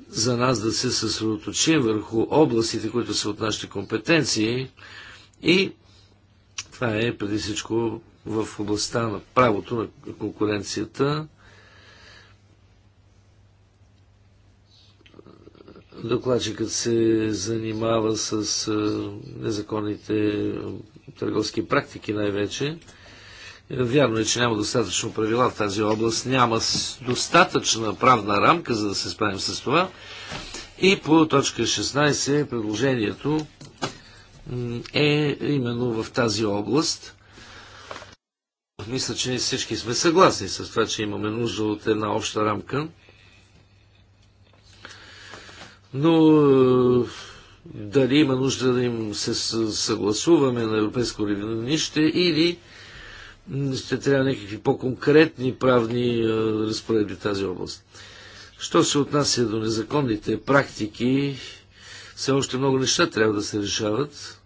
за нас да се съсредоточим върху областите, които са от нашите компетенции и това е преди всичко в областта на правото на конкуренцията. Докладчикът се занимава с незаконните търговски практики най-вече. Е, вярно е, че няма достатъчно правила в тази област, няма достатъчна правна рамка, за да се справим с това. И по точка 16 предложението е именно в тази област. Мисля, че всички сме съгласни с това, че имаме нужда от една обща рамка. Но е, дали има нужда да им се съгласуваме на европейско равнище или ще трябва някакви по-конкретни правни е, разпоредби в тази област. Що се отнася до незаконните практики, все още много неща трябва да се решават,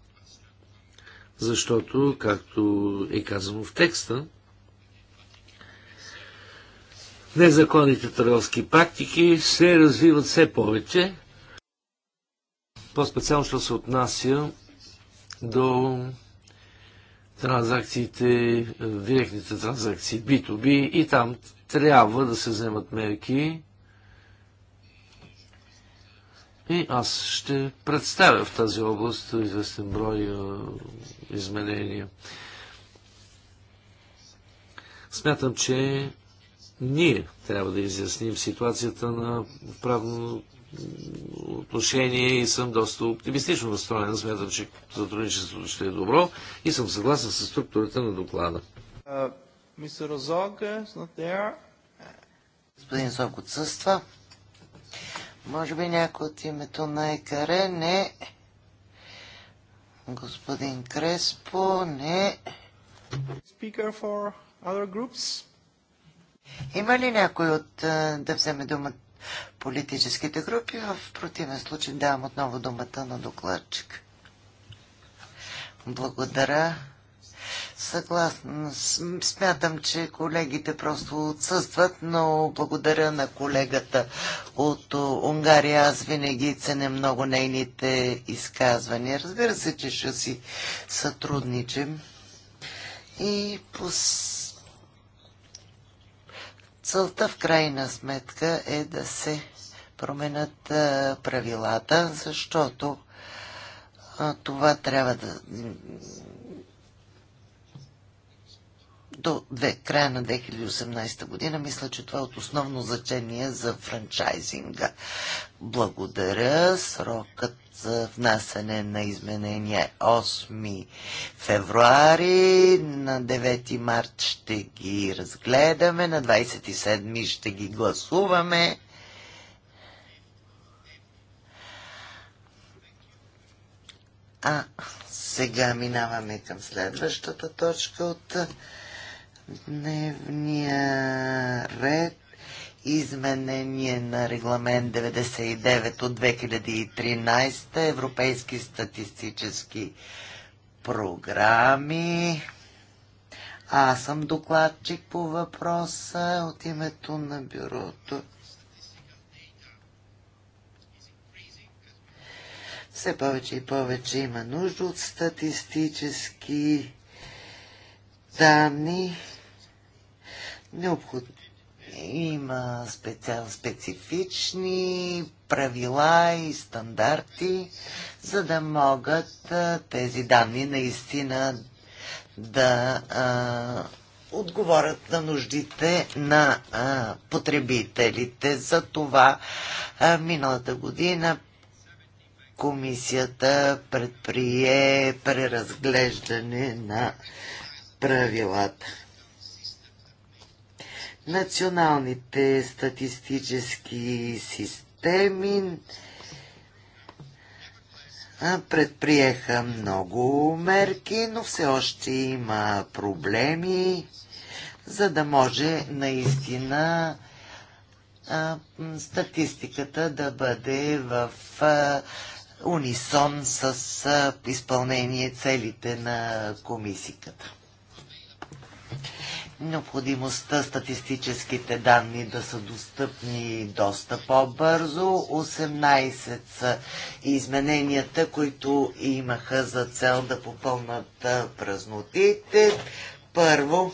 защото, както е казано в текста, незаконните търговски практики се развиват все повече, по-специално, що се отнася до транзакциите, е, директните транзакции B2B и там трябва да се вземат мерки. И аз ще представя в тази област известен брой е, изменения. Смятам, че ние трябва да изясним ситуацията на правно отношение и съм доста оптимистично настроен. Смятам, че сътрудничеството ще е добро и съм съгласен с структурата на доклада. Мистер Розог, Господин Зог отсъства. Може би някой от името на Екаре? Не. Господин Креспо? Не. Speaker for other groups? Има ли някой от да вземе думата? политическите групи. В противен случай давам отново думата на докладчик. Благодаря. Съгласна. Смятам, че колегите просто отсъстват, но благодаря на колегата от Унгария. Аз винаги ценя много нейните изказвания. Разбира се, че ще си сътрудничим. И по Целта в крайна сметка е да се променят правилата, защото това трябва да до две, края на 2018 година. Мисля, че това е от основно значение за франчайзинга. Благодаря. Срокът за внасяне на изменения 8 февруари, на 9 март ще ги разгледаме, на 27 ще ги гласуваме. А сега минаваме към следващата точка от дневния ред изменение на регламент 99 от 2013 Европейски статистически програми. Аз съм докладчик по въпроса от името на бюрото. Все повече и повече има нужда от статистически данни. Необходимо има специал, специфични правила и стандарти, за да могат тези данни наистина да а, отговорят на нуждите на а, потребителите. За това а, миналата година комисията предприе преразглеждане на правилата националните статистически системи предприеха много мерки, но все още има проблеми, за да може наистина статистиката да бъде в унисон с изпълнение целите на комисиката необходимостта статистическите данни да са достъпни доста по-бързо. 18 са измененията, които имаха за цел да попълнат празнотите. Първо,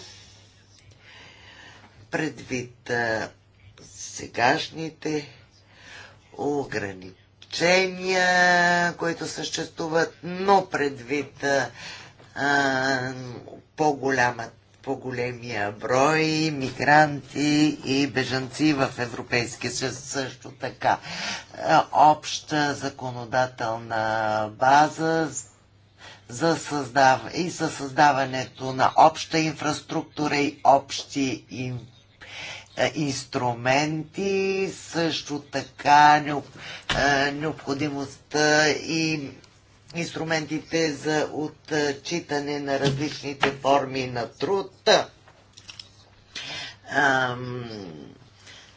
предвид сегашните ограничения, които съществуват, но предвид по-голямата по-големия брой мигранти и бежанци в Европейския съюз също така. Е, обща законодателна база за създав... и за създаването на обща инфраструктура и общи им... Е, инструменти, също така необ... Е, необходимостта и инструментите за отчитане на различните форми на труд,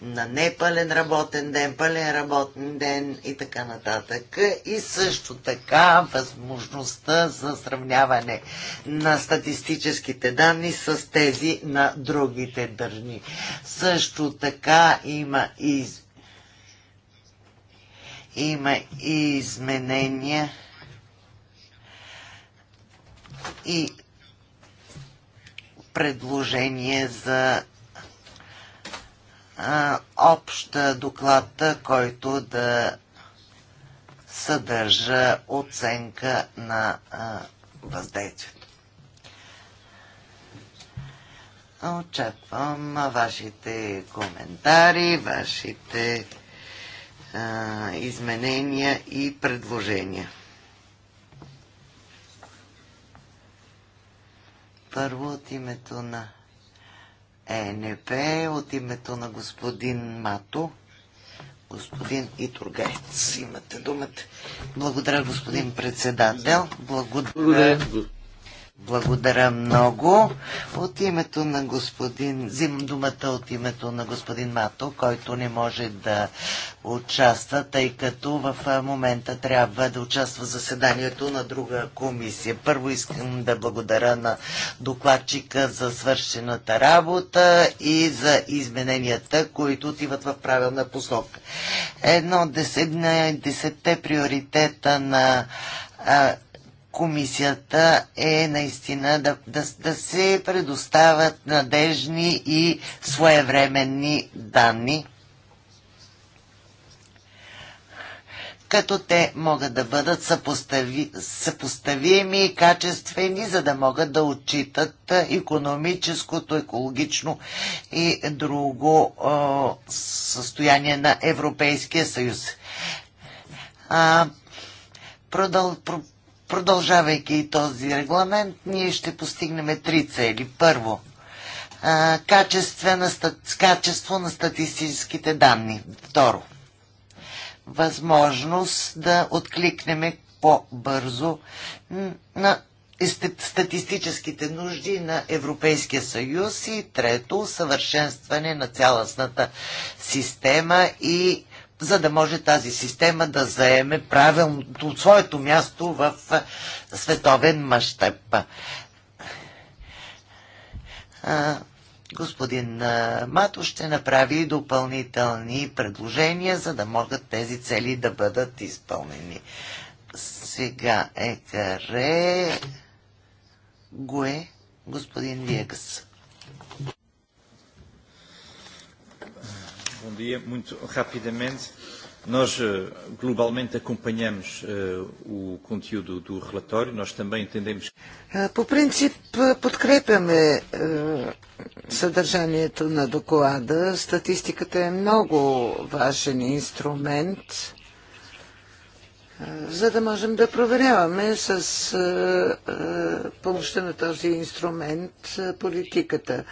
на непълен работен ден, пълен работен ден и така нататък. И също така възможността за сравняване на статистическите данни с тези на другите държни. Също така има и из... има и изменения и предложение за обща доклада, който да съдържа оценка на въздействието. Очаквам вашите коментари, вашите изменения и предложения. Първо от името на е ЕНП, от името на господин Мато, господин Итургайц. Имате думата. Благодаря, господин председател. Благодаря. Благодаря благодаря много. От името на господин, взимам думата от името на господин Мато, който не може да участва, тъй като в момента трябва да участва в заседанието на друга комисия. Първо искам да благодаря на докладчика за свършената работа и за измененията, които отиват в правилна посока. Едно десетте приоритета на комисията е наистина да, да, да се предоставят надежни и своевременни данни, като те могат да бъдат съпостави, съпоставими и качествени, за да могат да отчитат економическото, екологично и друго е, състояние на Европейския съюз. А, продъл, продължавайки този регламент, ние ще постигнем три цели. Първо, качество на статистическите данни. Второ, възможност да откликнем по-бързо на статистическите нужди на Европейския съюз и трето, съвършенстване на цялостната система и за да може тази система да заеме правилното своето място в световен мащаб. Господин Мато ще направи допълнителни предложения, за да могат тези цели да бъдат изпълнени. Сега е каре... Гое, господин Виегас. bom dia. Muito rapidamente, nós eh, globalmente acompanhamos eh, o conteúdo do relatório, nós também entendemos. Е, по принцип е, подкрепяме е, съдържанието на доклада. Статистиката е много важен инструмент за да можем да проверяваме с помощта на този инструмент политиката.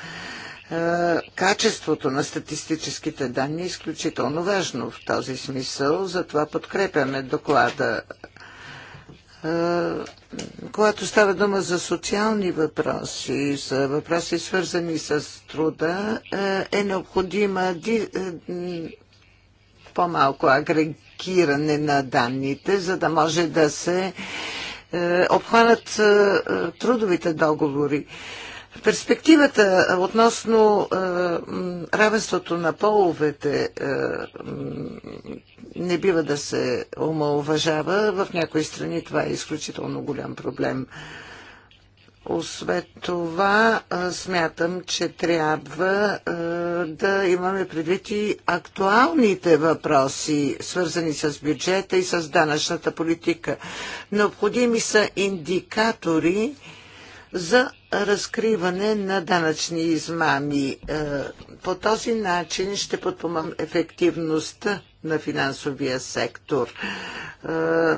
Е, качеството на статистическите данни е изключително важно в този смисъл. Затова подкрепяме доклада. Е, когато става дума за социални въпроси, за въпроси свързани с труда, е, е необходима по-малко агрегиране на данните, за да може да се обхванат трудовите договори. Перспективата относно е, равенството на половете е, не бива да се омалуважава. В някои страни това е изключително голям проблем. Освен това, е, смятам, че трябва е, да имаме предвид и актуалните въпроси, свързани с бюджета и с данъчната политика. Необходими са индикатори, за разкриване на данъчни измами. Е, по този начин ще подпомогнем ефективността на финансовия сектор. Е,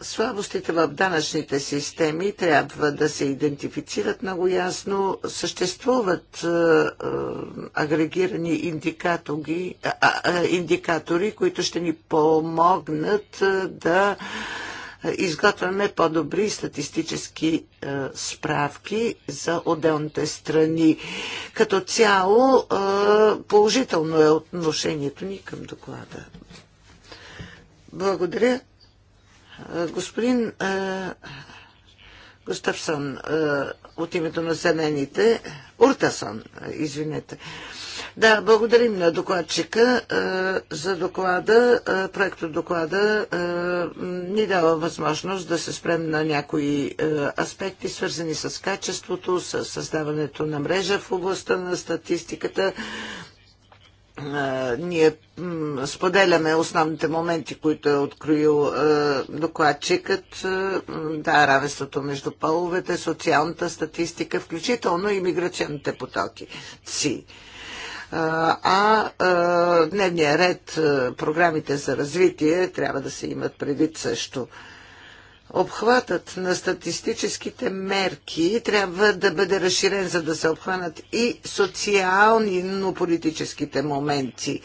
слабостите в данъчните системи трябва да се идентифицират много ясно. Съществуват е, агрегирани индикатори, които ще ни помогнат да изготвяме по-добри статистически е, справки за отделните страни. Като цяло е, положително е отношението ни към доклада. Благодаря. Е, господин Густавсон от името на Зелените, Уртасон, извинете. Да, благодарим на докладчика е, за доклада. Е, проектът доклада е, ни дава възможност да се спрем на някои аспекти, свързани с качеството, с създаването на мрежа в областта на статистиката. Ние споделяме основните моменти, които е откроил докладчикът. Да, равенството между половете, социалната статистика, включително и миграционните си а дневния ред, програмите за развитие трябва да се имат предвид също. Обхватът на статистическите мерки трябва да бъде разширен, за да се обхванат и социални, но политическите моменти.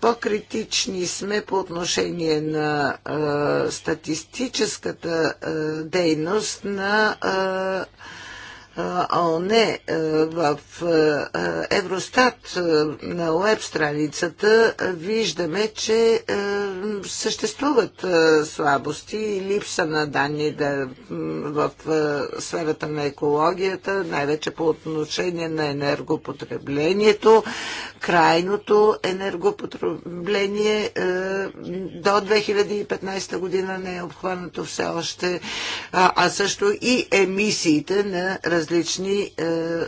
По-критични сме по отношение на е, статистическата е, дейност на е, не е, в е, е, Евростат на веб страницата виждаме, че съществуват слабости и липса на данни да, в сферата на екологията, най-вече по отношение на енергопотреблението, крайното енергопотребление до 2015 година не е обхванато все още, а също и емисиите на различни различни е,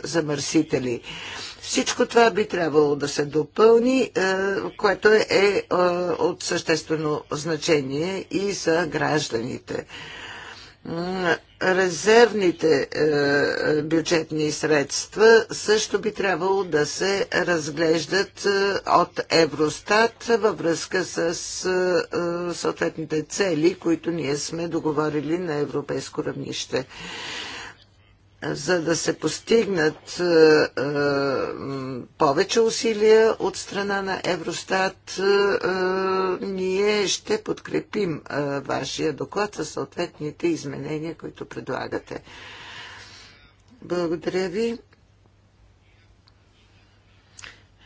замърсители. Всичко това би трябвало да се допълни, е, което е, е от съществено значение и за гражданите резервните е, бюджетни средства също би трябвало да се разглеждат е, от Евростат във връзка с е, е, съответните цели, които ние сме договорили на европейско равнище за да се постигнат е, е, повече усилия от страна на Евростат, е, е ние ще подкрепим е, вашия доклад със съответните изменения, които предлагате. Благодаря ви.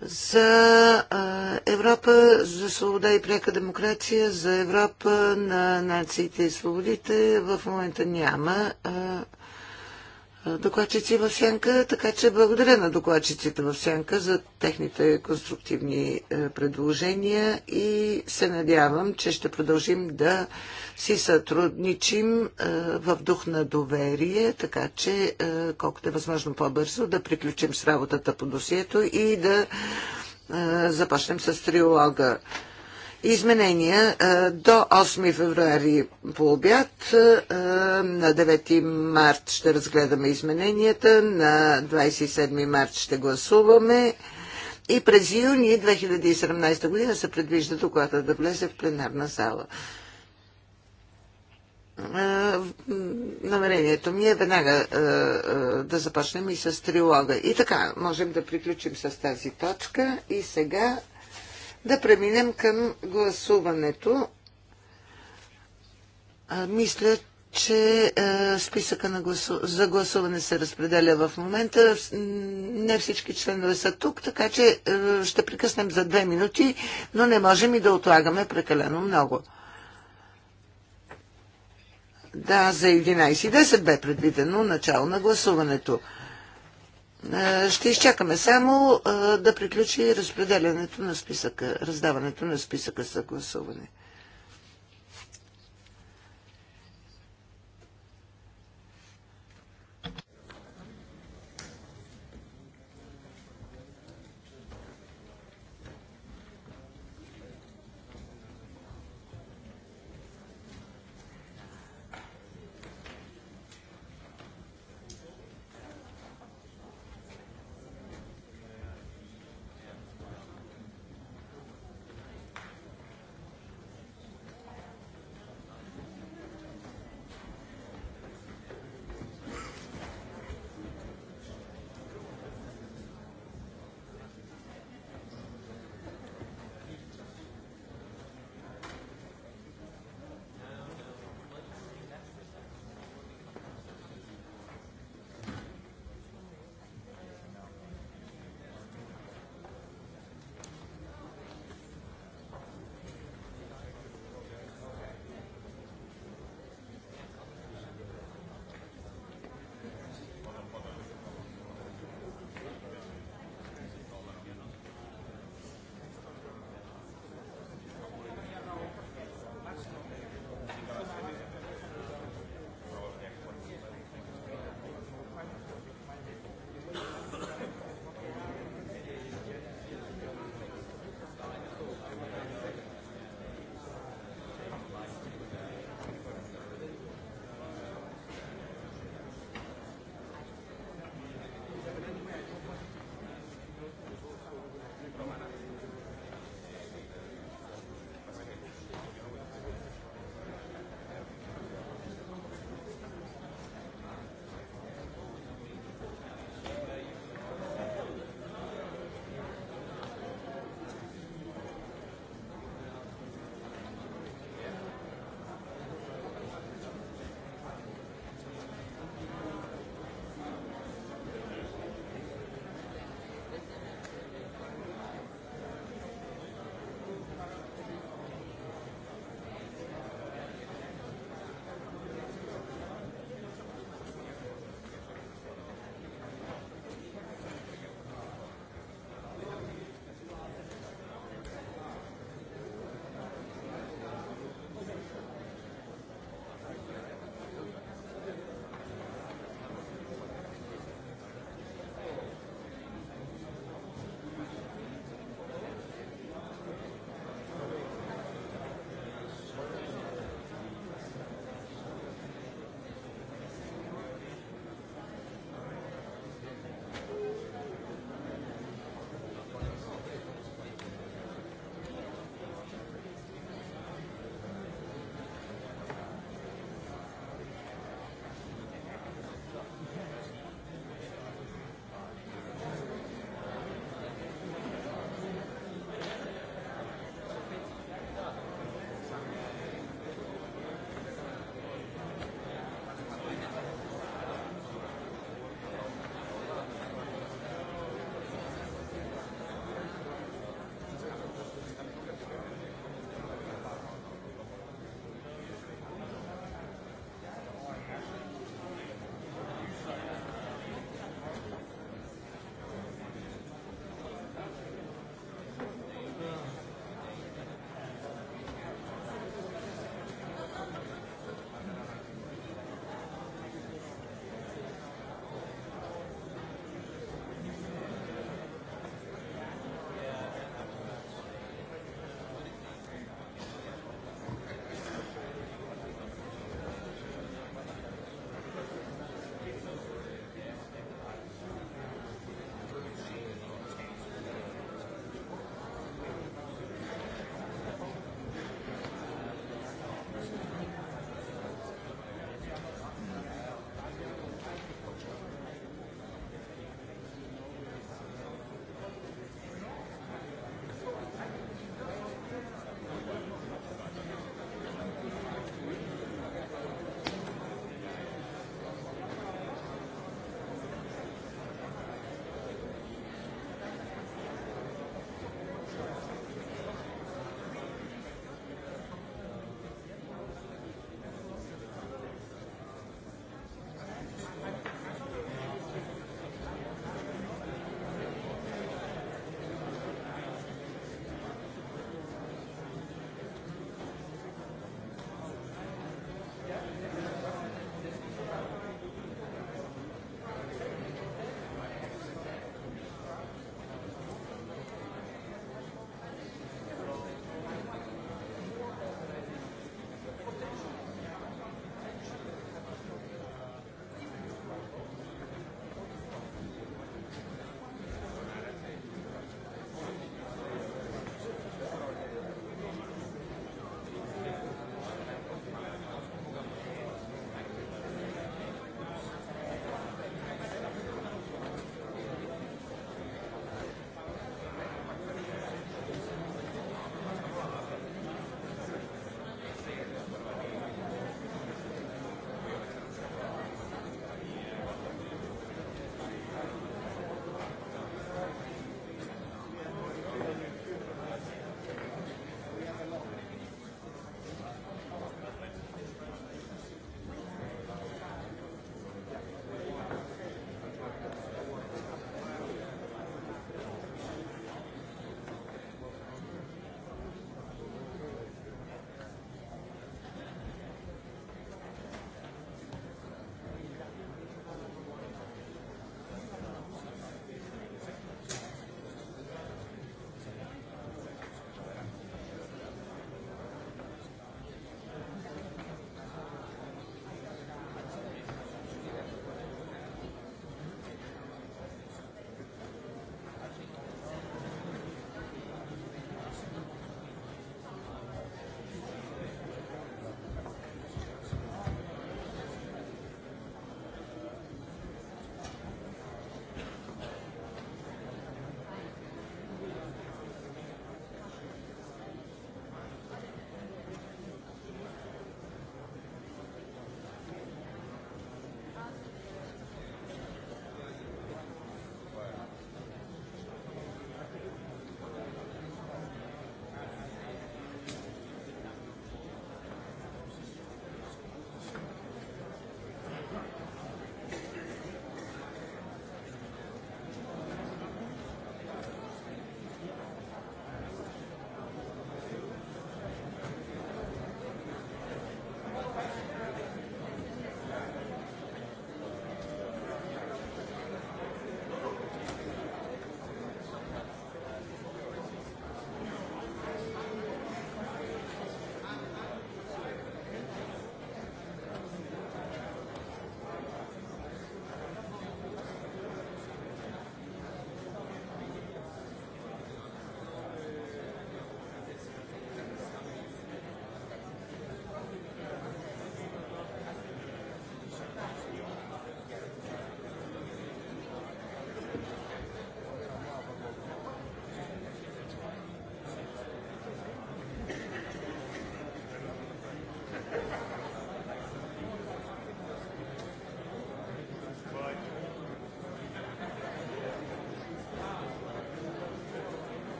За е, Европа, за свобода и пряка демокрация, за Европа на нациите и свободите в момента няма докладчици в Сянка, така че благодаря на докладчиците в Сянка за техните конструктивни е, предложения и се надявам, че ще продължим да си сътрудничим е, в дух на доверие, така че е, колкото е възможно по-бързо да приключим с работата по досието и да започнем с триолога. Изменения до 8 февруари по обяд. На 9 март ще разгледаме измененията. На 27 март ще гласуваме. И през юни 2017 година се предвижда доклада да влезе в пленарна зала. Намерението ми е веднага да започнем и с трилога. И така, можем да приключим с тази точка. И сега да преминем към гласуването. А, мисля, че а, списъка на гласу... за гласуване се разпределя в момента. Не всички членове са тук, така че а, ще прекъснем за две минути, но не можем и да отлагаме прекалено много. Да, за 11.10 бе предвидено начало на гласуването. Е, ще изчакаме само е, да приключи разпределянето на списъка, раздаването на списъка за гласуване.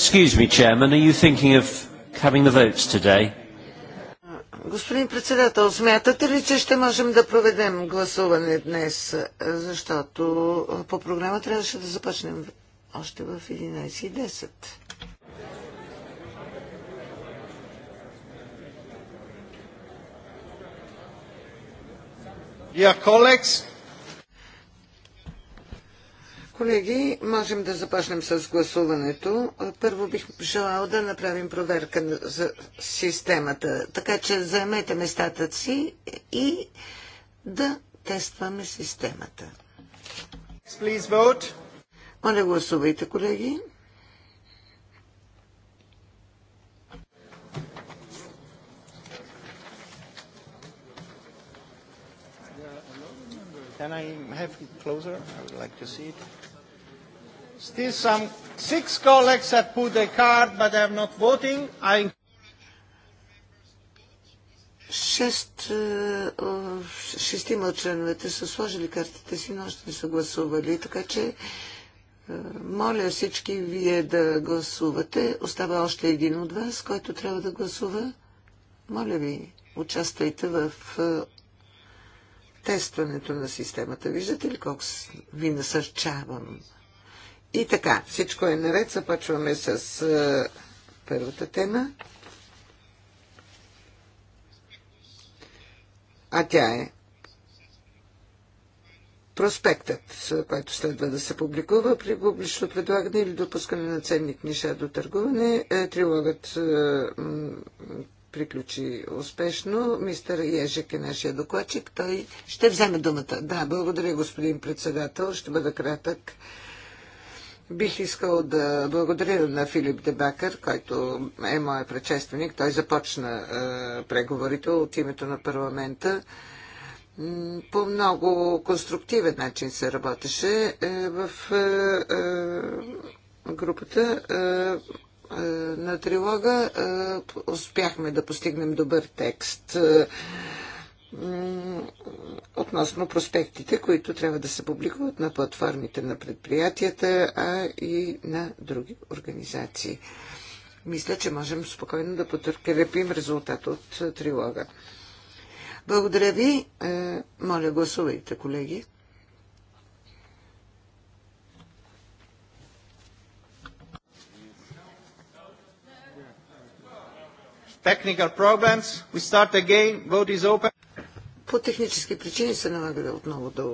Excuse me, Chairman, are you thinking of having the votes today? Господин председател, смятате ли, че ще можем да проведем гласуване днес? Защото по програма трябваше да започнем още в 11.10. Dear colleagues, Колеги, можем да започнем с гласуването. Първо бих желал да направим проверка за системата. Така че заемете местата си и да тестваме системата. Моля, гласувайте, колеги. Can I have it closer? I would like to see it. Still some six colleagues have put their card, but they are not voting. I... Шест, е, шестима от членовете са сложили картите си, но още не са гласували, така че е, моля всички вие да гласувате. Остава още един от вас, който трябва да гласува. Моля ви, участвайте в е, тестването на системата. Виждате ли колко ви насърчавам? И така, всичко е наред. Започваме с първата тема. А тя е проспектът, който следва да се публикува при публично предлагане или допускане на ценни книжа до търгуване. Е, трилогът е, приключи успешно. Мистер Ежек е нашия докладчик. Той ще вземе думата. Да, благодаря, господин председател. Ще бъда кратък. Бих искал да благодаря на Филип Дебакър, който е моят предшественик. Той започна е, преговорите от името на парламента. По много конструктивен начин се работеше е, в е, е групата е, е, на трилога. успяхме да постигнем добър текст относно проспектите, които трябва да се публикуват на платформите на предприятията, а и на други организации. Мисля, че можем спокойно да потърпим резултат от трилога. Благодаря ви. Моля, гласувайте, колеги. Technical problems. We start again. Vote is open по технически причини се налага да отново да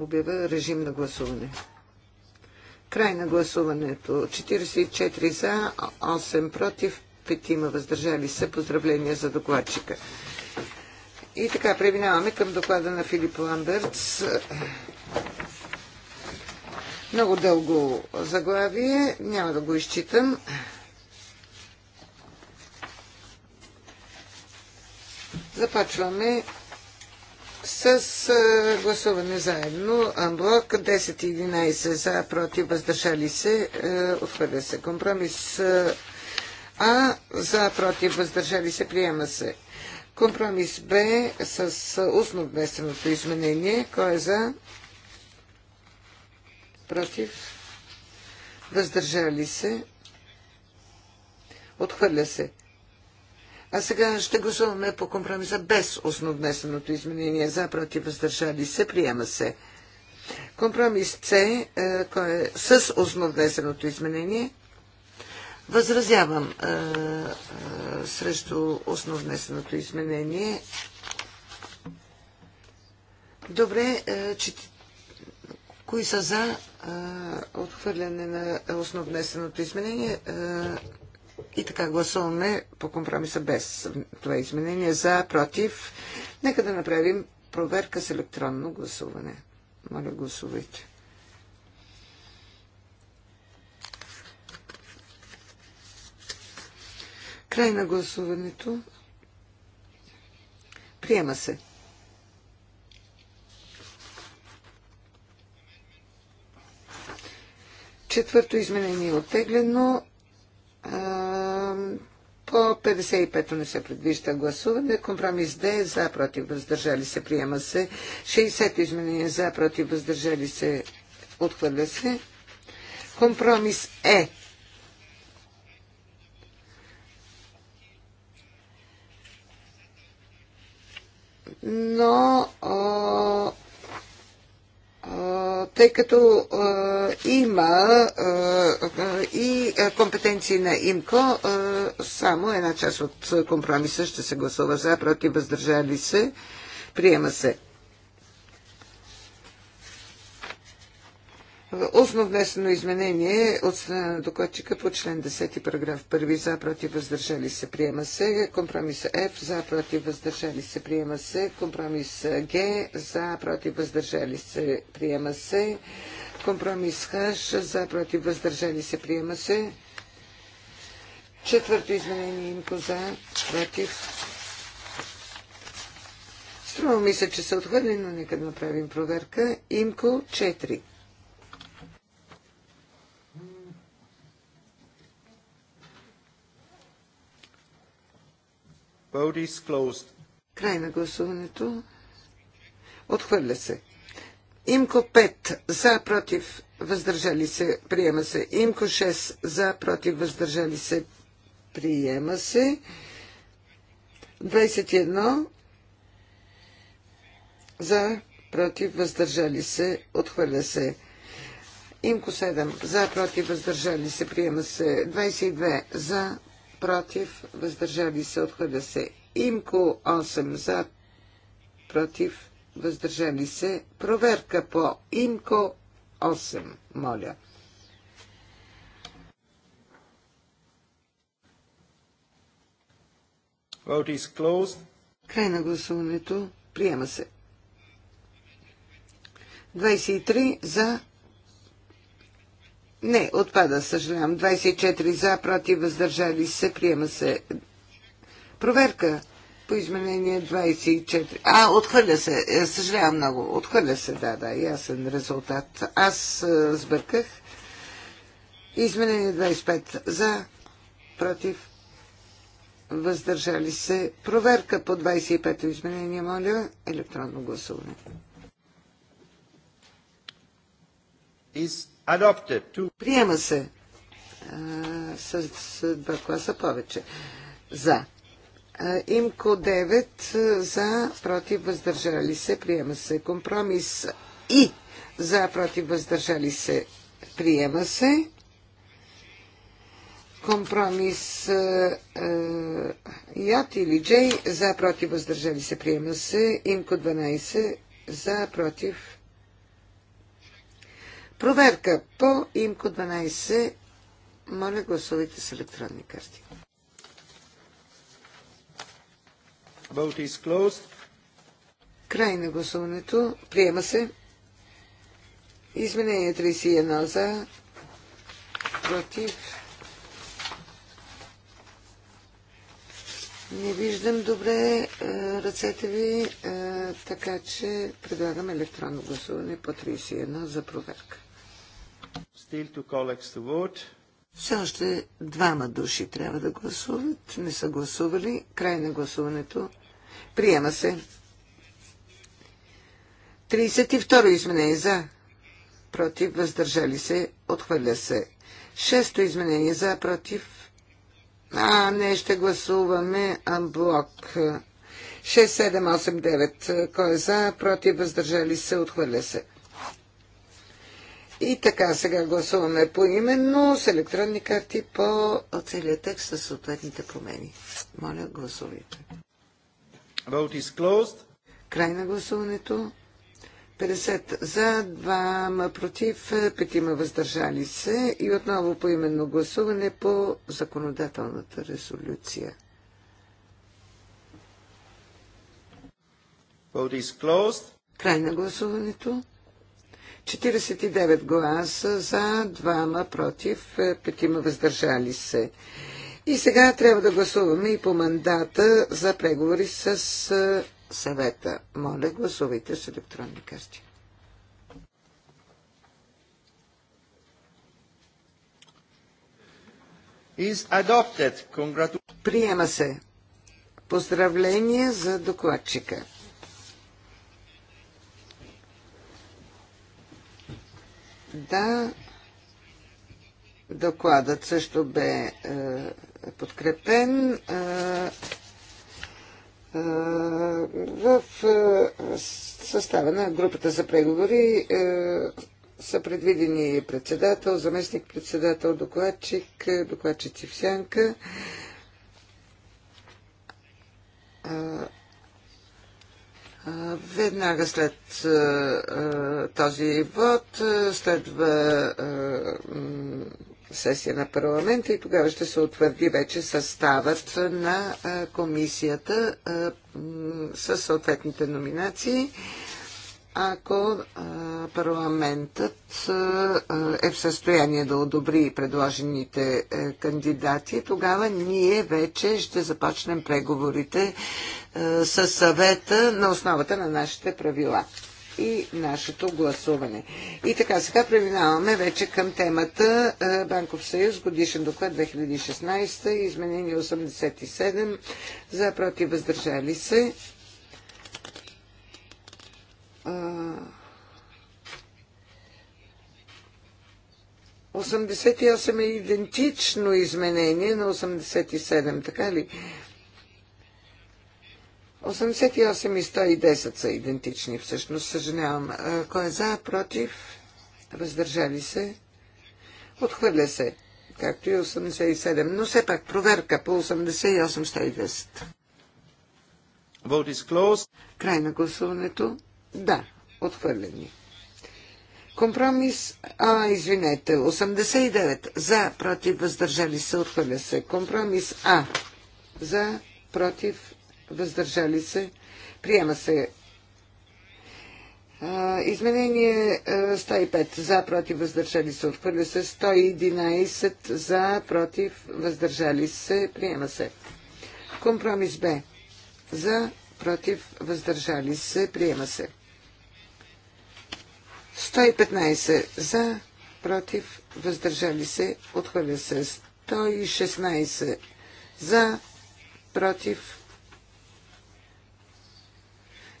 обявя режим на гласуване. Край на гласуването. 44 за, 8 против, 5 има въздържали се. Поздравления за докладчика. И така, преминаваме към доклада на Филип Ламбертс. Много дълго заглавие, няма да го изчитам. Започваме с гласуване заедно. Амблок 10 и 11 за, против, въздържали се. Отхвърля се компромис. А за, против, въздържали се. Приема се. Компромис Б с устно внесеното изменение. Кой е за? Против? Въздържали се? Отхвърля се. А сега ще гласуваме по компромиса без основнесеното изменение. За, против, въздържали се. Приема се. Компромис С, е, кой е с основнесеното изменение. Възразявам е, е, срещу основнесеното изменение. Добре, е, че, кои са за е, отхвърляне на основнесеното изменение? Е, и така гласуваме по компромиса без това изменение. За, против. Нека да направим проверка с електронно гласуване. Моля, гласувайте. Край на гласуването. Приема се. Четвърто изменение е оттеглено. По 55-то не се предвижда гласуване. Компромис Д е за против въздържали се приема се. 60-то изменение за против въздържали се отхвърля се. Компромис Е но о, тъй като е, има е, и компетенции на ИМКО, е, само една част от компромиса ще се гласува за, против, въздържали се, приема се. Устно внесено изменение от страна на докладчика по член 10 параграф 1 за против въздържали се приема се. Компромис F за против въздържали се приема се. Компромис Г за против въздържали се приема се. Компромис Х за против въздържали се приема се. Четвърто изменение имко за против. Струва ми се, че са отхвърли, но нека да направим проверка. Имко 4. Vote is closed. Край на гласуването. Отхвърля се. Имко 5 за против въздържали се приема се. Имко 6 за против въздържали се приема се. 21 за против въздържали се отхвърля се. Имко 7 за против въздържали се приема се. 22 за против, въздържали се, отхвърля се. Имко 8 за, против, въздържали се. Проверка по Имко 8, моля. Vote is closed. Край на гласуването. Приема се. 23 за, не, отпада, съжалявам. 24 за, против, въздържали се, приема се. Проверка по изменение 24. А, отхвърля се, е, съжалявам много. Отхвърля се, да, да, ясен резултат. Аз а, е, сбърках. Изменение 25 за, против, въздържали се. Проверка по 25-то изменение, моля, електронно гласуване. Is Приема се а, с, с два класа повече. За. А, имко 9 за, против, въздържали се. Приема се. Компромис и за, против, въздържали се. Приема се компромис Ят или Джей за против въздържали се приема се. Имко 12 за против Проверка по имко 12. Моля, гласувайте с електронни карти. Vote is closed. Край на гласуването. Приема се. Изменение 31 за. Против. Не виждам добре е, ръцете ви, е, така че предлагам електронно гласуване по 31 за проверка. Все още двама души трябва да гласуват. Не са гласували. Край на гласуването. Приема се. 32 изменение за. Против. Въздържали се. Отхвърля се. Шесто изменение за. Против. А, не, ще гласуваме амблок. 6, 7, 8, 9. Кой е за? Против. Въздържали се. Отхвърля се. И така, сега гласуваме по именно с електронни карти по целия текст с съответните промени. Моля, гласувайте. Vote is closed. Край на гласуването. 50 за, 2 против, 5 въздържали се и отново по именно гласуване по законодателната резолюция. Vote is closed. Край на гласуването. 49 гласа за, 2 против, 5 е, въздържали се. И сега трябва да гласуваме и по мандата за преговори с е, съвета. Моля, гласувайте с електронни карти. Приема се. Поздравление за докладчика. Да, докладът също бе е, подкрепен. Е, е, в е, състава на групата за преговори е, са предвидени председател, заместник председател, докладчик, е, докладчици в сянка. Е, Веднага след този вод следва сесия на парламента и тогава ще се утвърди вече съставът на комисията със съответните номинации. Ако парламентът е в състояние да одобри предложените е, кандидати, тогава ние вече ще започнем преговорите е, с съвета на основата на нашите правила и нашето гласуване. И така, сега преминаваме вече към темата е, Банков съюз, годишен доклад 2016, изменение 87, за против въздържали се. 88 е идентично изменение на 87, така ли? 88 и 110 са идентични, всъщност, съжалявам. Кой е за, против, въздържали се, отхвърля се, както и 87, но все пак проверка по 88-110. Край на гласуването. Да, отхвърлени. Компромис, а, извинете, 89 за, против, въздържали се, отхвърля се. Компромис А за, против, въздържали се, приема се. А, изменение 105 за, против, въздържали се, отхвърля се. 111 за, против, въздържали се, приема се. Компромис Б за, против, въздържали се, приема се. 115 за, против, въздържали се, отхвърля се. 116 за, против.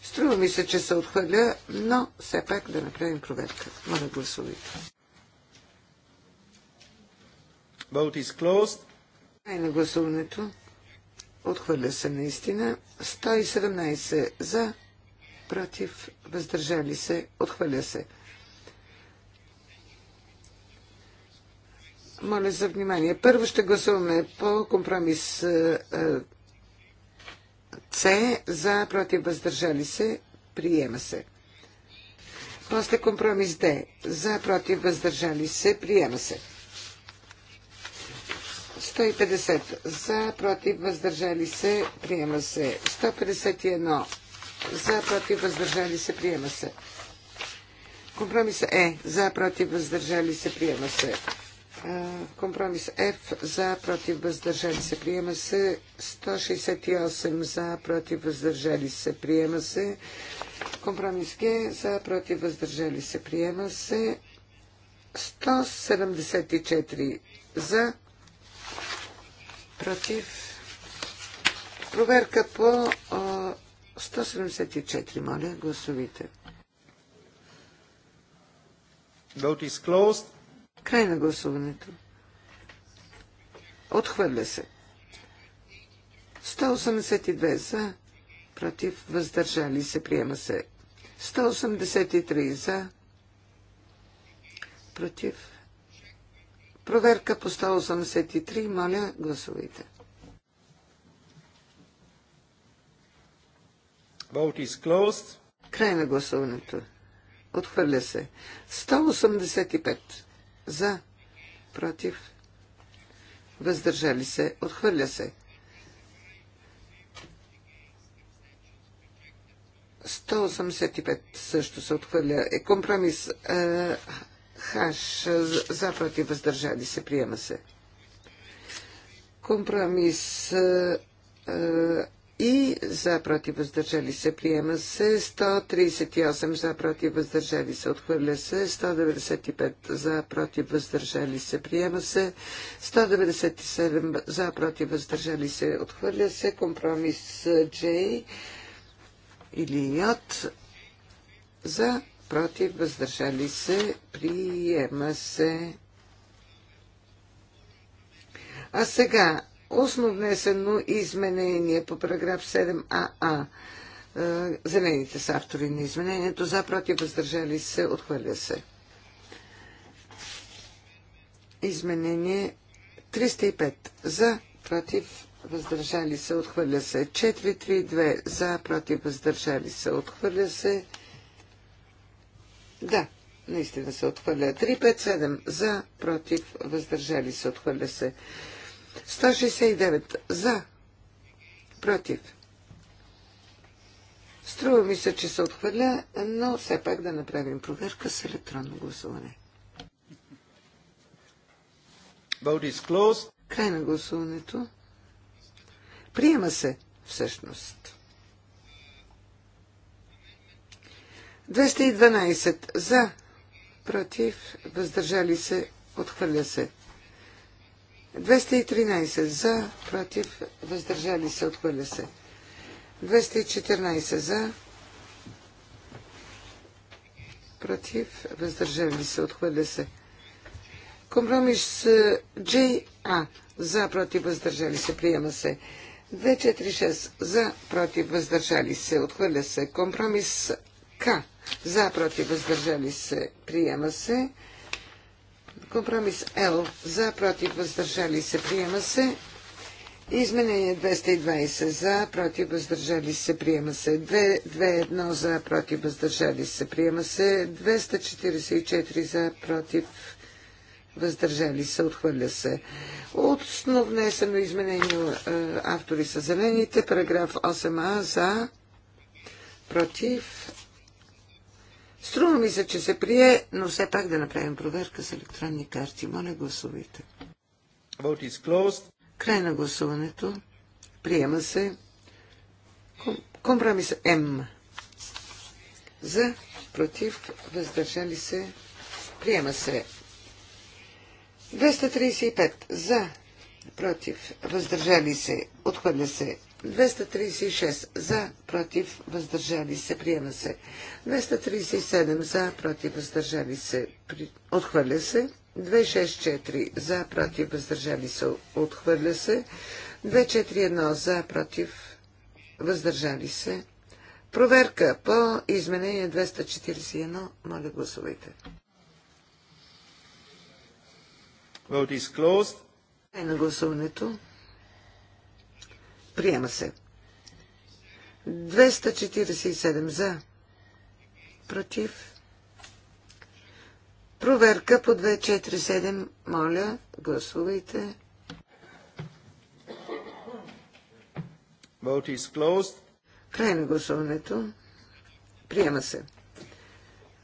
Струва ми се, че се отхвърля, но все пак да направим проверка. Моля, гласувайте. Vote is closed. Край на гласуването. Отхвърля се наистина. 117 за, против, въздържали се, отхвърля се. Моля за внимание. Първо ще гласуваме по компромис е, е, С за против въздържали се. Приема се. После компромис Д. За против въздържали се. Приема се. 150. За против въздържали се. Приема се. 151. За против въздържали се. Приема се. Компромис Е. За против въздържали се. Приема се. Компромис F за против въздържали се приема се. 168 за против въздържали се приема се. Компромис Г за против въздържали се приема се. 174 за против. Проверка по 174, моля, гласовите. Vote is closed. Край на гласуването. Отхвърля се. 182 за, против, въздържали се, приема се. 183 за, против. Проверка по 183, моля, гласувайте. Vote is closed. Край на гласуването. Отхвърля се. 185 за, против, въздържали се, отхвърля се. 185 също се отхвърля. Е компромис е, хаш за против въздържали се, приема се. Компромис е, е и за против въздържали се приема се 138 за против въздържали се отхвърля се 195 за против въздържали се приема се 197 за против въздържали се отхвърля се компромис J или J за против въздържали се приема се а сега устно внесено изменение по параграф 7АА. Е, Зелените са автори на изменението. За, против, въздържали се, отхвърля се. Изменение 305. За, против, въздържали се, отхвърля се. 432. За, против, въздържали се, отхвърля се. Да, наистина се отхвърля. 357. За, против, въздържали се, отхвърля се. 169 за. Против. Струва ми се, че се отхвърля, но все пак да направим проверка с електронно гласуване. Край на гласуването. Приема се, всъщност. 212 за, против, въздържали се, отхвърля се. 213 за, против, въздържали се, отхвърля се. 214 за, против, въздържали се, отхвърля се. Компромис с е, JA за, против, въздържали се, приема се. 246 за, против, въздържали се, отхвърля се. Компромис К за, против, въздържали се, приема се. Компромис Л за, против, въздържали се, приема се. Изменение 220 за, против, въздържали се, приема се. 221 за, против, въздържали се, приема се. 244 за, против, въздържали се, отхвърля се. Основно внесено изменение е, автори са зелените. Параграф 8а за, против, Струва ми се, че се прие, но все пак да направим проверка с електронни карти. Моля, гласувайте. Край на гласуването. Приема се компромис М. За, против, въздържали се. Приема се 235. За, против, въздържали се. Отхвърля се 236 за, против, въздържали се, приема се. 237 за, против, въздържали се, при... отхвърля се. 264 за, против, въздържали се, отхвърля се. 241 за, против, въздържали се. Проверка по изменение 241. Моля, гласувайте. Vote is closed. Е на гласуването. Приема се. 247 за. Против. Проверка по 247. Моля, гласувайте. Vote is closed. Край на гласуването. Приема се.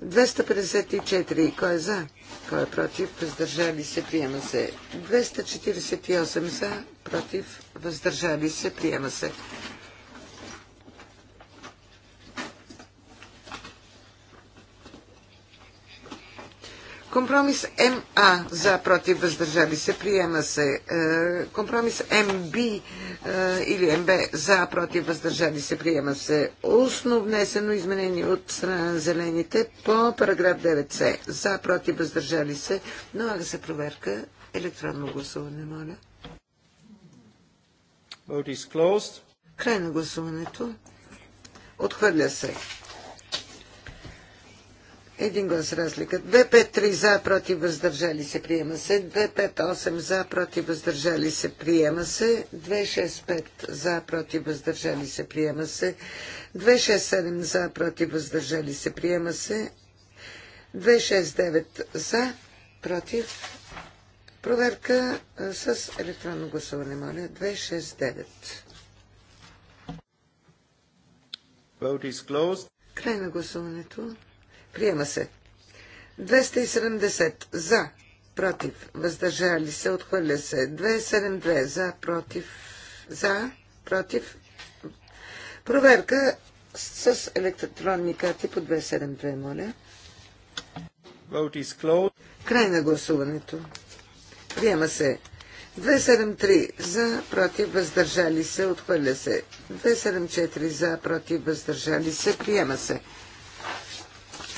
254. Кой е за? Кой е против? Въздържали се. Приема се. 248 за. Против. Въздържали се. Приема се. Компромис МА за против въздържали се приема се. Е, компромис МБ е, или МБ за против въздържали се приема се. Устно внесено изменение от страна на зелените по параграф 9 с За против въздържали се. Налага се проверка. Електронно гласуване, моля. Край на гласуването. Отхвърля се. Един глас разлика. 253 за, против, въздържали се, приема се. 258 за, против, въздържали се, приема се. 265 за, против, въздържали се, приема се. 267 за, против, въздържали се, приема се. 269 за, против. Проверка с електронно гласуване, моля. 269. Край на гласуването. Приема се. 270 за, против, въздържали се, отхвърля се. 272 за, против, за, против. Проверка с електронни карти по 272, моля. Vote is closed. Край на гласуването. Приема се. 273 за, против, въздържали се, отхвърля се. 274 за, против, въздържали се, приема се.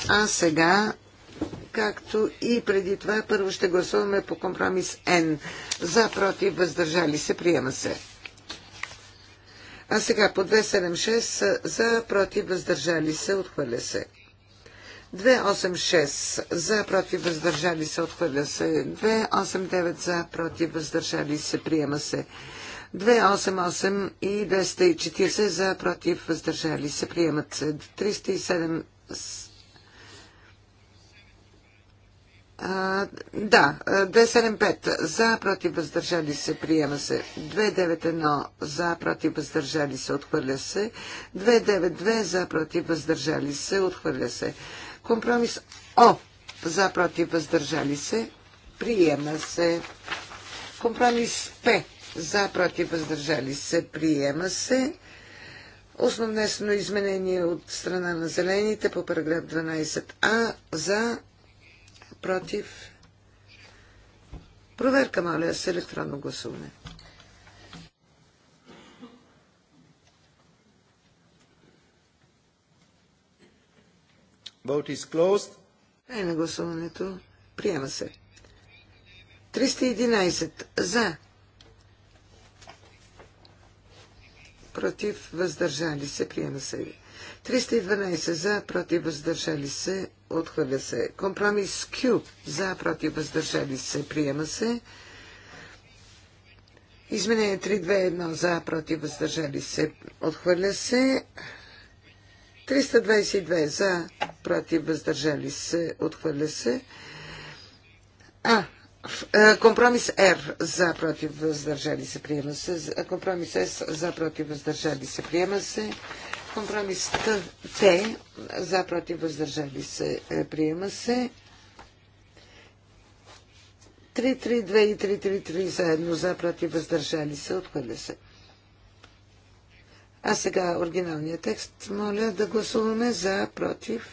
А сега, както и преди това, първо ще гласуваме по компромис Н. За, против, въздържали се, приема се. А сега по 276 за, против, въздържали се, отхвърля се. 286 за, против, въздържали се, отхвърля се. 289 за, против, въздържали се, приема се. 288 и 240 за, против, въздържали се, приемат се. 307 да, 275 за, против, въздържали се, приема се. 291 за, против, въздържали се, отхвърля се. 292 за, против, въздържали се, отхвърля се. Компромис О за, против, въздържали се, приема се. Компромис П за, против, въздържали се, приема се. Основнесено изменение от страна на зелените по параграф 12А за против. Проверка, моля, с електронно гласуване. Vote is closed. Не на гласуването. Приема се. 311 за. Против въздържали се. Приема се. 312 за. Против въздържали се. Отхвърля се. Компромис Q. За, против, въздържали се. Приема се. Изменение 321. За, против, въздържали се. Отхвърля се. 322. За, против, въздържали се. Отхвърля се. А, Компромис Р за против въздържали се приема се. Компромис С за против въздържали се приема се. Компромисът Т за против въздържали се е, приема се. 332 и 333 заедно за против въздържали се отхвърля се. А сега оригиналният текст. Моля да гласуваме за против.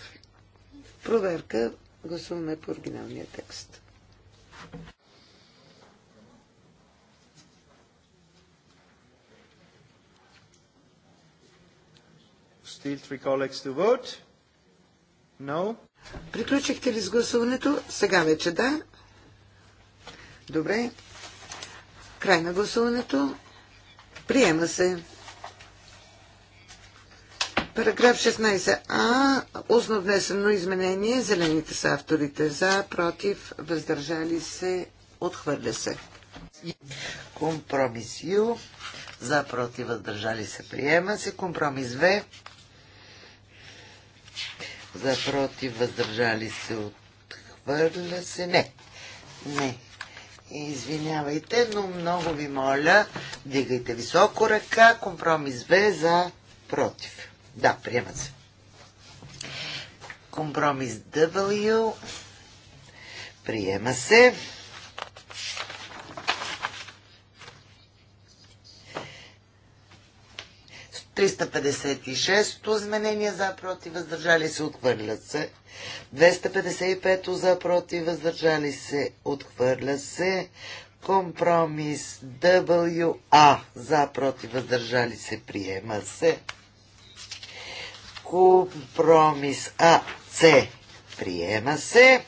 Проверка. Гласуваме по оригиналния текст. Still three colleagues to vote? No? Приключихте ли с гласуването? Сега вече да. Добре. Край на гласуването. Приема се. Параграф 16а. Устно внесено изменение. Зелените са авторите за, против, въздържали се, отхвърля се. Компромис Ю. За, против, въздържали се, приема се. Компромис В за против, въздържали се, отхвърля се. Не, не. Извинявайте, но много ви моля, дигайте високо ръка, компромис Б за против. Да, приема се. Компромис W. Приема се. 356-то изменение за против, въздържали се, отхвърля се. 255-то за против, въздържали се, отхвърля се. Компромис WA за против, въздържали се, приема се. Компромис AC приема се.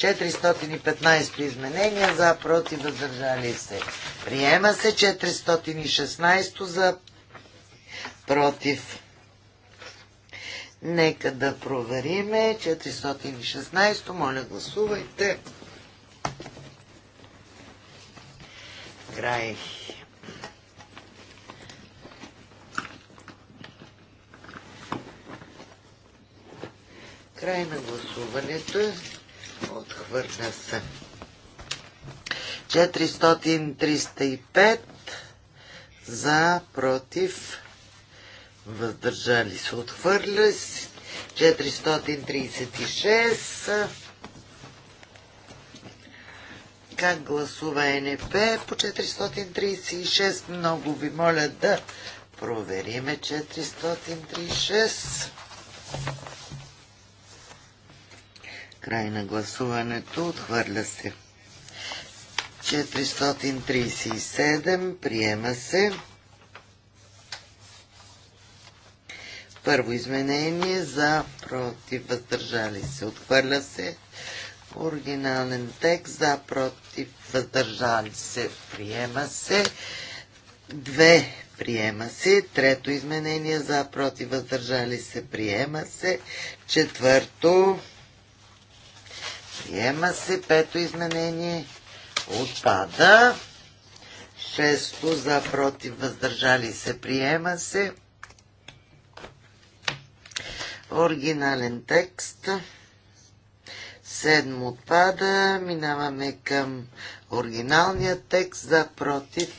415 изменения за против въздържали се. Приема се 416 за против. Нека да провериме. 416. Моля, гласувайте. Край. Край на гласуването. Отхвърля се. 435. за, против, въздържали се. Отхвърля се. 436 как гласува НП по 436. Много ви моля да провериме 436. Край на гласуването. Отхвърля се. 437. Приема се. Първо изменение за против въздържали се. Отхвърля се. Оригинален текст за против въздържали се. Приема се. Две приема се. Трето изменение за против въздържали се. Приема се. Четвърто Приема се. Пето изменение. Отпада. Шесто за против въздържали се. Приема се. Оригинален текст. Седмо отпада. Минаваме към оригиналния текст за против.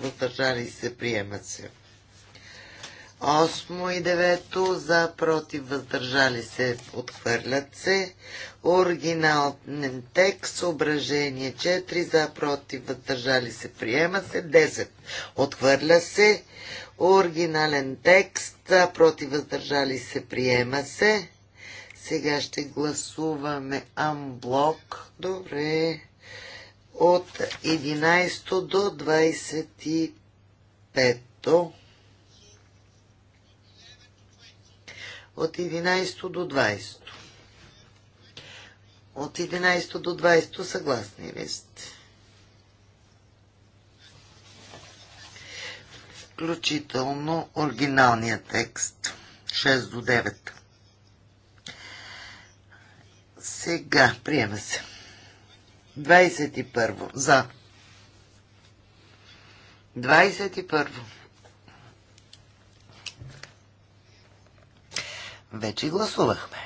Въздържали се. Приема се. Осмо и девето за против въздържали се. Отхвърлят се. Оригиналтен текст, съображение 4, за, против, въздържали се, приема се, 10, отхвърля се. Оригинален текст, за, против, въздържали се, приема се. Сега ще гласуваме амблок. Добре. От 11 до 25. От 11 до 20. От 11 до 20 съгласни ли сте? Включително оригиналния текст. 6 до 9. Сега, приема се. 21. За. 21. Вече гласувахме.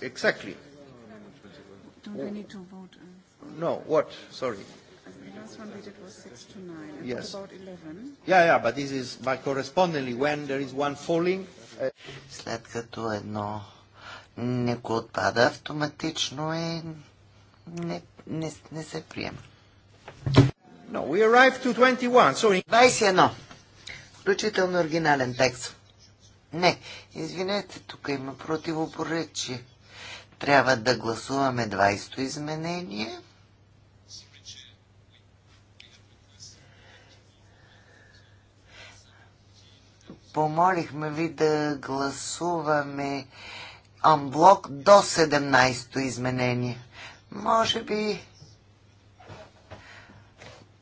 Exactly. Don't we need to vote? No, what? Sorry. The last one we did was 6 to 9. And yes. About 11. Yeah, yeah, but this is by correspondingly when there is one falling. След като едно не го отпада, автоматично е не, не, не се приема. No, we arrived to 21, so... 21. Включително оригинален текст. Не, извинете, тук има противопоречие. Трябва да гласуваме 20-то изменение. Помолихме ви да гласуваме амблок до 17-то изменение. Може би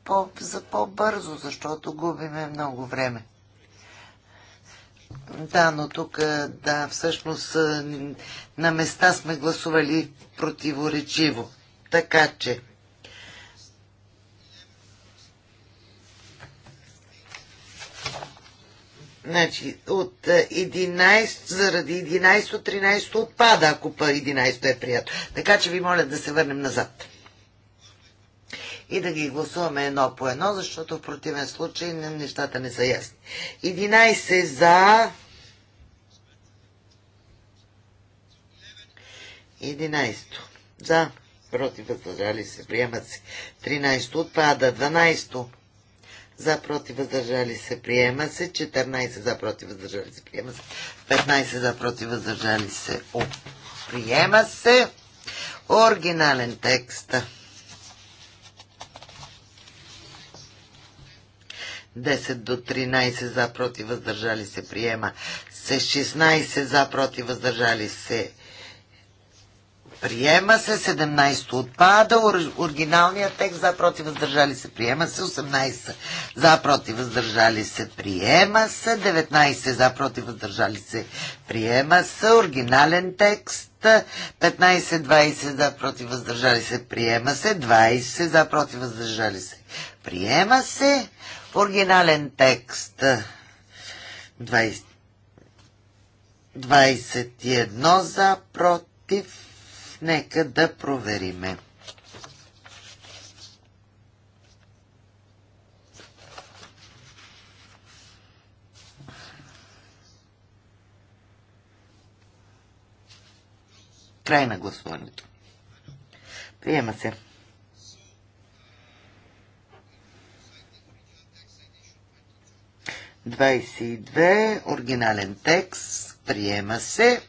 по, за по-бързо, защото губиме много време. Да, но тук, е, да, всъщност е, на места сме гласували противоречиво. Така че. Значи, от 11, е, заради 11-13 отпада, ако 11 е прият. Така че ви моля да се върнем назад и да ги гласуваме едно по едно, защото в противен случай нещата не са ясни. 11 за... 11 за... Против въздържали се. Приемат се. 13 отпада. 12 за против въздържали се приема се, 14 за против въздържали се приема се, 15 за против въздържали се О, приема се. Оригинален текст. 10 до 13 за против въздържали се приема с 16 за против въздържали се приема се 17 отпада оригиналният текст за против въздържали се приема се 18 за против въздържали се приема се 19 за против въздържали се приема се оригинален текст 15-20 за против въздържали се приема се 20 за против въздържали се приема се Оригинален текст 20, 21 за, против. Нека да провериме. Край на гласуването. Приема се. 22, оригинален текст, приема се.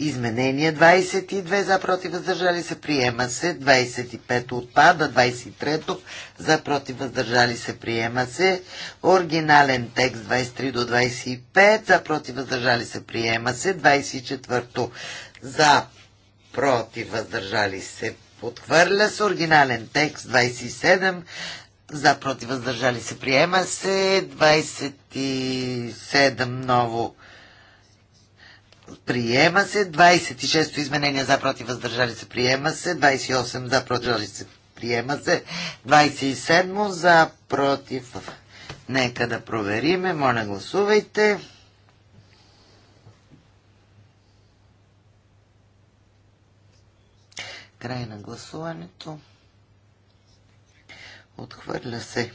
Изменение 22 за против въздържали се приема се, 25 отпада, 23 за против въздържали се приема се, оригинален текст 23 до 25 за против въздържали се приема се, 24 за против въздържали се Подхвърля с оригинален текст 27 за против въздържали се приема се 27 ново приема се 26 изменение за против въздържали се приема се 28 за против се приема се 27 за против нека да провериме моля гласувайте край на гласуването Отхвърля се.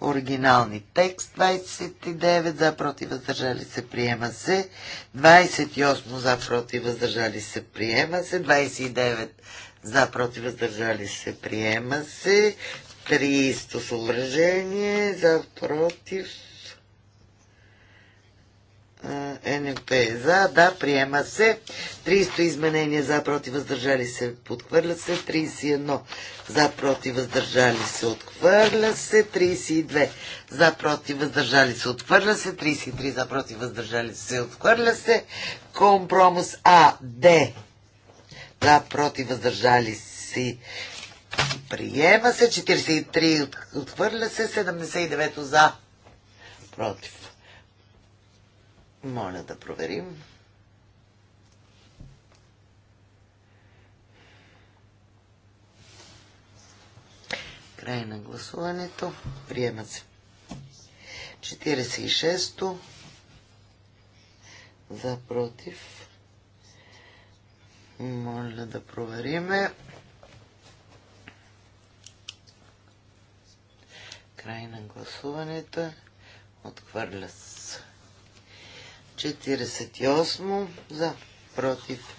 Оригинални текст 29 за против въздържали се приема се. 28 за против въздържали се приема се. 29 за против въздържали се приема се. 300 съображение за против е, НФП е за, да, приема се. 300 изменения за, против, въздържали се, подхвърля се. 31 за, против, въздържали се, отхвърля се. 32 за, против, въздържали се, отхвърля се. 33 за, против, въздържали се, отхвърля се. Компромис А, Д. За, против, въздържали се, приема се. 43 отхвърля се. 79 за, против моля да проверим. Край на гласуването. Приема се. 46-то. За против. Моля да провериме. Край на гласуването. Отхвърля се. 48 за против.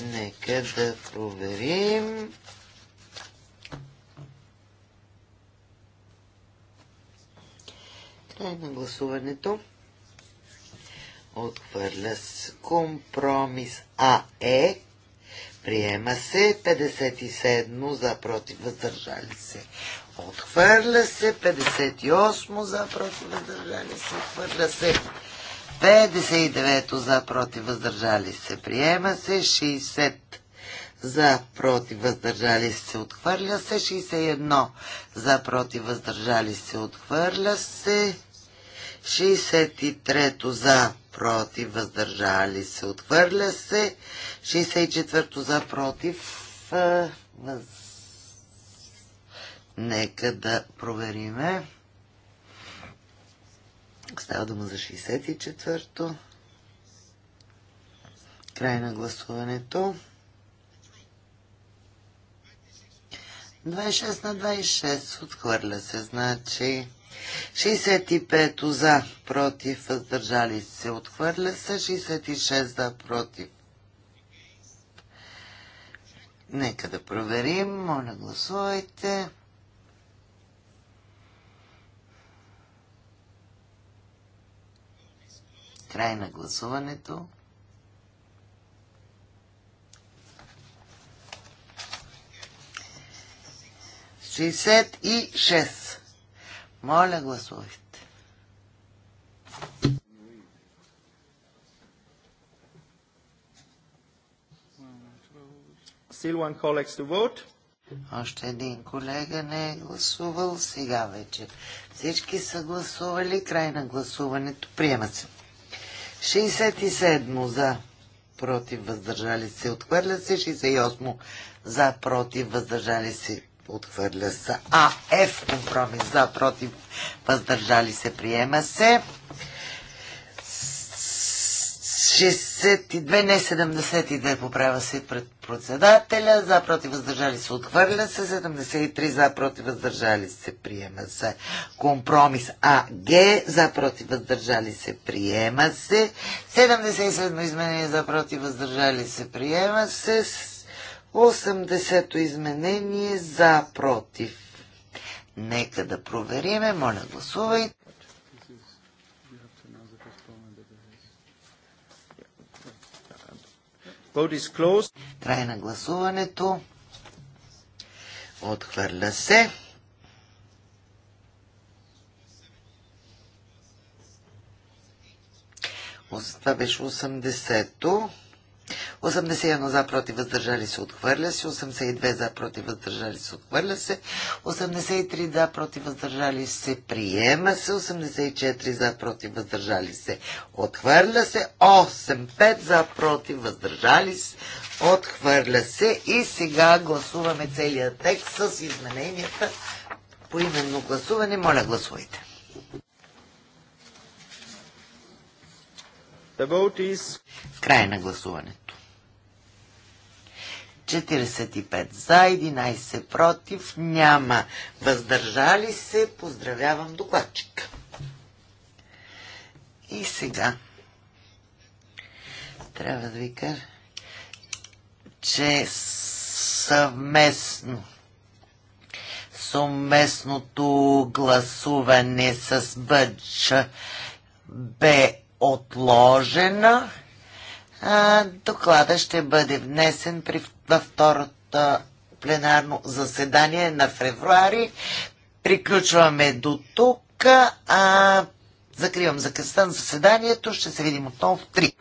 Нека да проверим. Край на гласуването. Отхвърля с компромис АЕ. Приема се 57 за против въздържали се. Отхвърля се. 58 за против въздържали се. Отхвърля се. 59 за против въздържали се. Приема се. 60 за против въздържали се. Отхвърля се. 61 за против въздържали се. Отхвърля се. 63 за против въздържали се. Отхвърля се. 64 за против въздържали Нека да провериме. Става дума за 64-то. Край на гласуването. 26 на 26 отхвърля се, значи 65 за, против, въздържали се, отхвърля се, 66 за, против. Нека да проверим, моля гласувайте. Край на гласуването. Шестдесет и шест. Моля, гласувайте. Still one colleague to vote. Още един колега не е гласувал сега вече. Всички са гласували. Край на гласуването. Приема се. 67 за против въздържали се, отхвърля се. 68 за против въздържали се, отхвърля се. А, Ф компромис за против въздържали се, приема се. 62, не 72, поправя се пред председателя. За против въздържали се отхвърля се. 73 за против въздържали се приема се. Компромис АГ за против въздържали се приема се. 77 изменение за против въздържали се приема се. 80 изменение за против. Нека да провериме. Моля, гласувайте. Край на гласуването. Отхвърля се. Остава беше 80-то. 81 за против въздържали се отхвърля се, 82 за против въздържали се отхвърля се, 83 за против въздържали се приема се, 84 за против въздържали се отхвърля се, 85 за против въздържали се отхвърля се и сега гласуваме целият текст с измененията по именно гласуване. Моля гласувайте. Край на гласуването. 45 за, 11 против, няма въздържали се. Поздравявам докладчика. И сега трябва да ви кажа, че съвместно съвместното гласуване с Бъдж бе отложена. А, доклада ще бъде внесен при, във второто пленарно заседание на февруари. Приключваме до тук. А, закривам за на заседанието. Ще се видим отново в 3.